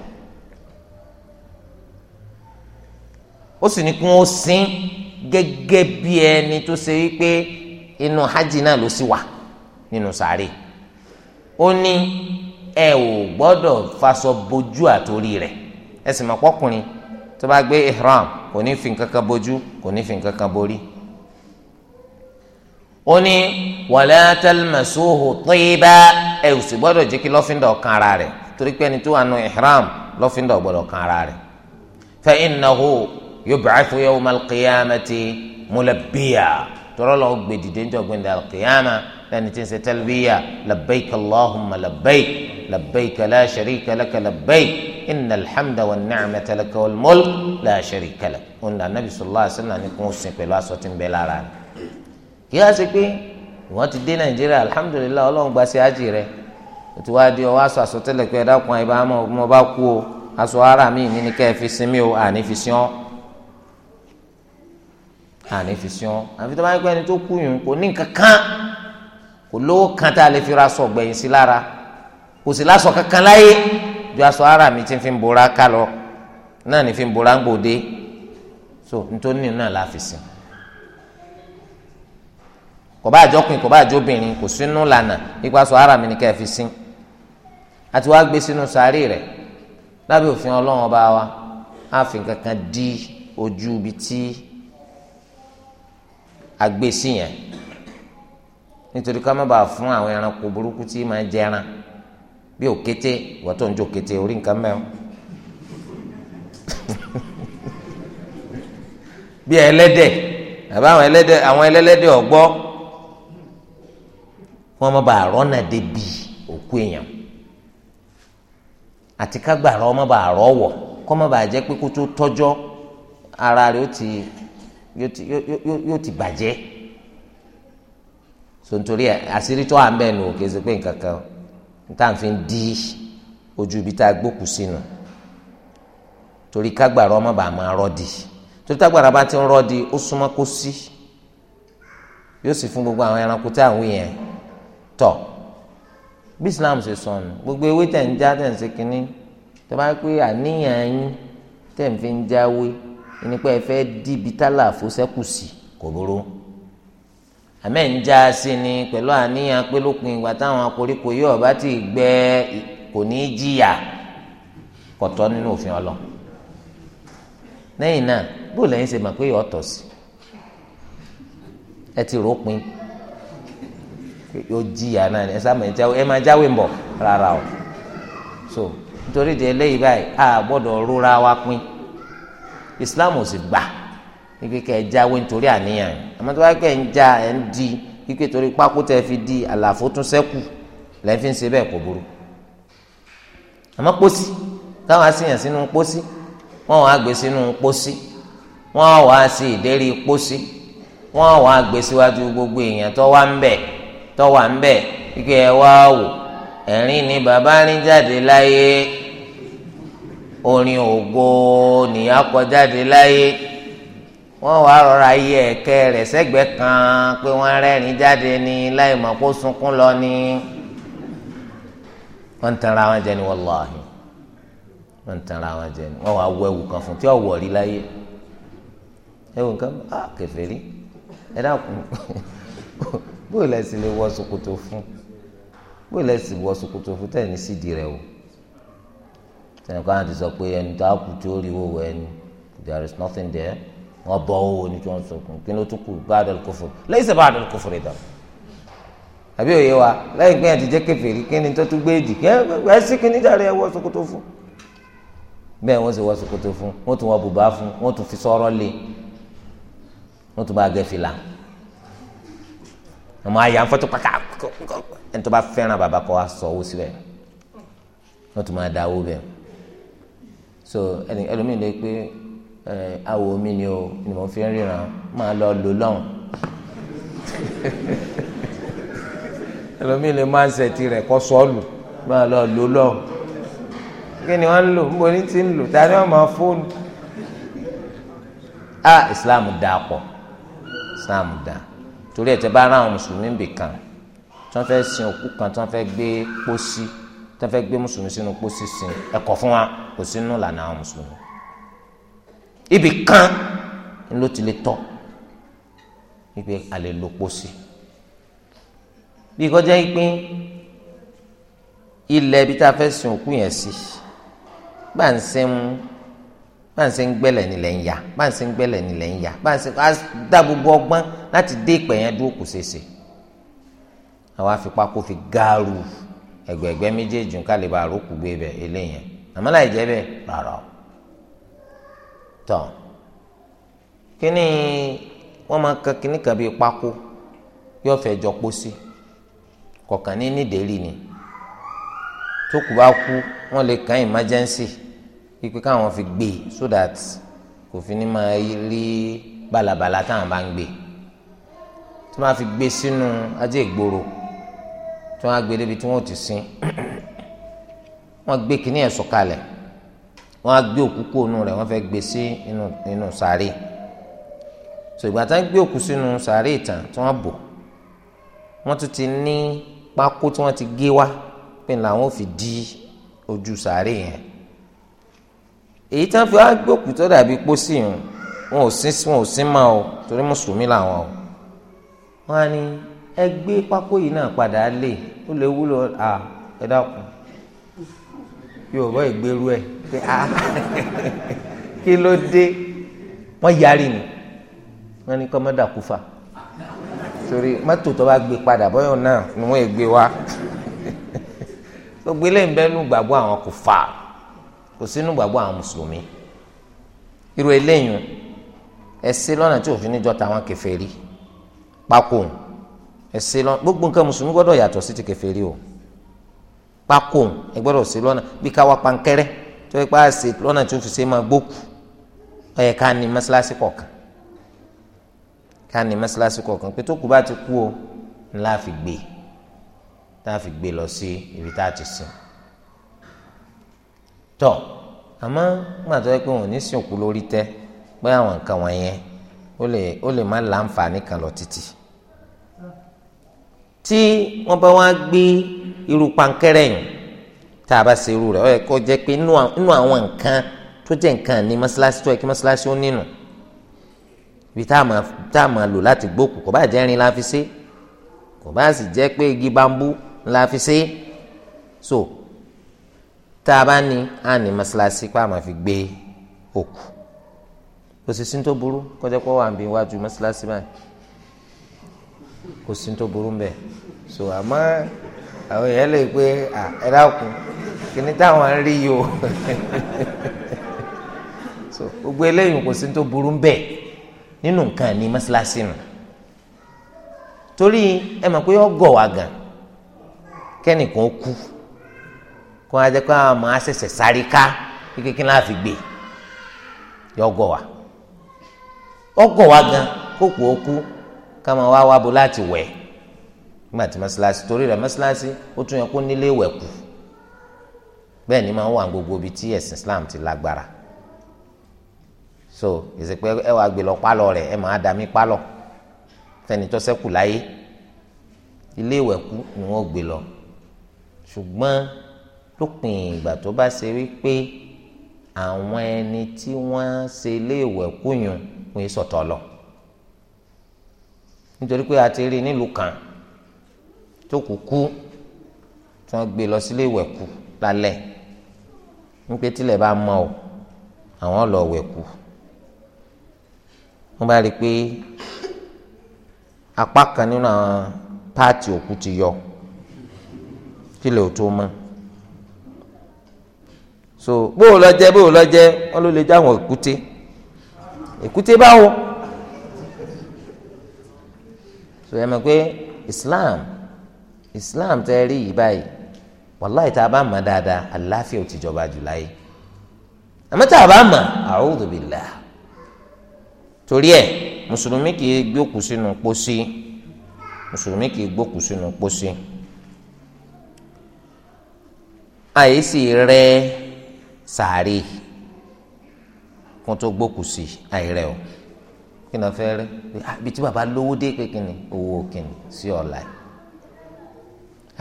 ó sì ní kí wọ́n sin gẹ́gẹ́ bí ẹni tó ṣe wípé inú hajj náà ló sì wà nínú sàárè ó ní ẹ ò gbọ́dọ̀ faṣọ bojú àtòrí rẹ̀ ẹ sì mọ̀ pọ́kùnrin tó bá gbé ihram kò ní fi nǹkan kan kò ní fi nǹkan borí ó ní wala talmasuhu tiba ẹ ò sì gbọ́dọ̀ jẹ́ kí lọ́fíńdọ̀ kan ara rẹ̀ torí pé ẹni tó wà nù ihram lọ́fíńdọ̀ gbọ́dọ̀ kan ara rẹ̀ fa innahu yub'athu yawma al-qiyamati mulabbiya tọrọ lọ gbé dìde njọ gbé ndàlù kìyàmà lẹni tí ń ṣe talbiya labbaik allahumma labbaik labbaik la sharika laka labbaik inna alhamda wa ni'mata laka wal mulk la sharika lak òun là nàbì sallallahu alaihi wasallam ní kún sin pẹ̀lú aṣọ tí ń bẹ lára rẹ̀ kí á ṣe pé wọ́n ti dé nàìjíríà alhamdulilayi ọlọ́run gba sí ájì rẹ̀ òtí wàá di ọwọ́ aṣọ àsọtẹ́lẹ̀ pé ẹ̀dá kan ẹ̀ bá mọ̀ bá kú o aṣọ ara mi ní kẹ́ ẹ fi sinmi o àní fi sin ọ́ àní fi sí wọn àfi tó bá yẹ pé ẹni tó kú yìí kò ní kankan kò lówó kan tá a lè fi ra aṣọ sí lára kò sì láṣọ kankan láyé ju aṣọ ara mi ti fi ń bora ká lọ náà ní fi ń bora gbòde so nítorí náà la fi sìn kò bá àjọkùn kò bá àjọbìnrin kò sínú lànà ipa aṣọ ara mi ni ká fi sìn àti wàá gbé sínú rẹ òfin ọba wa kankan di ojú ibi tí. agbésí yẹn nítorí ká má bàa fún àwọn ẹranko burúkú tí máa jẹran bí òkété wọ́n tó ń jó kété orí nǹkan mẹ́wọ́ bí ẹlẹ́dẹ̀ àbá àwọn ẹlẹ́dẹ̀ àwọn ẹlẹ́dẹ̀ ọ̀gbọ́ wọ́n má bàa rọ́nà débi òkú èèyàn àti ká gbàrọ́ má bàa rọ́ kọ́ má bàa jẹ́ pé kó tó tọ́jọ́ ara rẹ̀ ó ti yóò ti bàjẹ́ sontori ẹ àṣírí tó à ń bẹ̀ nù kì í ṣe pé nǹkan kan níta fi ń di ojú ibi tá a gbókù sínú torí kágbàrá ọmọ bàá máa rọ́ọ̀dì torí tágbàrá bá ti ń rọ́ọ̀dì ó súnmọ́ kó sí yóò sì fún gbogbo àwọn ẹranko tá à yẹn tọ̀ bí Islam ṣe sọ nù gbogbo ewé tẹ̀ ń já tẹ̀ ń ṣe kínní tó bá pé àníyàn yín tẹ̀ ń fi ń jáwé nípa ẹ fẹ́ dìbí tálà àfọsẹ́kù sí kò burú àmẹ́ ń já sí ni pẹ̀lú àníyàn pé lópin ìgbà táwọn koríko yìí ọ̀bá ti gbẹ kò ní í jìyà kọ̀tọ́ nínú òfin ọlọ́ lẹ́yìn náà bó lẹ́yìn ṣe mọ̀ pé ọ̀tọ̀ sí ẹ ti ròpin yóò jìyà náà ẹ sáà ẹ máa jáwé ń bọ̀ rárá o so nítorí ìdí eléyìí báyìí a gbọ́dọ̀ rúra wa pin islam ò sì gbà wípé kẹ́ ẹ jáwé nítorí àníyàn àmọ́ tó bá kẹ́ ẹ ń já ẹ ń di wípé torí pákó tẹ́ fi di àlàfo tún sẹ́kù lẹ́ fi ń ṣe bẹ́ẹ̀ kò burú àmọ́ pósí táwọn aṣèyàn sínú pósí wọ́n wàá gbé sínú pósí wọ́n wàá ṣe ìdérí pósí wọ́n wàá gbé síwájú gbogbo èèyàn tó wà ń bẹ̀ tó wà ń bẹ̀ wípé ẹ wá wò ẹ̀rín ni bàbá rìn jáde láyé orin ògo nìyá kọjáde láyé wọ́n wàá rọra yí ẹ̀kẹ́ rẹ̀ sẹ́gbẹ̀ẹ́ kan pé wọ́n rẹ́rìn jáde ní láì mọ̀ kó sunkún lọ ní wọ́n ń tanra wọn jẹ ní wàláhì wọ́n ń tanra wọn jẹ ní wọ́n wàá wọ ẹ̀wù kan fún tí ọwọ rí láyé ẹ̀wù kan á kẹfẹ rí ẹ dákun bóyá ẹsìn lè wọ ṣòkòtò fún bóyá ẹsìn wọ ṣòkòtò fún tẹ̀ ní sídìí rẹ̀ o sẹ́ni kan ti sọ pé ẹni tó á kù tí ó rí owó ẹni there is nothing there wọ́n bọ́ owó ní tí wọ́n sọkùn kí ló tún kù ba'dal kufr laysa ba'dal kufri dà àbí òye wa lẹ́yìn pé àti jẹ́ kèfèrí kí ni tó tún gbé èjì ẹ sí kí níjà rẹ wọ ṣòkòtò fún bẹ́ẹ̀ wọ́n sì wọ ṣòkòtò fún wọ́n tún wọ bùbá fún wọ́n tún fi sọ́rọ́ lé wọ́n tún bá gẹ́ fìlà ọmọ àyà fọ́tò pàkà ẹni tó bá fẹ́ràn bàbá kọ́ wa sọ owó síbẹ̀ wọ́n tún máa da owó bẹ́ẹ̀ so ẹni ẹlòmíì lè pé ẹ awọ mi ni o ni mo fi ń ríran máa lọ lò lọ́hùn ẹlòmíì lè máa ń sẹ̀tì rẹ̀ kọ́ sọ́ọ̀lù máa lọ lò lọ́hùn kí ni wọ́n ń lò níbo ni ti ń lò ta wọ́n máa fóònù a Islam dáa pọ̀ Islam dáa torí ẹ̀ tẹ́ bá ara àwọn mùsùlùmí bìkan tí wọ́n fẹ́ sin òkú kan tí wọ́n fẹ́ gbé pósí tó fẹ́ gbé mùsùlùmí sínú pọ̀ sísìn ẹ̀kọ́ fún wa kò sínú lànà àwọn mùsùlùmí ibì kan ló ti lè tọ́ wípé a lè lo pósí bí kọjá ìpín ilẹ̀ ibi tá a fẹ́ sin òkú yẹn sí bá ń sẹ́ ń bá ń sẹ́ ń gbẹ́lẹ̀ nílẹ̀ ń yá bá ń sẹ́ ń gbẹ́lẹ̀ nílẹ̀ ń yá bá ń sẹ́ ń dá gbogbo ọgbọ́n láti dé ìpẹ̀yẹn dúró kò ṣeé ṣe àwa fi pákó fi gáàrú ẹgbẹ̀gbẹ́ méjèèjì ká lè ba àrókù gbé bẹ̀ eléyẹn àmọ́ láì jẹ́ bẹ́ẹ̀ rárá o tọ́ kíní wọ́n máa ka kíní kan bíi pákó yóò fẹ́ jọ pósí kọ̀ọ̀kan ní nídèérí ni tó kù bá kú wọ́n lè kàn emergency pípé káwọn fi gbé e so that kò fi ní máa rí bàlàbàlà táwọn bá ń gbé tó máa fi gbé sínú ajé ìgboro tí wọ́n á gbé débi tí wọ́n ti sin wọ́n gbé kínní ẹ̀ sọ̀kalẹ̀ wọ́n á gbé òkú kóònù rẹ̀ wọ́n fẹ́ gbé sí inú sàárè so ìgbà tí wọ́n gbé òkú sínú sàárè ìtàn tí wọ́n bò wọ́n tún ti ní pákó tí wọ́n ti gé wá pé làwọn ò fi di ojú sàárè yẹn èyí tí wọ́n fi wá gbé òkú tó dàbí pósí yìí wọn ò sí wọn ò sí máa o torí mùsùlùmí làwọn o wọ́n á ní ẹ gbé pákó yìí náà padà lé ó lè wúlò à ẹ dákun yóò bọ́ ìgbérú ẹ pé a kí ló dé wọ́n yarí ni wọ́n ní kọ́mọ́dà kúfà torí mọ́tò tó bá gbé padà bọ́yọ̀ náà ni wọ́n gbé wá gbogbo eléyìí ń bẹ́ẹ̀ nù gbàgbọ́ àwọn kò fà kò sínú gbàgbọ́ àwọn mùsùlùmí irú eléyìí ẹ ṣe lọ́nà tí òfin níjọ́ táwọn kèfèrí pákó òun ẹsẹ lọ gbogbo nǹkan mùsùlùmí gbọ́dọ̀ yàtọ̀ sí ti kèfèrí o pákó ẹ gbọ́dọ̀ sí lọ́nà bí káwa pankẹrẹ tó yẹ pé a ṣe lọ́nà tó fi ṣe máa gbókù ẹ ká ní mọ́ṣáláṣí kọ̀ọ̀kan ká ní mọ́ṣáláṣí kọ̀ọ̀kan pé tó kù bá ti kú o ńlá fi gbé tá a fi gbé lọ sí ibi tá a ti sìn tọ àmọ́ nígbà tó pé wọn ò ní sìn lórí tẹ pé àwọn nǹkan wọ̀nyẹn ó lè má láǹfààní kan lọ títì tí wọ́n bá wá gbé irú pankẹ́rẹ́ yìí tá a bá ṣe irú rẹ̀ ó yẹ kó jẹ́ pé inú àwọn nǹkan tó jẹ́ nǹkan ní mọ́ṣáláṣí tó yẹ kí mọ́ṣáláṣí ó nínú ibi tá a máa lò láti gbókù kò bá jẹ́ irin la fi ṣe kò bá sì jẹ́ pé igi bambú la fi ṣe so tá a bá ní a ní mọ́ṣáláṣí pa máa fi gbé òkú kò sì sí tó burú kó jẹ́ pé wà bí iwájú mọ́ṣáláṣí báyìí. kò sí mbẹ so àmọ́ àwọn èèyàn lè pé ẹ dákun kíní táwọn ń rí yìí o so gbogbo eléyìí kò tó burú mbẹ nínú nǹkan ní mọ́sálásí nù torí ẹ mọ̀ pé gan kẹ́nìkan kú kó jẹ́ àwọn ọmọ sáré Kama wá wá bo láti wẹ̀ nígbà tí mọ́ṣáláṣí torí rẹ̀ mọ́ṣáláṣí ó tún yẹ kó nílé wẹ̀ kù bẹ́ẹ̀ ni máa ń wà gbogbo ibi tí ẹ̀sìn Islam ti lágbára so ìsèpẹ́ ẹ wàá gbé lọ pálọ̀ rẹ̀ ẹ máa dami pálọ̀ fẹ́ni tó ṣẹ́kù láyé ilé ìwẹ̀ kú ni wọ́n gbé lọ ṣùgbọ́n lópin ìgbà tó bá ṣe wípé àwọn ẹni tí wọ́n ṣe ilé ìwẹ̀ kú yùn ń sọ̀tọ̀ lọ. So, nítorí pé a ti rí nílùú kan tó kù kú tí wọ́n gbé lọ sílé ìwẹ̀ kú lálẹ́ wípé tílẹ̀ bá mọ́ ọ àwọn lọ wẹ̀ kú wọ́n bá rí i pé apá kan nínú àwọn páàtì òkú ti yọ tílẹ̀ ò tó mọ́ so bó o lọ jẹ bó o lọ jẹ wọn ló lè jẹ àwọn èkúté èkúté báwo so ẹ mọ̀ pé islam islam tẹ́ rí yìí báyìí wàláì tá a bá mọ̀ dáadáa àlàáfíà ò ti jọba jù láyé àmọ́ tá a bá mọ̀ a'udhu billah torí ẹ̀ mùsùlùmí kì í gbókù sínú pósí mùsùlùmí kì í gbókù sínú pósí àyèsí rẹ sàárè kó tó gbókù sí àìrẹ o kí ni ọ̀fẹ́ rẹ àbí ah, tí bàbá lówó dé pé kí ni owó kìnnì sí ọ̀la yìí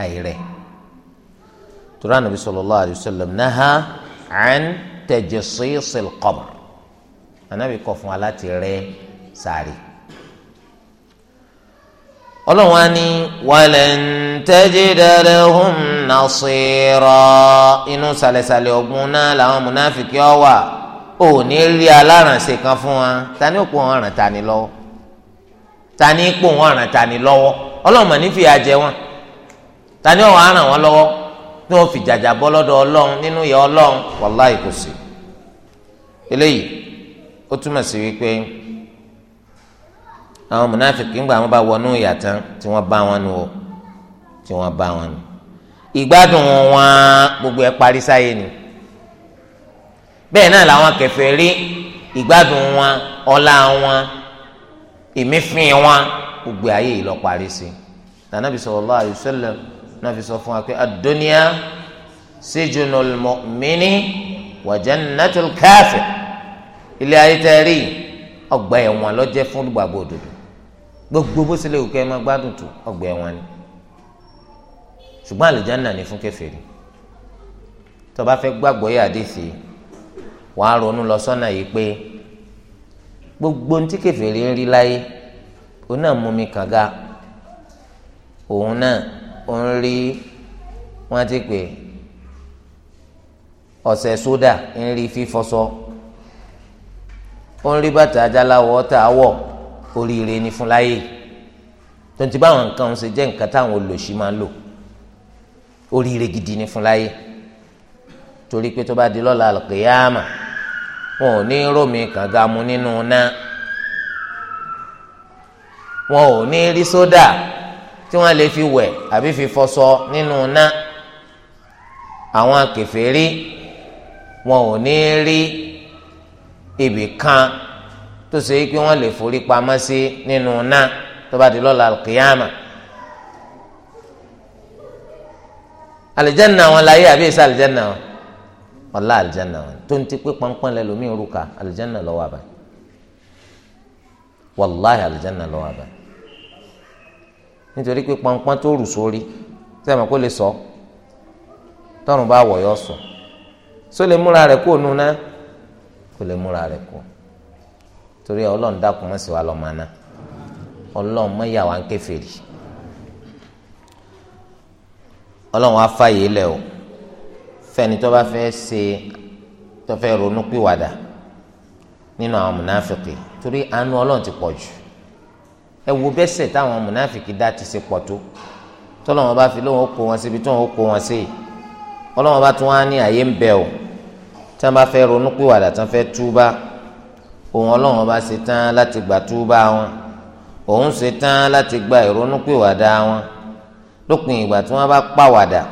àìrẹ̀ tura nàbí sallallahu alayhi wa sallam naha an tajsisil qabr anabi kọ̀ fún wa láti rẹ́ sáré ọlọ́run á ní walan tajida lahum nasira inú sàlẹ̀sàlẹ̀ ọ̀gbun náà làwọn múnáfìkì ọ̀ wà. ò ní rí alárànṣe kan fún wa ta ni ó pò wọn ràn ta ni lọ́wọ́ ta ni pò wọn ràn ta ni lọ́wọ́ ọlọ́mọ ní ta ni o ràn wọn lọ́wọ́ fi jàjà bọ́ lọ́dọ̀ ọlọ́run nínú ìyà ọlọ́run wàláì kò sí eléyìí ó túmọ̀ sí wípé àwọn mùnáfíkì ńgbà wọn bá wọnú ìyà tán tí wọ́n bá wọn nù o tí bá gbogbo parí sáyé ni. bẹ́ẹ̀ náà làwọn kèfèrí ìgbádùn wọn ọlá wọn ìmífin wọn gbogbo ayé yìí lọ parí sí i nànàbì sallallahu alayhi wa sallam náà fi sọ fún wa pé ad-dunya sijnul mu'mini wa jannatul kafir ilé ayé tẹ́ rí ọgbà ẹ̀wọ̀n ló jẹ́ fún gbàgbọ́ òdodo gbogbo bó sílẹ̀ òkè máa gbádùn tó ọgbà ẹ̀wọ̀n ni ṣùgbọ́n àlùjánnà ni fún kèfèrí tó bá fẹ́ gbàgbọ́ yé àdéhìí wàá ronú lọ sọ́nà yìí pé gbogbo ntí kèfèrí ń rí láyé òun náà mú mi kàga òun náà ó ń rí wọn ti pè ọ̀sẹ̀ sódà ń rí fífọṣọ ó ń rí bàtà ajáláwọ̀ ọ̀tà àwọ̀ oríire ni fún láyé tonti báwọn nǹkan ṣe jẹ́ nǹkan táwọn olòṣì máa ń lò oríire gidi ni fún láyé torí pé tó bá di lọ́la àlùkìyámà wọn ò ní rómi kànga mu nínú ná wọn ò ní rí sódà tí wọn lè fi wẹ̀ àbí fi fọṣọ nínú ná àwọn kèfèrí wọn ò ní rí ibì kan tó ṣe pé wọn lè forí pamọ́ sí nínú ná tó bá di lọ́la alkiyama. alìjẹ́nà wọn láyé àbí èsì alìjẹ́nà wọn. ọlá àlìjáná wọn tó ń ti pé pọnpọn lẹ lómi òrùka àlìjáná lọ́wọ́ àbá wàláhì àlìjáná lọ́wọ́ nítorí pé pọnpọn tó rù sórí kó sọ bá yọ sọ só lè múra rẹ̀ kó nu náà kó lè múra rẹ̀ kó torí ọlọ́run dákun sí wa máa ná ìyàwó fẹ́ni tó bá fẹ́ ṣe tó fẹ́ ronú pìwàdà nínú àwọn mùnáfìkì torí àánú Ọlọ́run ti pọ̀ jù ẹ wo bẹ́sẹ̀ táwọn mùnáfìkì dá ti ṣe pọ̀ tó tọ́lọ́wọ́n bá fi lóun ó kó wọn síbi tó ń kó wọn sí Ọlọ́run bá tún wá ní àyè ń bẹ̀ o tí wọ́n bá fẹ́ ronú pìwàdà tí wọ́n fẹ́ túbá òun Ọlọ́run bá ṣe tán láti gbà túbá wọn òun ṣe tán láti gba ìrònúpìwàdà wọn lópin ìgbà tí wọ́n bá pàwàdà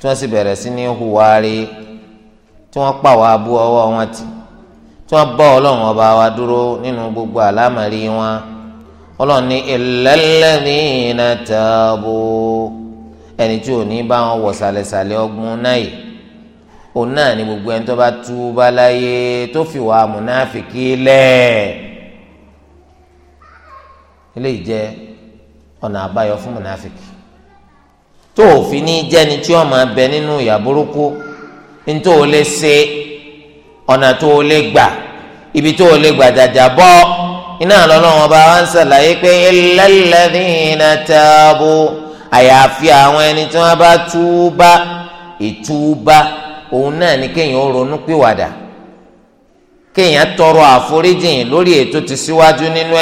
tí wọ́n sì bẹ̀rẹ̀ sí ní huwaari tí wọ́n pa wá bú ọwọ́ wọn tì tí wọ́n bá ọlọ́run ọba wa dúró nínú gbogbo àlámàrí wọn ọlọ́run ní illal-ladhina tabu ẹni tí ò ní bá wọn wọ̀ sàlẹ̀sàlẹ̀ ọgbọ́n náà yìí òun náà ni gbogbo ẹni tó bá túbá láyé tó fi wà múnáfìkì lẹ̀ eléyìí jẹ́ ọ̀nà àbáyọ fún múnáfìkì. tó òfin ní jẹni tí ó máa bẹ nínú ìyà burúkú ntó o lè ṣe ọ̀nà tó o lè gbà ibi tó o lè gbà dàjà bọ́ iná lọ́lọ́wọ́n bá wá ń ṣàlàyé pé illal-ladhina àyàfi àwọn ẹni tí wọ́n bá túbá ìtúbá òun náà ni kéèyàn kéèyàn tọrọ lórí ètò ti síwájú nínú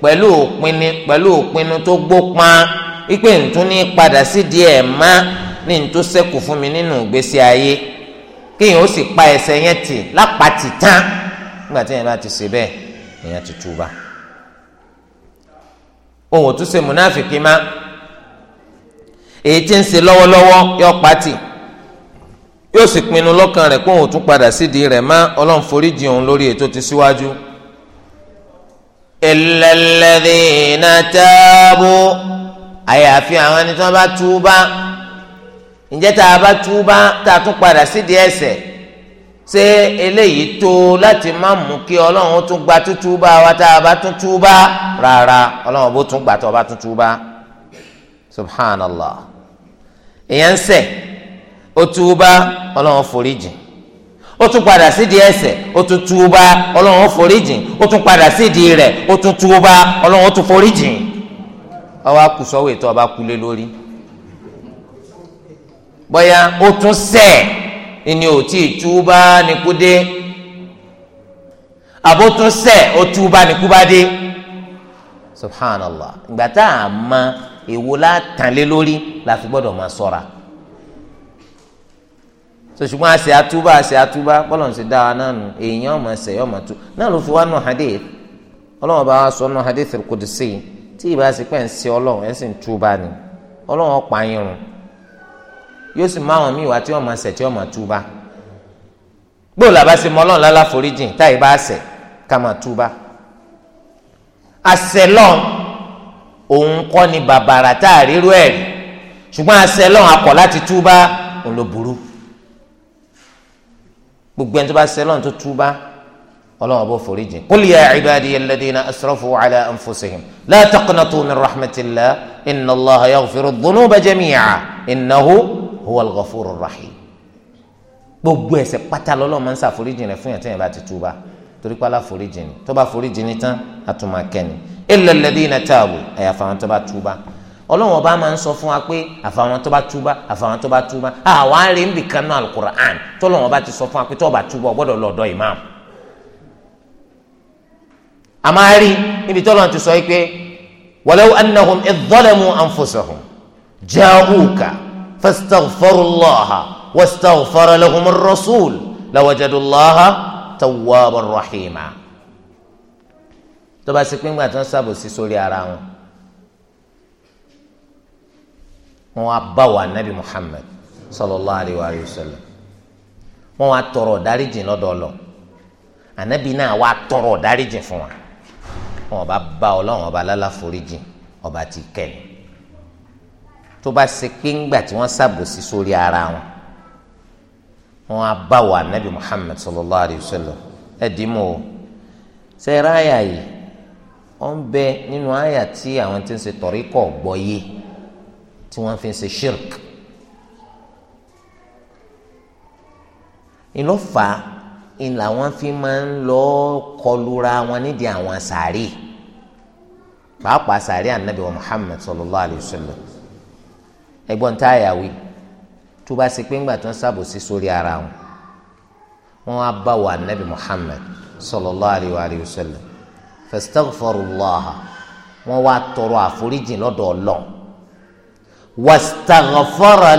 pẹ̀lú òpinnu tó gbópọn ipe ntún ní padà sí díẹ̀ má ní ntún fún mi nínú ìgbésí ayé kéèyàn ó sì pa ẹsẹ̀ yẹn tì lápàtì tán nígbà tí yẹn bá ti ṣe bẹ́ẹ̀ èèyàn ti túbà òun ò tún ṣe múnáfìkì má èyí ń yọ pàtì yóò sì pinnu lọ́kàn rẹ̀ tún padà rẹ̀ má ọlọ́run foríjì òun lórí ètò ti síwájú. illa àyàfi àwọn ẹni tí wọ́n bá túbá ǹjẹ́ tá a bá túbá tá a tún padà sídìí ẹ̀ṣẹ̀ ṣé eléyìí tó láti má mú kí ọlọ́run tún gba tútúbá wa tá a bá tún túbá rárá ọlọ́run bó tún gbà tó a bá tún túbá subhanallah èèyàn ń ṣẹ̀ ó túbá ọlọ́run foríjìn ó tún padà sídìí ẹ̀ṣẹ̀ ó tún túbá ọlọ́run foríjìn ó tún padà sídìí rẹ̀ ó tún túbá ọlọ́run tún foríjìn. ọwọ akusọwọ ètò ọba kulé lórí bóyá ó tún ṣẹ̀ ẹni ò tí ì túbá ni dé àbó tún ṣẹ̀ ó túbá ni bá dé subhanallah ìgbà tá ma èwo la lórí la fi gbọ́dọ̀ máa ṣọ́ra sòṣùgbọ́n àṣẹ àtúbà àṣẹ àtúbà si ń ṣe náà nù èèyàn ọmọ tí ìbá sì pẹ́ ń ṣe ọlọ́run ẹ̀ sì ń túba ni ọlọ́run ọ̀pá yín rùn yóò sì máa wọn míì wá tí wọ́n máa ṣẹ̀ tí wọ́n máa túba gbọ́dọ̀ làbá ṣe mọ ọlọ́run lálá foríjìn táyì bá ṣẹ̀ ká máa túba àṣẹlọ́n òun kọ́ ni bàbàrà tá a rírú ẹ̀ ṣùgbọ́n àṣẹlọ́n akọ̀ láti túba òun ló burú gbogbo ẹni tó bá ṣẹlọ́n tó túba ọlọ́wọ́n bó forí jìn qul ya ibadiya alladhina asrafu ala anfusihim la taqnatu min rahmatillah inna allaha yaghfiru dhunuba jami'a innahu huwal ghafurur rahim gbogbo ẹ̀ṣẹ̀ pátá lọ́lọ́run máa ń ṣàforíjìn rẹ̀ fún yàn tẹ́yìn bá ti túbà torí pé aláforíjìn ni tó bá foríjìn ni tán àtúmọ̀ akẹ́ni illa alladhina tabu àyàfà wọn tó bá túbà ọlọ́run ọba máa ń sọ fún wa pé àfàwọn tó bá túbà àfàwọn tó bá túbà àwa rèé bìkan náà alukur'an tọ́lọ́run ọba ti sọ fún wa pé tó bá túbà lọ́dọ̀ ìmáàmù àmọ́ a rí níbi tọ́lọ́ ti sọ pé walaw annahum idh zalamu anfusahum ja'uka fastaghfirullaha wastaghfara lahum ar-rasul lawajadullaha tawwaban rahima tó bá ṣe pé ńgbà tí wọ́n ṣàbòsí sórí ara wọn wọ́n wá bá wa nabi muhammed sallallahu alayhi wa sallam wọ́n wá tọrọ dáríjì lọ́dọ̀ anabi náà wá tọrọ dáríjì fún wa wọn bá bá ọlọ́run ọba lálá foríjì ọba ti kẹ́ni tó bá ṣe pé ńgbà tí wọ́n ṣàbòsí sórí ara wọn wọn á bá wà nábì Muhammad sallallahu alayhi wa sallam ẹ dì í mọ́ o sẹ́ẹ̀rọ àyà yìí ó ń bẹ nínú àyà tí àwọn tí ń ṣe tọ̀ríkọ̀ gbọ́yé tí wọ́n fi ń ṣe shirk ìlọ́fà ń làwọn fi máa ń lọ kọlura wọn nídìí àwọn sàárì pàápàá sàárì ànábì wa Muhammad sallallahu alayhi wa sallam ẹ̀gbọ́n tá a yà wí tó bá ṣe pé ńgbà tó ń ṣàbòsí sórí ara wọn wọn á bá wa ànábì Muhammad sallallahu alayhi wa wọn wá tọrọ àforíjìn lọ́dọ̀ Ọlọ́run wastaghfara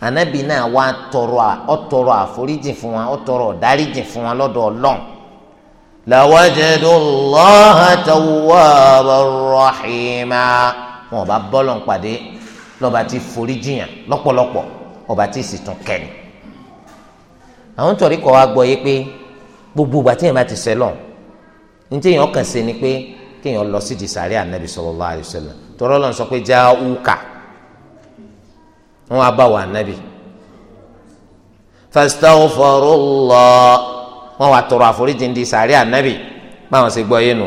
anabi náà wá tọrọ ọtọrọ àforíjì fún wa ọtọrọ ọdáríjì fún wa lọ́dọ̀ Ọlọ́run làwájẹdù lọhà tàwùwà rọhìmà wọn ọba bọlọ ń pàdé lọba tí foríjìyàn lọ́pọ̀lọpọ̀ ọba tí sì tún kẹni. àwọn tọ̀rí kọ́ wa gbọ́ yé pé gbogbo ìgbà téèyàn bá ti sẹ́lọ̀ ní téèyàn kàn sí ni pé kéèyàn lọ sí di sàárẹ̀ anabi sallallahu alaihi wasallam lọ́n sọ pé já úkà wọn wá bá wà nábì fastaghfirullah wọn wá tọrọ àforíjì ń di sàárẹ ànábì báwọn ṣe gbọ́ yín nù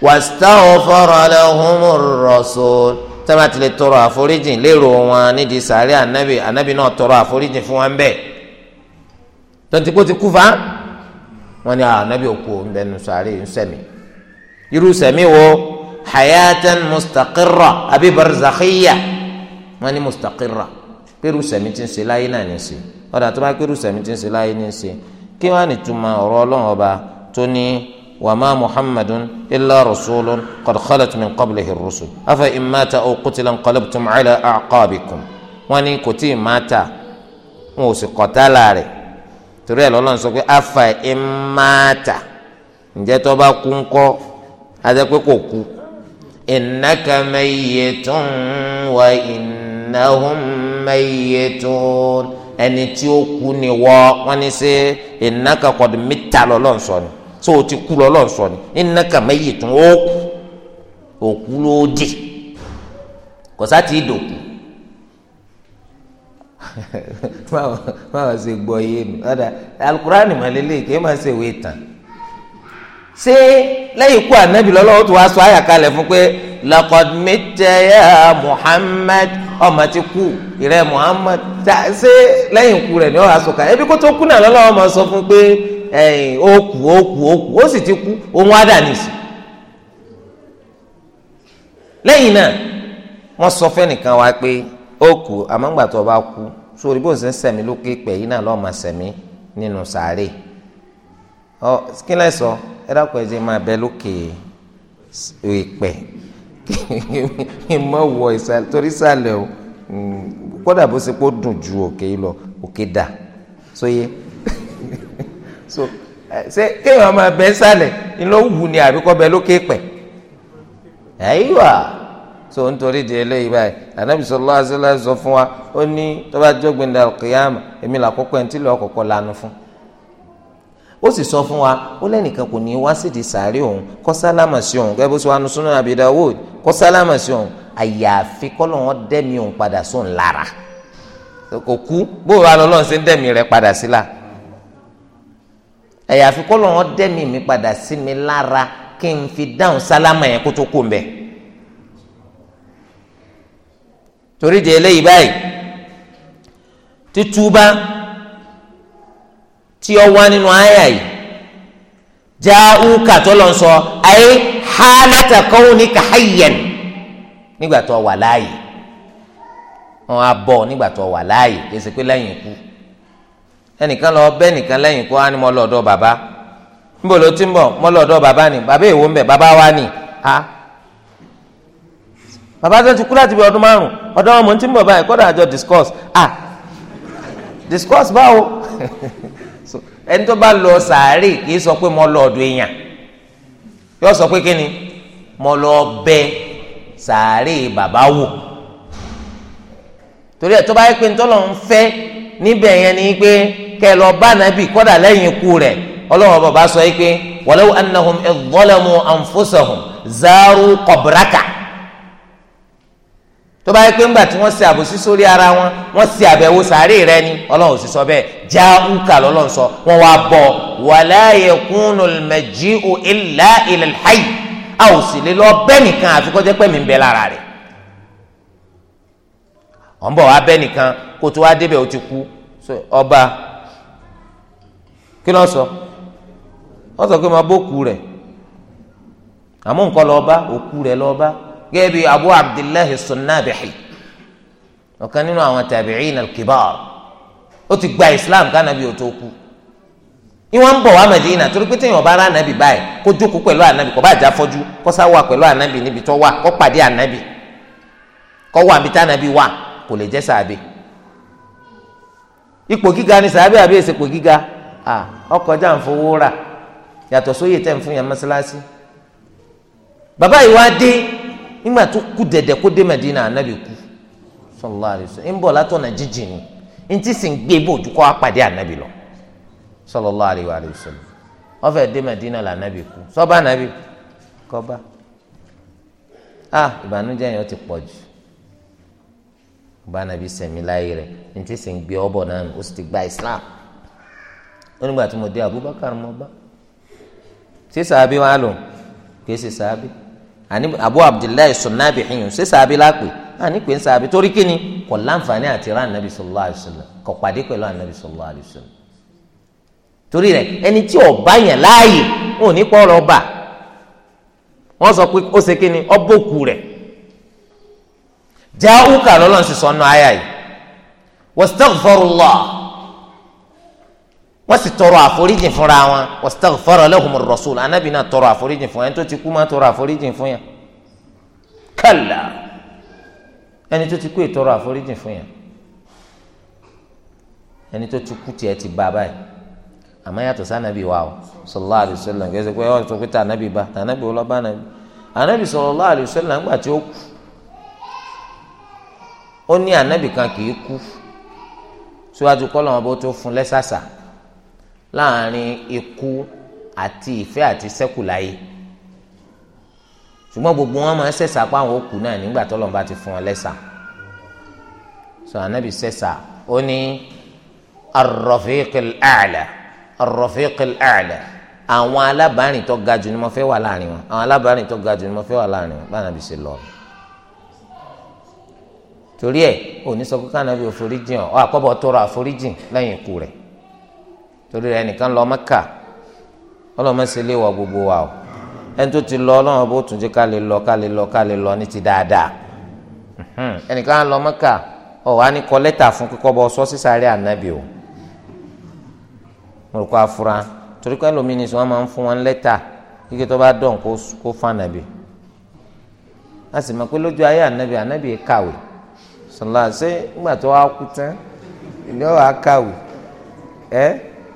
wastaghfara lahumur rasul tẹ́lẹ̀ àti lè tọrọ àforíjì lérò wọn nídìí sàárẹ̀ ànábì ànábì náà tọrọ àforíjì fún wọn bẹ́ẹ̀ tonti kó ti kú fa wọn ni ah, ànábì òkú nbẹnu sàárẹ̀ nsẹ̀mí irú sẹ̀mí wo hayatan mustaqirra àbí wọ́n ní mustaqirra pẹ̀rù sẹ̀mí ti ń ṣe láyé náà ní í ṣe ọ̀dà tó bá pẹ̀rù sẹ̀mí ti ń ṣe láyé ní í ṣe kí wọ́n á ní túmọ̀ ọ̀rọ̀ ọlọ́run ọba tó ní wàmà muhammadun illa rasulun qad khalat min qablihi rusul afa imata aw qutila nqalabtum ala aqabikum wọ́n ní kò tí ì má ta wọn ò sì láàrẹ̀ torí ẹ̀ lọ́lọ́run sọ pé afa imata ǹjẹ́ tó bá kú ńkọ́ adé kò kú innaka mayyitun wa inna innahum mayyitun ẹni tí ó kú ni wọ́ wọ́n ní ṣe innaka qad mitta lọ́lọ́ sọ ni so o ti kú lọ́lọ́ sọ ni innaka mayyitun ó kú òkú ló dì kò sá ti dòkú máa ṣe gbọ́ yé mi ọ̀dà alukurani màlélẹ́ kí ẹ máa ṣe ìwé tán ṣé lẹ́yìn ikú ànábì lọ́lọ́wọ́ tó wá sọ àyàkálẹ̀ fún pé laqad ya Muhammad ọmọ ti kú ìrẹ Muhammad ta ṣé lẹ́yìn ikú rẹ̀ ni ọ àsọkà ẹbí kó tó kú náà lọ́lọ́wọ́ máa sọ fún pé ẹ̀yìn ó kú ó kú ó kú ó sì ti kú òun á dà nìsí. lẹ́yìn náà wọ́n sọ fẹ́nìkan wá pé ó kú àmọ́ngbà tó bá kú sórí bó ń ṣe ń sẹ̀mí lókè pẹ̀ yìí náà lọ́ọ́ máa sẹ̀mí nínú sàárè ọ kí lẹ́sọ̀ ẹ dákun ẹ jẹ́ máa bẹ lókè ìpẹ́ ìmọ̀ wọ ìsàlẹ̀ torí ìsàlẹ̀ o mm, kódà bó ṣe pé ó dùn ju òkè yìí lọ òkè dà sóye so ṣe kéèyàn máa bẹ sálẹ̀ ńlọ wù ni àbí kọ́ bẹ lókè pẹ̀ ẹ̀yíwà so nítorí di eléyìí báyìí ànábì sallallahu alaihi wasallam sọ fún wa ó ní tó bá jọ́gbìn dàrú kìyàmù èmi làkọ́kọ́ ẹ̀ ń tí lọ́ọ́ lanu fún ó sì sọ fún wa ó lẹ́nìkan kò ní wá sídìí sàárè òun kó sálámà sí òun gẹ́gẹ́ bó ṣe wà nínú Sunan Abi Dawud kó sálámà sí òun àyàfi kọ́lọ́wọ́n dẹ́mi òun padà sóun lára kò kú bóyá wà lọ́lọ́run ṣe ń dẹ́mi rẹ̀ padà sí la àyàfi kọ́lọ́wọ́n dẹ́mi mi padà sí mi lára kí n fi dáhùn sálámà yẹn kó tó kó mbẹ torí di eléyìí báyìí títúbà tí ó wá nínú àyà yìí jáúkà tó lọ sọ ayé hálàtà kawnika hayyan nígbà tó wà láàyè wọn á bọ̀ nígbà tó wà láàyè kí ẹ ṣe pé lẹ́yìn ikú ẹnìkan lọ bẹ nìkan lẹ́yìn kó á ní mo bàbá níbo ló ti ń bọ̀ mo bàbá ni bàbá èwo ń bẹ bàbá wa ni ha bàbá tó ti kú láti bí ọdún márùn ọ̀dọ̀ wọn ti ń bọ̀ báyìí kódà àjọ discourse ah discourse báwo ẹni tó bá lọ sàárè kì í sọ pé mo lọ ọ̀dọ̀ èèyàn yóò sọ pé ni mo lọ bẹ̀ sàárè bàbá wò torí ẹ̀ tó bá yẹ pé ntọ́lọ̀ ń fẹ́ níbẹ̀ yẹn ni pé lọ bá nàbì kọ́dà lẹ́yìn sọ yìí pé zaru qabraka. tó bá yẹ pé ńgbà tí wọ́n ṣe àbòsí sórí ara wọn wọ́n ṣe àbẹ̀wò sàárè rẹ ni ọlọ́run sì sọ bẹ́ẹ̀ já ńkà lọ́lọ́run sọ wọ́n wá bọ̀ wala yakunul maji'u illa ilal hayy a ò sì lè lọ bẹ́ẹ̀ nìkan àfi kó jẹ́ mi ń bẹ lára rẹ̀ ọ̀n bọ̀ wá bẹ́ẹ̀ nìkan kó tó wá débẹ̀ ó ti kú ọba kí ló sọ ọ sọ pé mo bó ku rẹ̀ àmọ́ nǹkan lọ́ọ́ bá òkú rẹ̀ lọ́ọ́ bá gẹ́gẹ́ bí abu abdullahi sunnabihi ọ̀kan nínú àwọn tabi'in al-kibar ó ti gba islam kánábì ó tó kú ìwọ́n ń bọ̀ wá Madina torí pé téèyàn bá rà ànábì báyìí kó jókòó pẹ̀lú ànábì kó bá jà fọ́jú kó sá wà pẹ̀lú ànábì níbi tó wà kó pàdé ànábì kó wà níbi tá ànábì wà kò lè jẹ́ sàbẹ̀ ipò gíga ni sàbẹ̀ àbí èsèpò gíga ọkọjá ń fowó rà yàtọ̀ sóyè tẹ̀ ń fún yàn mọ́sálásí bàbá yìí nígbà tó kú dẹ̀dẹ̀ kó dé anabi kú sallallahu alaihi wasallam ń bọ̀ látọ̀nà jíjìn ni ntí sì ń gbé bòjú kọ́ apàdé anabi lọ sallallahu alaihi wasallam wọ́n fẹ́ dé Madina la anabi kú sọ́ba anabi kọ́ba ah ìbànújẹ́ yẹn ti pọ jù bánabi sẹ̀mí láyé rẹ̀ ntí sì ń gbé ọbọ náà ó ti gba Islam tí Abubakar mo bá lò àní abu abdullahi sunnabi xiyun ṣé sàbí lápè àní pé ń sàbí torí kíni kò láǹfààní àti rán anabi sallallahu alayhi wa sallam kò pàdé pẹ̀lú anabi sallallahu alayhi wa sallam torí rẹ̀ ẹni tí ọba yẹn láàyè òun ní pọ́ọ̀rọ̀ ọba wọ́n sọ pé ó ṣe kíni ọbọ̀kù rẹ̀ já úkà lọ́lọ́run sì sọnù àyà yìí wastaghfirullah wọ́n sì tọrọ àforíjìn fúnra wọn wastaghfara lahum ar-rasul anábì náà tọrọ àforíjìn fún ẹni tó ti kú máa tọrọ àforíjìn fún yẹn kàlà ẹni tó ti kú ìtọrọ àforíjìn fún yẹn ẹni tó ti kú tiẹ̀ ti bá báyìí àmọ́ yàtọ̀ sí anabi wa o sallallahu alayhi wa pé ọ̀ pé tà anabi bá tà anabi ọlọ́ba anabi anabi sallallahu alayhi ńgbà tí ó kú ó ní anabi kan kì í kú síwájú kọ́ lọ́wọ́ bó tó fún lẹ́sàsà láàrin ikú àti ìfẹ́ àti sẹ́kù láyé ṣùgbọ́n gbogbo wọn máa ń sẹ̀sà pa àwọn òkú náà nígbà tó lọ́nba ti fún wọn lẹ́sà sọ ànábì sẹ̀sà ó ní arọ̀fíkìl àlà arọ̀fíkìl àlà àwọn alábàárìn tó ga jù ni mo fẹ́ wà láàrin wọn àwọn alábàárìn tó ga jù ni mo fẹ́ wà láàrin wọn báyìí ànábì ṣe lọ torí ẹ ò sọ pé kánábì òforíjìn ọ àkọ́bọ̀ tọrọ àforíjìn lẹ́yìn ikú rẹ̀ torí rẹ nìkan lọ mẹ́kà ọlọ́mọ wọ gbogbo wa o ẹni tó ti lọ bó tún lè lọ ká lè lọ ká lè lọ ní ti dáadáa ẹnìkan lọ mẹ́kà ọ̀ kọ lẹ́tà fún kíkọ bọ sọ́ sísáré ànábì o mo rò kó afura torí pé ẹlòmíì ni sọ wọn máa ń fún wọn tó bá dọ̀n kó fún ànábì a sì pé lójú ayé ànábì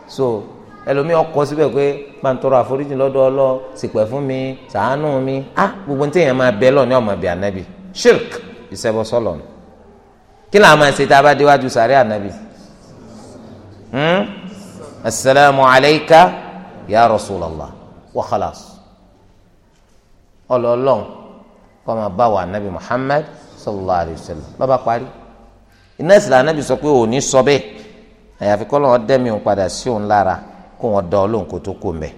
so ẹlòmíì ọkọ síbẹ̀ pé pàǹtọ́rọ̀ àforíjì lọ́dọ̀ ọlọ́ ṣìpẹ̀ fún mi ṣàánú mi ah gbogbo ntẹ̀yìn máa bẹ lọ́ọ̀ ní ọmọ bíi ànábì shirk ìṣẹ́bọ sọ́lọ̀ ni kí làá máa ṣe tá a bá déwájú sàárẹ̀ ànábì hmm? asalaamu alayka ya rasulallah wa khalas ọlọ́ọ̀lọ́n kọ́ máa bá wa ànábì muhammad sallallahu alayhi wa sallam bàbá parí iná ìsìlẹ̀ ànábì sọ pé òní sọ bẹ́ẹ̀ àyàfi kọ́ lọ́wọ́ dẹ́mi òun padà sí òun lára kó wọn dán olóhùn kó tó kó mẹ́.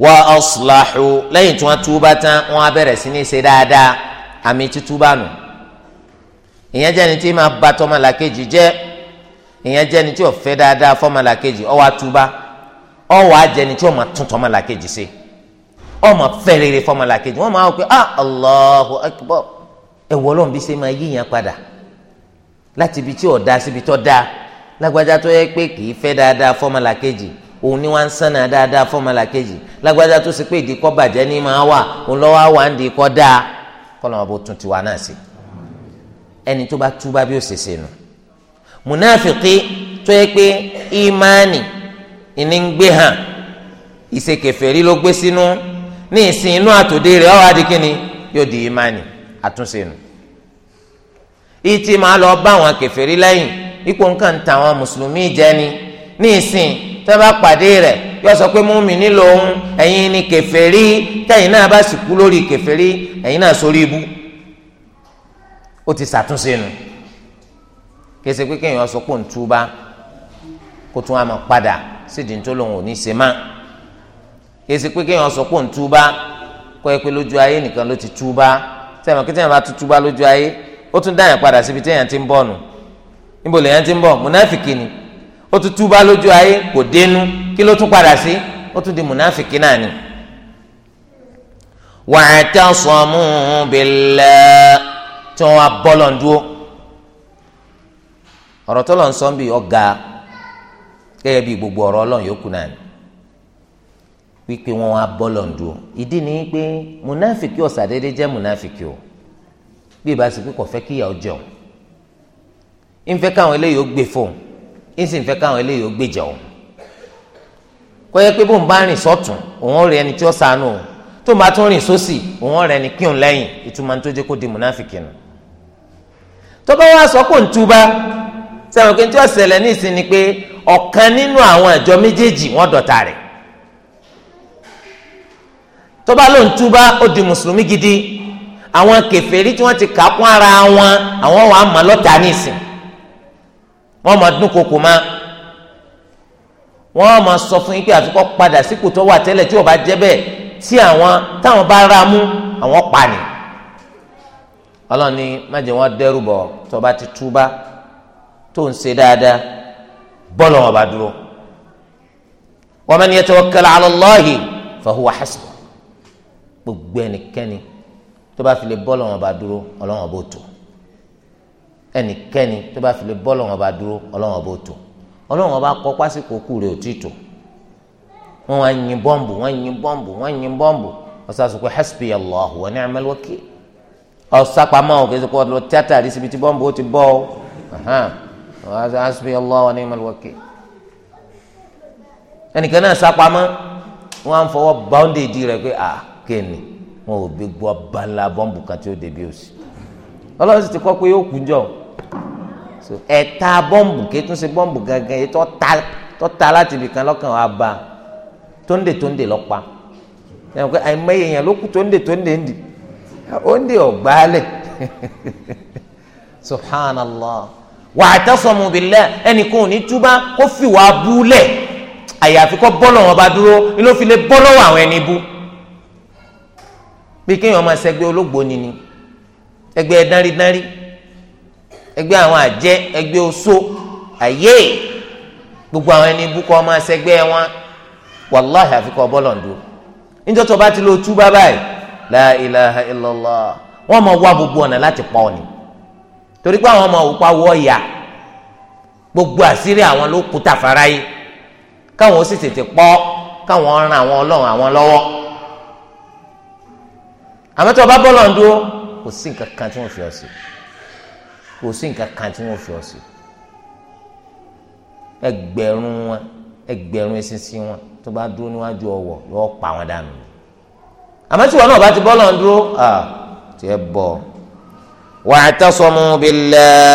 wa aslahu lẹ́yìn tí wọ́n túbá tán wọ́n á bẹ̀rẹ̀ sí ní ṣe dáadáa àmì títúbà nù ìyẹn jẹ́ ni tí máa ba tọmọlàkejì jẹ́ ìyẹn jẹ́ ni tí ó fẹ́ dáadáa fọmọlàkejì ó túbá ó jẹ́ ni tí ó máa tún tọmọlàkejì ṣe ó máa fẹ́ wọ́n máa wọ pé ah Allahu akbar ẹ̀wọ́ ọlọ́run bí ṣe láti ibi tí ọ̀dà síbi tó dáa lágbájá tó yẹ pé kì í fẹ́ dáadáa fọ́mọlà kejì òun ni wọ́n ń sànà dáadáa fọ́mọlà kejì lágbájá tó ṣe pé ìdíkọ́ bàjẹ́ ní máa wà òun lọ́wọ́ àwà ń díkọ́ dáa kọ́nà ọ̀bọ tún tiwa náà sí ẹni tó bá túbá bí ó ṣe ṣe nù mùnáfìkì tó yẹ pé ìmánì ìní ń gbé hàn ìṣèkèfèrí ló gbé sínú ní ìsìn inú àtòdé rẹ̀ ó wá yóò di ìmánì àtúnṣe nù. ìtì máa lọ bá àwọn kèfèrí lẹ́yìn ipò nǹkan ta àwọn mùsùlùmí jẹ ni ní ìsìn tẹ́ bá pàdé rẹ̀ yóò sọ pé mùmínì lòun ẹ̀yin ni kèfèrí tẹ́yin náà bá sì kú lórí kèfèrí ẹ̀yin náà sórí ibú ó ti ṣàtúnṣe nù kése pé kéèyàn sọ pé ntúba kó tún àmọ́ padà sídìí tó lòun ò ní ṣe má kése pé kéèyàn sọ pé kọ́ ẹ pé lójú ayé nìkan ló ti sẹ́wọ̀n kí bá lójú ayé ó tún dáyàn padà síbi tí èèyàn ti ń bọ̀ nù níbo lèèyàn ti ń bọ̀ mùnáfìkì ni ó tún túbá lójú ayé kò dénú kí ló tún padà sí ó tún di mùnáfìkì náà ni. wa'tasamu billah tí wọ́n wá bọ́lọ̀ ń dúró ọ̀rọ̀ tó lọ ń sọ ń bì ọ̀gá gẹ́gẹ́ bí gbogbo ọ̀rọ̀ ọlọ́run yòókù náà ni wípé wọ́n wá bọ́lọ̀ ń dúró ìdí ni pé mùnáfìkì ọ̀sàdédé jẹ́ mùnáfìkì o bí ìbá sì pé kò fẹ́ kíyà ọ jẹun ń fẹ́ káwọn eléyìí ó gbé fóun ń sì ń fẹ́ káwọn eléyìí ó gbé jẹun kọ́ yẹ pé bóun bá rìn sọ́tún òun rẹ ẹni tí ó sànù tó bá tún rìn sósì òun rẹ ẹni kí òun lẹ́yìn ìtumọ̀ tó jẹ́ kó di mùnáfìkì nù tó bá wá sọ kó ń túbá sẹ́wọ̀n kí n tí ó ṣẹlẹ̀ ní ìsìn ni pé ọ̀kan nínú àwọn ìjọ méjèèjì wọ́n dọ̀tá rẹ̀ tó bá lóun túbá ó di mùsùlùmí gidi àwọn kèfèrí tí wọ́n ti kà kún ara wọn àwọn wà á mọ̀ lọ́tà nísìn wọ́n mọ̀ dún koko ma wọ́n mọ̀ sọ fún yín pé àfikọ́ padà sípò tó wà tẹ́lẹ̀ tí ò bá jẹ́ bẹ́ẹ̀ tí àwọn táwọn bá ra mú àwọn pa ni ọlọ́ni má jẹ́ wọ́n tó bá ti túbá tó ń ṣe dáadáa bọ́ọ̀lù wọn bá dúró wa man yatawakkal ala Allahi fa huwa hasbuh gbogbo ẹnikẹ́ni tó bá fi lè bọ́ lọ́wọ́n bá dúró ọlọ́wọ́n bó tó ẹnikẹ́ni tó bá fi lè bọ́ lọ́wọ́n bá dúró ọlọ́wọ́n bó tó ọlọ́wọ́n bá kọ́ pásíkò kú rẹ̀ òtí tó wọ́n wá yin bọ́ǹbù wọ́n yin bọ́ǹbù wọ́n yin bọ́ǹbù ọ̀sàsùkò hasbi allahu wa ni'mal wakil ọ̀sàpamọ́ òkèsìkò ọ̀dọ̀ tíátà àdìsí ibi tí bọ́ǹbù ó ti bọ́ ọ hasbi allahu wa ni'mal wakil ẹnikẹ́ni náà sàpamọ́ wọ́n á fọwọ́ báńdéèdì rẹ̀ pé à kéènì wọn ò bí gbọ́ bala bọ́ǹbù kan tí ó débi òsì ọlọ́run sì ti kọ́ pé yóò kú jọ ẹ̀ta bọ́ǹbù kéétún sí bọ́ǹbù gangan èyí tó ta láti ibìkan lọ́kàn wa ba tóńdè tóńdè lọ́pa ẹ̀yìn pé àìmọye èèyàn ló kú tóńdè tóńdè ń dì óńdè ọ̀gbálẹ̀ subhanallah wà á tẹ́sọ̀mù billah ẹnìkan ò ní túbá kó fìwà bú àyàfi kó bọ́ lọ́wọ́ bá dúró ni ló fi lè àwọn ẹni bú. bí kéèyàn máa ṣẹgbẹ́ ológbòóni ni ẹgbẹ́ dánrídánrí ẹgbẹ́ àwọn àjẹ́ ẹgbẹ́ oṣó àyè gbogbo àwọn ẹni búkọ́ máa ṣẹgbẹ́ wọn wàláhì àfikọ́ bọ́lọ̀ ń dúró níjọ́ tó bá ti lo tú bábà yìí la ilaha illallah wọ́n máa wá gbogbo ọ̀nà láti pa ọ̀nì torí pé àwọn ọmọ òkú awọ ọ̀yà gbogbo àṣírí àwọn ló kú tàfàrà yìí káwọn ó sì tètè pọ̀ káwọn ran àwọn ọlọ́run àwọn lọ́wọ́ àmọ́ tó o bá bọ́ọ̀lù ń dúró kò sí nǹkan kan tí wọ́n fi ọ́ sí kò sí nǹkan kan tí wọ́n fi ọ́ sí ẹgbẹ̀rún wọn ẹgbẹ̀rún eṣinṣin wọn tó bá dúró níwájú ọwọ́ yóò pa wọn dànù àmọ́ tí wọn náà bá ti bọ́ọ̀lù ń dúró tí ẹ bọ̀ wa'tasamu billah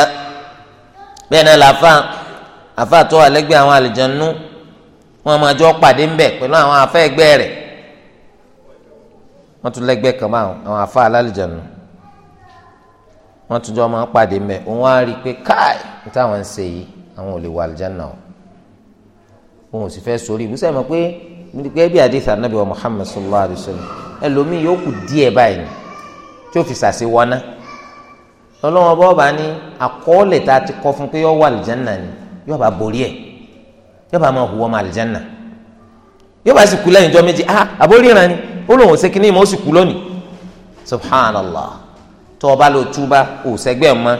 bẹ́ẹ̀ náà làáfà àfà tó wà lẹ́gbẹ̀ẹ́ àwọn àlùjànnú wọn máa jọ pàdé ńbẹ̀ pẹ̀lú àwọn afẹ́ ẹgbẹ́ rẹ̀ wọ́n tún lẹ́gbẹ́ kan máa àwọn afa alálìjẹ̀nu wọ́n tún jọ máa ń pàdé mẹ́ òun á rí i pé káì ní táwọn ń ṣe yìí àwọn ò lè wà àlìjẹ́nu náà òun ò sì fẹ́ sórí ìbúsẹ̀ mọ̀ pé gẹ́gẹ́ bí àdìsí anábì wa Muhammad sallallahu alayhi wa sallam ẹlòmíì yóò kù díẹ̀ báyìí ni tí ó fi sàṣe wọná lọ́lọ́wọ́n bọ́ọ̀bà ni àkọọ́lẹ̀ tá a ti kọ́ fún pé yọ wà àlìjẹ́nu náà ni yóò bá borí ẹ̀ yóò bá máa hùwọ́ máa àlìjẹ́nu náà yóò bá sì kú lẹ́yìn ìjọ méjì ah àbóríran ni ó lóun ò ṣe kínní ìmọ̀ ó sì kú lónìí subhanallah tó o bá lo túbá ò sẹ́gbẹ́ mọ́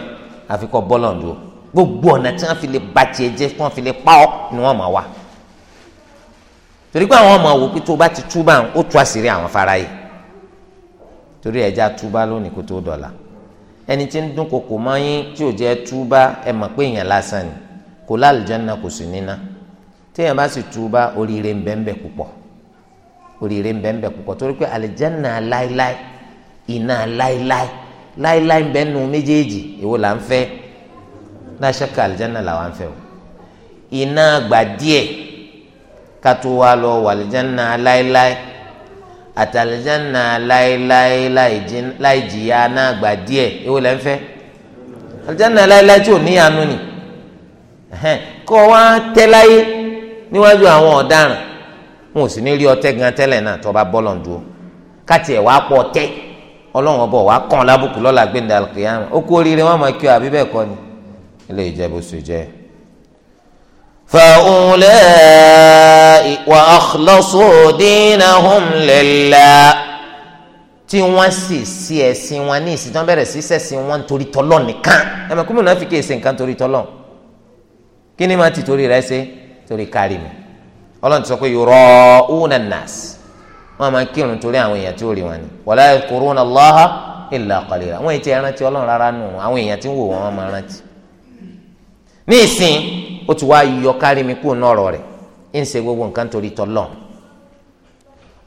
àfikọ́ bọ́lọ̀ǹdù gbogbo ọ̀nà tí wọ́n fi lè ba tiẹ̀ jẹ́ tí wọ́n fi lè pa ọ́ ni wọ́n máa wà torí pé àwọn ọmọ wò pé tó o bá ti túbá ó tú àṣírí àwọn faraye torí ẹja túbá lónìí kó tó dọ̀la ẹni tí ń dún kòkò mọ́yín tí ò jẹ́ túbá ẹ mọ̀ pé èèyàn lásán ni kò lálùjánnà kò téèyàn bá sì túba oríire ń bẹ́ẹ̀ púpọ̀ oríire ń bẹ́ẹ̀ púpọ̀ torí pé àlìjánnà láéláé iná láéláé láéláé ń bẹ́ẹ̀ nu méjèèjì èwo là ń fẹ́ láṣẹ́ka àlìjánnà làwa ń fẹ́ o iná gbà díẹ̀ kátó wa lọ wà àlìjánnà láéláé àtàlìjánnà láéláé láì jìyà náà gbà díẹ̀ èwo là ń fẹ́ àlìjánnà láéláé tí ò níyanu ni kọ́ wa tẹ́ láyé níwájú àwọn ọ̀daràn wọn ò sì ní rí ọtẹ gan tẹ́lẹ̀ náà tó bá bọ́lọ̀ ń dúró káti ẹ̀ wàá pọ̀ tẹ́ ọlọ́run ọbọ̀ wàá kàn lábùkù lọ́la gbẹ̀ndà kìyàmù ó oríire wọn máa kí àbí bẹ́ẹ̀ kọ́ ni ilé ìjẹ́bù sì jẹ́. فأولئك وأخلصوا دينهم لله tí wọ́n sì sí ẹ̀sìn wọn ní ìsìn tí wọ́n bẹ̀rẹ̀ sí sẹ̀sìn wọn nítorí tọ́lọ́ nìkan ẹ̀mẹ̀kúmù náà fi kí èsì nǹkan torí tọ́lọ́ kí ni màá ti torí rẹ ṣe torí kárí mi ọlọ́run ti sọ pé yura'una nas wọ́n máa ń kírun torí àwọn èèyàn tí ó rí wọn ni wala yadhkuruna Allaha illa qalila àwọn èèyàn ti rántí ọlọ́run rárá nù àwọn èèyàn tí ń wò wọ́n wọ́n máa rántí. ní ìsìn ó ti wá yọ kárí mi kú nọ̀rọ̀ rẹ̀ ń ṣe gbogbo nǹkan torí tọ́lọ́n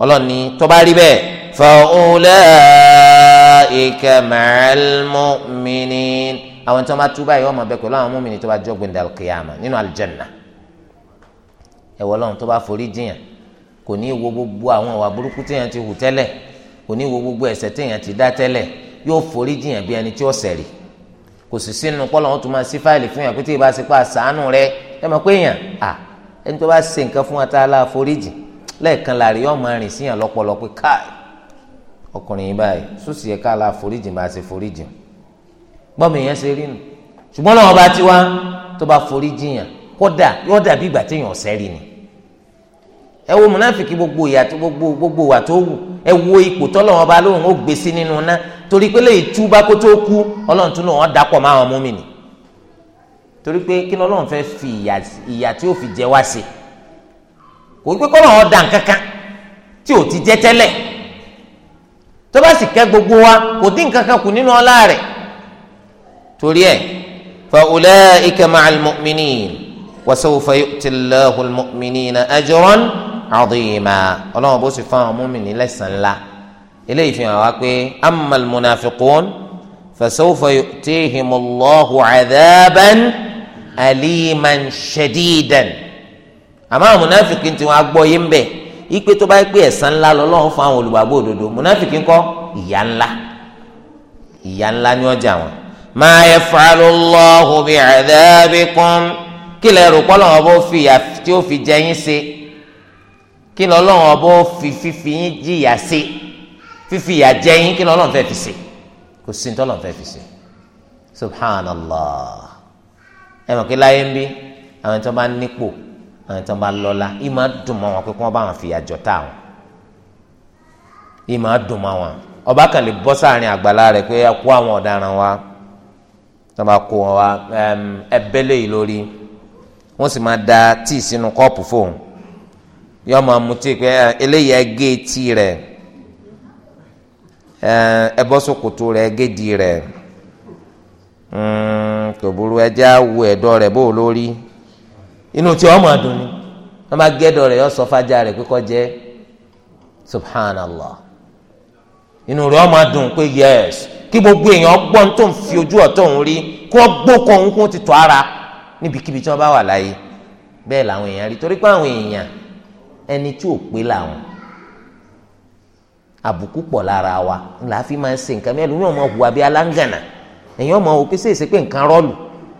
ọlọ́run ni tó bá rí bẹ́ẹ̀ fa ulaika ma'al mu'minin àwọn tí wọ́n bá túbà yìí wọ́n máa bẹ pẹ̀lú àwọn mọ́mìnì tó bá jọ́gbìn dàlùkìyàmà nínú àlùjánnà ẹ̀wọ̀ ọlọ́run tó bá forí jiyàn kò ní wo gbogbo àwọn ìwà burúkú téèyàn ti hù tẹ́lẹ̀ kò ní wo gbogbo ẹ̀ṣẹ̀ téèyàn ti dá tẹ́lẹ̀ yóò forí jiyàn bí ẹni tí ó ṣẹ̀ rí kò sì sínú pọ́ lọ́wọ́ tó máa sí fáìlì fún yàn pé tí ì bá ṣe pa àṣàánú rẹ ẹ mọ̀ pé èèyàn à ẹni tó bá ṣe nǹkan fún ata aláforíjì lẹ́ẹ̀kan láàrin yóò máa rìn síyàn lọ́pọ̀lọ́ pé káì ọkùnrin yìí báyìí sùsì ẹ̀ka aláforíjì máa ṣe foríjì gbọ́mọ èèyàn ṣe rí nu ṣùgbọ́n lọ́wọ́ bá ti wá tó bá foríjì yàn kódà yóò dàbí ìgbà téèyàn ọ̀sẹ́ rí ni ẹ wo múnáfìkì gbogbo ìyà tó gbogbo gbogbo wà tó wù ẹ wo ipò tọ́lọ́wọ́n bá lóhùn ó gbé sí nínú ná torí pé lè tú bá kó tó kú ọlọ́run tún lòun dàpọ̀ máa wọn mú mi nì torí pé kí lọ́lọ́run fẹ́ fi ìyà tí ó fi jẹ wá sí kò pé kọ́lọ́run dà nǹkankan tí ò ti jẹ tẹ́lẹ̀ tó bá sì kẹ́ gbogbo wa kò dín nǹkankan kù nínú ọlá rẹ̀ torí ẹ̀ fa ulaika ma'al mu'minin wa sawfa yu'ti Allahu al-mu'minina ajran adima ọlọ́run bó sì fún àwọn múmìnì lẹ́sàn-án ńlá eléyìí fi hàn wá pé amal munafiqun fasawfa yu'tihimullahu adhaban aliman shadidan àmọ́ àwọn munafiqin tí wọ́n á gbọ́ yé ń bẹ̀ ipe tó bá yẹ pé ẹ̀san ńlá lọ́lọ́run fún àwọn olùgbàgbọ́ òdodo munafiki ńkọ́ ìyà ńlá ìyà ńlá ni ọjà wọn. ma yaf'alu Allahu bi'adhabikum kí lè rò pọ́lọ́wọ́n bó fi ìyà tí ó fi jẹ yín ṣe kí lọ́lọ́run ọbọ̀ fi fífi yín jìyà sí fífi ìyà jẹ yín kí lọ́lọ́run fẹ́ fi sí kò sí tọ́lọ́run fẹ́ fi sí subhanallah ẹ mọ̀ kí láyé ń bí àwọn tí wọ́n bá nípò àwọn tí wọ́n bá lọ́lá yìí máa dùn mọ́ wọn pé kí wọ́n bá wọn fìyà jọ tá wọn yìí máa dùn mọ́ wọn ọba kan lè bọ́ sáàrin àgbàlá rẹ̀ pé ẹ kó àwọn ọ̀daràn wa tó bá kó wọn wa ẹbẹ́lẹ́ yìí lórí wọ́n sì máa da tíì sínú kọ́ọ̀pù fóun. yọ ma mutí pé eh, eléyìí ẹgé etí rẹ̀ ẹbọ rẹ rẹ̀ ẹgédi rẹ̀ kò burú ẹjẹ awo ẹ̀dọ̀ rẹ̀ bó lórí inú tí ọmọ ni wọn bá gẹdọ rẹ yọ sọ fájà rẹ pé jẹ subhanallah inú yes kí gbogbo èèyàn gbọ́n tó ń fi ojú ọ̀tọ̀ òun rí kó òun kó ara níbikíbi tí wọ́n bá wà láyé bẹ́ẹ̀ làwọn èèyàn rí torí pé ẹni tí ò pé làwọn àbùkù pọ̀ lára wa là á fi máa ń ṣe nǹkan mẹ́rin ní ọmọ hùwà bíi aláǹgànà èyàn ọmọ òkè ṣèṣe pé nǹkan rọ́ọ̀lù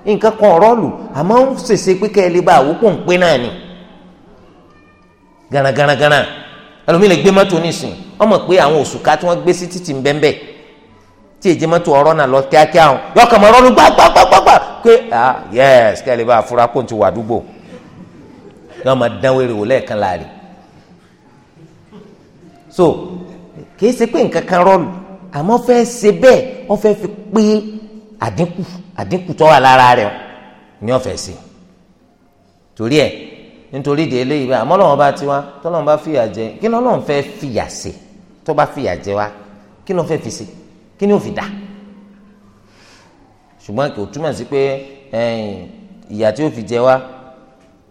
nǹkan kan rọ́ọ̀lù àmọ́ ń ṣèṣe pé kẹ́ ẹ lè bá àwòkù ń pé náà ni gànàgànàgànà ẹlòmíì lè gbé mọ́tò nísìn ọmọ pé àwọn òṣùká tí wọ́n gbé sí títì ń bẹ́ńbẹ́ tí èjì mọ́tò ọ̀rọ̀ náà lọ kíákíá hàn yọkàn mọ́ rọ́ọ̀lù gbàgbàgbàgbà pé ah yes kẹ́ ẹ lè bá afurapọ̀ ti wà àdúgbò yọ so kìí ṣe pé nǹkan kan rọlù àmọ́ fẹ́ ṣe bẹ́ẹ̀ wọ́n fẹ́ fi pé àdínkù àdínkù tó wà lára rẹ̀ ni wọ́n fẹ́ ṣe torí ẹ̀ nítorí ìdè eléyìí bá àmọ́ lọ́wọ́ bá tiwa tọ́lọ́wọ́ bá fìyà jẹ kí ni Ọlọ́run fẹ́ fìyà ṣe tó bá fìyà jẹ wa kí ni wọ́n fẹ́ fi ṣe kí ni ó fi dà ṣùgbọ́n kò túmọ̀ sí pé ìyà tí ó fi jẹ wa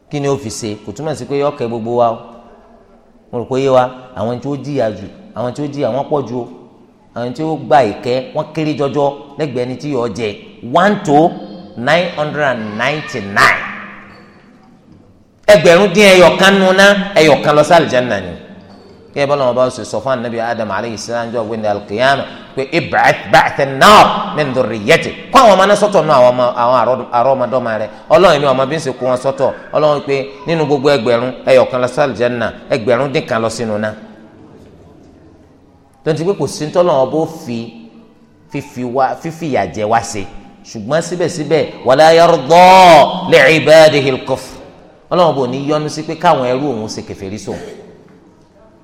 kí ni ó fi ṣe kò túmọ̀ sí pé yọ̀ọ́kẹ́ gbogbo wa o. wọn rò pé yé wa àwọn tí ó jìyà jù àwọn tí ó jìyà wọ́n pọ̀ jù àwọn tí ó gba ìkẹ́ wọn kéré jọjọ lẹ́gbẹ̀ẹ́ ẹni tí yọ jẹ one to nine hundred and ninety nine ẹgbẹ̀rún dín ẹyọkan nu ná ẹyọkan lọ sí àlìjáná ni kí ẹ bá lọ́wọ́ bá sọ sọ fún anabi adam aleyhi salam jọ wíńdà alkiyama pé ibàtẹ náà mẹ́ndọ̀rì yẹtì kó àwọn ọmọ náà sọ́tọ̀ náà àwọn arọ́mọdọ́mọ rẹ ọlọ́run mi ọmọ bí ń sèkú wọn sọ́tọ̀ ọlọ́run pé nínú gbogbo ẹgbẹ̀rún ẹyọkan lọ sí àlùjánnà ẹgbẹ̀rún dín kan lọ sínú náà. tonti pé kò sí ń tọ́lọ̀ wọn bó fi fífìyà jẹ wá ṣe ṣùgbọ́n síbẹ̀síbẹ̀ wàlá yọrọ̀dọ́ lẹ́ẹ̀ẹ́bẹ́ẹ́dẹ́hìlkọ́f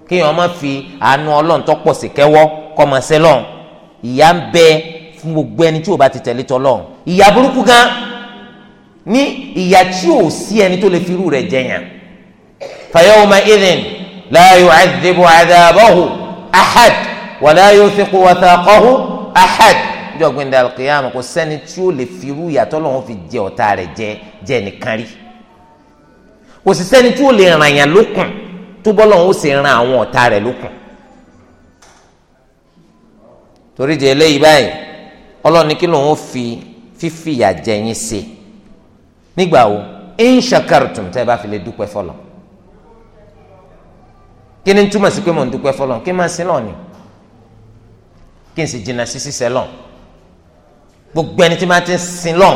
kéèyàn má fi àánú ọlọ́run tó pọ̀ sí kẹ́wọ́ kọ́ máa ṣe lọ́run ìyà ń bẹ fún gbogbo ẹni tí ò bá ti tẹ̀lé tọ́ lọ́run ìyà burúkú gan ní ìyà tí ò sí ẹni tó lè fi irú rẹ̀ jẹyàn fa yawma idhin la yu'adhibu ahad wa la yuthiqu wathaqahu ahad ọjọ́ gbẹ̀ndẹ̀ alqiyama kò sẹ́ni tí ó lè fi irú ìyàtọ̀ lọ́wọ́ fi jẹ ọ̀tá rẹ̀ jẹ jẹ nìkan rí kò sì sẹ́ni tí ó lè ràn yàn lókun tó bọ́lọ̀ ń sì ran àwọn ọ̀tá rẹ̀ lókun torí di eléyìí báyìí ọlọ́run ní kí lòun fi fífìyà jẹ yín ṣe nígbà wo in shakartum tẹ́ ẹ bá fi lè dúpẹ́ fọlọ́ kí ni túmọ̀ sí pé mò ń dúpẹ́ fọlọ́ kí máa sin ni kí n sì jìnnà sí sísẹ lọ gbogbo ẹni tí máa ti sin lọ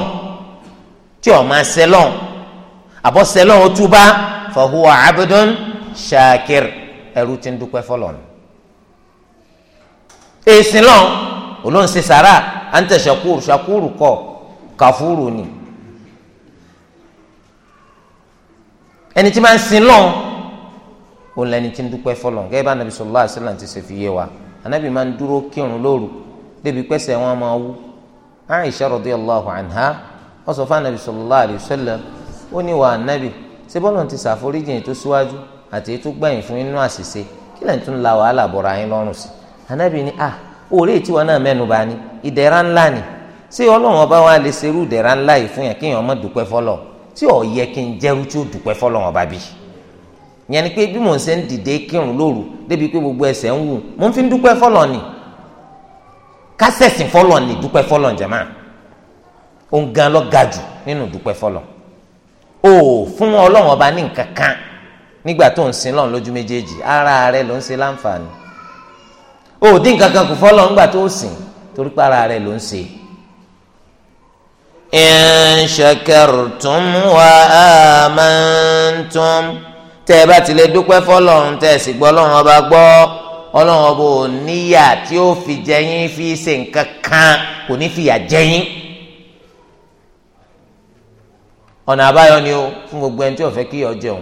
tí ọ̀ máa sẹ lọ àbọ̀ sẹ ó túbá fa huwa ṣàkìr ẹrú tí ń dúpẹ́ fọlọ́n èsì náà olóhùn ṣe sàrà à ń tẹ̀ ṣàkúrù ṣàkúrù kọ kàfúrù ni ẹni tí máa ń sin lọ́n òun lẹni tí ń dúpẹ́ fọlọ́n gẹ́gẹ́ bá anabi sallallahu alaihi ti ṣe fi yé wa anabi máa ń dúró kírun lóru débi pẹ́sẹ̀ wọn máa wú aisha radiyallahu anha wọ́n sọ fún anabi sallallahu alaihi wasallam ó ní wà anabi ṣé bọ́lọ̀ ti ṣàforíjìn tó síwájú àti ètò gbẹ̀yìn fún inú àṣìṣe kí lẹ́yìn tún la wàhálà bọ̀ra yín lọ́rùn sí anábì ni ah òòrè ìtiwọ́ náà mẹ́nu bá ní ìdẹ̀ra ńlá ni ṣé ọlọ́run ọba wa lè ṣerú ìdẹ̀ra ńlá yìí fún yẹn kí èèyàn má dúpẹ́ fọlọ́ tí ò yẹ kí n jẹ́rú tí ó dúpẹ́ fọlọ́ ọba bí yẹn ni pé bí mò ń ṣe ń dìde kírun lóru débi pé gbogbo ẹsẹ̀ ń wù mò ń fi dúpẹ́ fọlọ́ ni kásẹ̀sìn fọlọ́ ni dúpẹ́ fọlọ́ jẹ̀má òun gan nínú dúpẹ́ fọlọ́ o fún ọlọ́run ọba ní nǹkan kan nígbà tó ń sin lọ́n lójú méjèèjì ara rẹ ló ń ṣe láǹfààní o ò dín kankan kù fọ́lọ́ nígbà tó sìn torí pé ara rẹ ló ń ṣe. in shakartum wa amantum tẹ́ ẹ bá ti dúpẹ́ fọ́lọ́run tẹ́ ẹ sì gbọ́ ọlọ́run ọba gbọ́ ọlọ́run ọba ò níyà tí ó fi jẹ yín fi ṣe nǹkan kan kò ní fìyà jẹ ọ̀nà àbáyọ ni o fún gbogbo ẹni tí ò fẹ́ kí ọ jẹun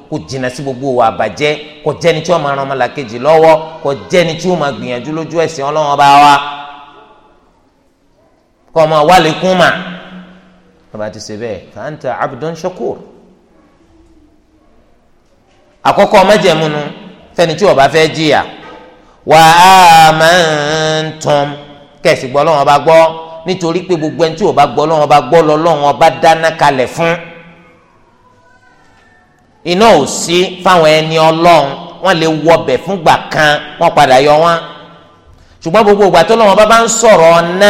kó jìnnà sí gbogbo wa àbàjẹ́ kó jẹ́ni tí wọ́n máa ran ọmọlàkejì lọ́wọ́ kó jẹ́ni tí wọ́n máa gbìyànjú lójú ẹ̀sìn ọlọ́wọ́n bá wa kọ́ ọmọ wa lè kún mà bàbá ti ṣe bẹ́ẹ̀ fanta abdul shakur àkọ́kọ́ ọmọjẹ̀múnu fẹ́ni tí wọ́n bá fẹ́ jìyà wà á máa ń tán kẹ̀sì gbọ́ lọ́wọ́n bá gbọ́ nítorí pé gbogbo ẹni tí wọ́n bá gbọ́ lọ́wọ́n bá gbọ́ lọ́wọ́n iná ò sí fáwọn ẹni ọlọ́run wọ́n lè wọbẹ̀ fúngbà kan wọ́n padà yọ wọ́n ṣùgbọ́n gbogbo ìgbà tó lọ́wọ́ bá bá ń sọ̀rọ̀ ọ̀nà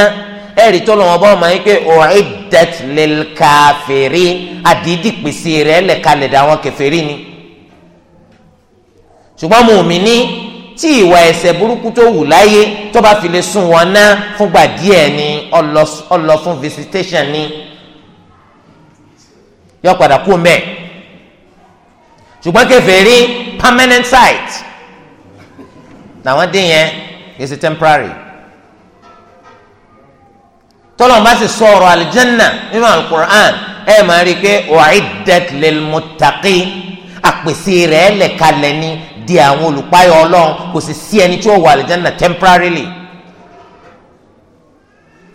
ẹ̀rí tó lọ́wọ́ bá ọmọ yín pé u'iddat lil kafirin àdídì pèsè rẹ̀ lẹ̀kalẹ̀ dà wọn kèfèrí ni ṣùgbọ́n mùmíní tí ìwà ẹ̀ṣẹ̀ burúkú tó wù láyé tó bá fi lè sún wọn ná fúngbà díẹ̀ ni ọlọ fún visitation ni yọ padà kú mẹ́ẹ̀ ṣùgbọ́n kèfèrí permanent site làwọn dín yẹn kì í temporary tọ́lọ́n bá sì sọ̀rọ̀ alìjẹ́nà nínú alukur'an ẹ máa rí i pé wa'iddat lil muttaqin àpèsè rẹ̀ lẹ̀kalẹ̀ ni di àwọn olùpáyọ̀ ọlọ́run kò sì sí ẹni tí ó wọ alìjẹ́nà temporarily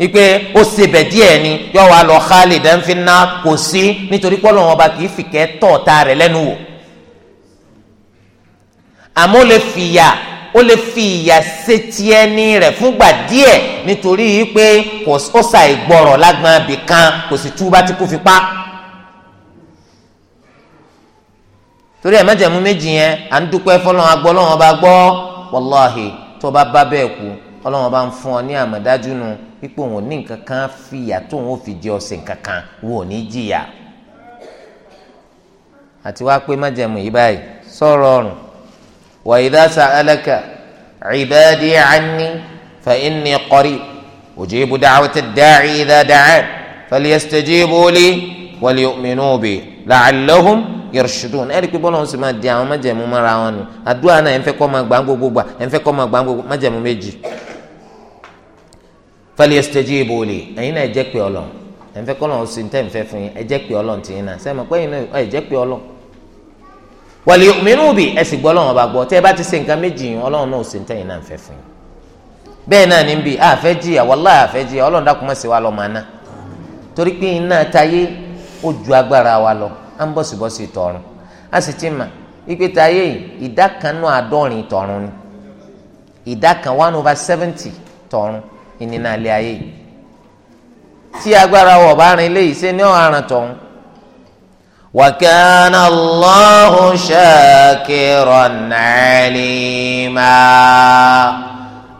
ipe ó sebẹ̀ díẹ̀ ni yọ wà lọ khalidan finna kò sí nítorí pé Ọlọ́run ọba kì í fìkẹ́ tọ̀ ta rẹ̀ lẹ́nu wò. àmọ́ ó lè fìyà ó lè fi ìyà ṣe ẹni rẹ̀ fúngbà díẹ̀ nítorí pé kò ó ṣàì gbọ́rọ̀ lágbọn ibì kan kò sì túbá tí pa. torí ẹ̀ mẹ́jẹ̀mú méjì yẹn à ń dúpẹ́ fọlọ́run agbọ́ bá gbọ́ wàláhì tó bá bá bẹ́ẹ̀ kú ọlọ́run bá ń fún ọ ní àmọ̀dájú nu pípò ní nǹkan kan fi ò fi nǹkan kan ní jìyà àti wá pé wa idha sa'alaka ibadi anni fa inni qarib ujibu da'wata ad-da'i idha da'an falyastajibu li walyu'minu bi la'allahum yarshudun ẹ̀rí pé bọ́lá wọn sì máa di àwọn májẹ̀mú mọ́ra wọn nù àdúrà náà ẹ̀ ń fẹ́ kọ́ máa gbà gbogbo gbà ẹ̀ ń fẹ́ kọ́ máa gbà gbogbo májẹ̀mú méjì falyastajibu li ẹ̀yin náà ẹ jẹ́ pé Ọlọ́run ẹ̀ ń fẹ́ kọ́ lọ́run sí ní tẹ́ ń fẹ́ fún yín ẹ jẹ́ pé Ọlọ́run tì yín náà sẹ́mi pé ẹ̀yin náà ẹ jẹ́ pé Ọlọ́run wal yu'minu bi ẹ gbọ́ gbọ́ tẹ́ ẹ bá ti ṣe nǹkan méjì yìí ọlọ́run náà ò ṣe náà ń fẹ́ fún yín bẹ́ẹ̀ náà ní bí àfẹ́ jìyà àfẹ́ ọlọ́run lọ ma ná torí pé iná oju ó wa lọ à ń a sì ti mà ipe tayé ìdá kan nù àádọ́rin ni ìdá one over seventy ìnìnnà ayé tí agbára wọ̀ bá rin وكان الله شاكرا shakiran alima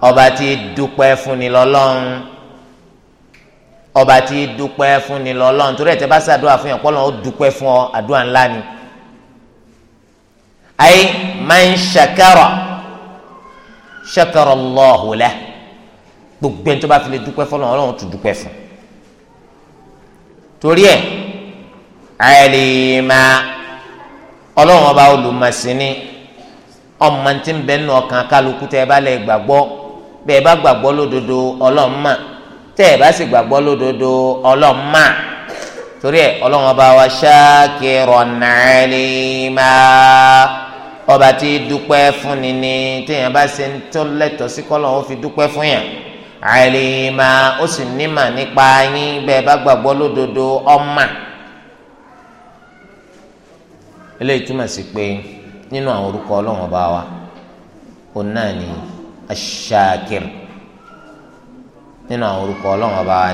ọba tí dúpẹ́ fúnni lọ́lọ́run ọba tí dúpẹ́ fúnni lọ́lọ́run torí ẹ̀ tẹ́ bá ṣàdúrà fún yàn kọ́lọ́n ó dúpẹ́ fún ọ àdúrà ńlá ni. ayé man shakara shakara Allahu lah gbogbo ẹni tó bá fi lè dúpẹ́ fọlọ́run ọlọ́run tún dúpẹ́ fún torí ẹ̀ alima ọlọ́run ọba olùmọ̀síní ọmọ tí ń bẹnu ọkàn kálukú tẹ́ ẹ bá lè gbàgbọ́ bẹ́ ẹ bá gbàgbọ́ lódodo ọlọ́run mà tẹ́ ẹ bá sì gbàgbọ́ lódodo ọlọ́run mà torí ẹ ọlọ́run ọba wa shakiran alima ọba tí dúpẹ́ fún ni ni téèyàn bá ṣe ń tó lẹ́tọ̀ọ́ sí kọ́lọ́ ó fi dúpẹ́ fún yàn alima ó sì nímà nípa yín bẹ́ ẹ bá gbàgbọ́ lódodo ọmọ. eléyìí túmọ̀ sí pé nínú àwọn orúkọ ọlọ́run wa òun náà ni aṣáàkìr nínú àwọn orúkọ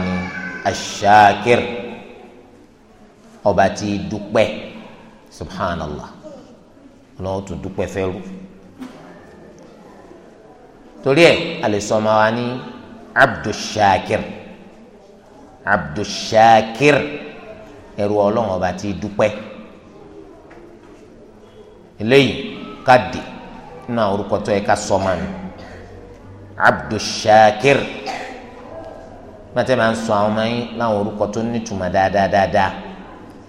ni aṣáàkìr ọba dukpe, subhanallah ọlọ́run tún dúpẹ́ fẹ́rù torí ẹ alẹ́sọ̀mọ wa ní abdulshakir abdulshakir ẹrú ọlọ́run eléyìí ká dè nínú àwọn orúkọ tó yẹ ká sọ máa ní abdulshakir mọtẹ máa ń sọ àwọn ọmọ yín láwọn orúkọ tó nítumọ̀ dáadáa dáadáa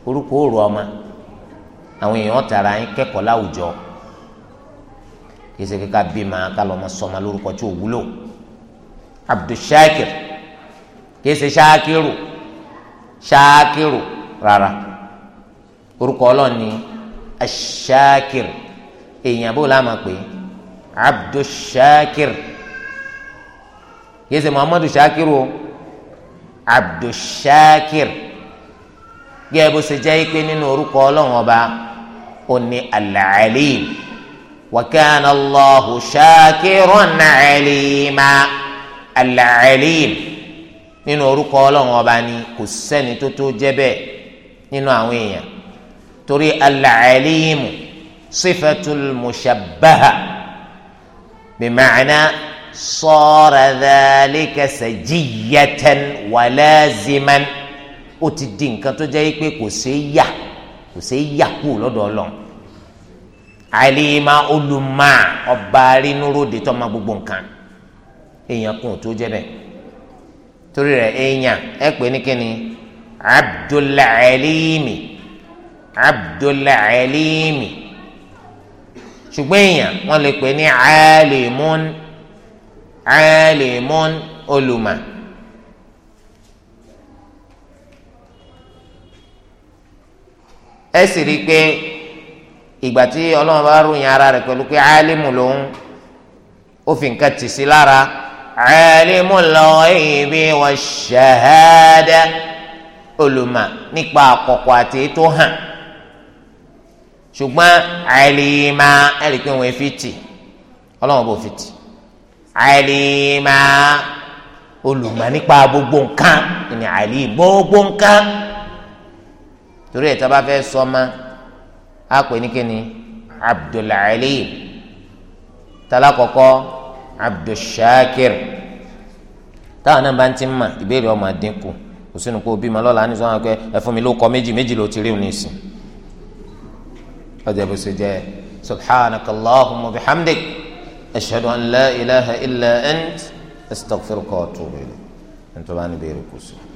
orúkọ òrò ọmọ àwọn èèyàn tara yín kẹ́kọ̀ọ́ láwùjọ kìsì kíkà bí máa ká lọ́mọ sọmọ lórúkọ tí ò wúlò abdulshakir kìsì shakiru shakiru rárá orúkọ ọlọ́ọ̀ni aṣáàkìr èèyàn bó la máa pè abdulṣáàkìr yéésì muhammadu ṣáàkìr o abdulṣáàkìr gẹ́gẹ́ bó ṣe jẹ́ pé nínú orúkọ ọlọ́run ọba ó ní al-alim wa kana Allahu ṣáàkìrun alima al nínú orúkọ ọlọ́run ọba ni kò sẹ́ni tó tó jẹ́ bẹ́ẹ̀ nínú àwọn èèyàn torí al-alimu sifatul mushabbaha bimaana sara dhalika sajiyatan walaziman ó ti di nǹkan tó jẹ́ pé kò ṣeé yà kò ṣeé yà kú lọ́dọ̀ ọlọ́run alima olùmọ ọba arínúròde tó ma gbogbo nǹkan èèyàn kún tó jẹ́ bẹ́ẹ̀ torí rẹ̀ èèyàn ẹ pè ní kíni abdul abdulhalimi ṣùgbọ́n èèyàn wọ́n lè pè ní alimun alimun olùmọ̀. ẹ sì rí i pé ìgbà tí ọlọ́run bá ròyìn ara rẹ̀ pẹ̀lú pé alimu lòun ó fi nǹkan tì sí lára alimul ghaibi wash shahada olùmọ̀ nípa àkọ́kọ́ àti ètò hàn ṣùgbọ́n àìlèmá ẹ̀rí pé wọ́n fi tì ọlọ́run bò fi tì àìlèmá olùmọ̀ nípa gbogbo nǹkan ní àìlè gbogbo nǹkan torí ẹ̀ tá a bá fẹ́ sọ ọmọ á pè ní kíni abdulalim talakọkọ abdulshakir táwọn náà bá ń ti mọ ìbéèrè ọmọ àdínkù kò sínú pé òbí ma lọ́la ní sọ́wọ́n pé ẹ fún mi ló kọ méjì méjì ló ti rí òun ní ìsìn. أجاب سجاد سبحانك اللهم وبحمدك أشهد أن لا إله إلا أنت أستغفرك وأتوب إليك أنت عن بيركوا سبحانك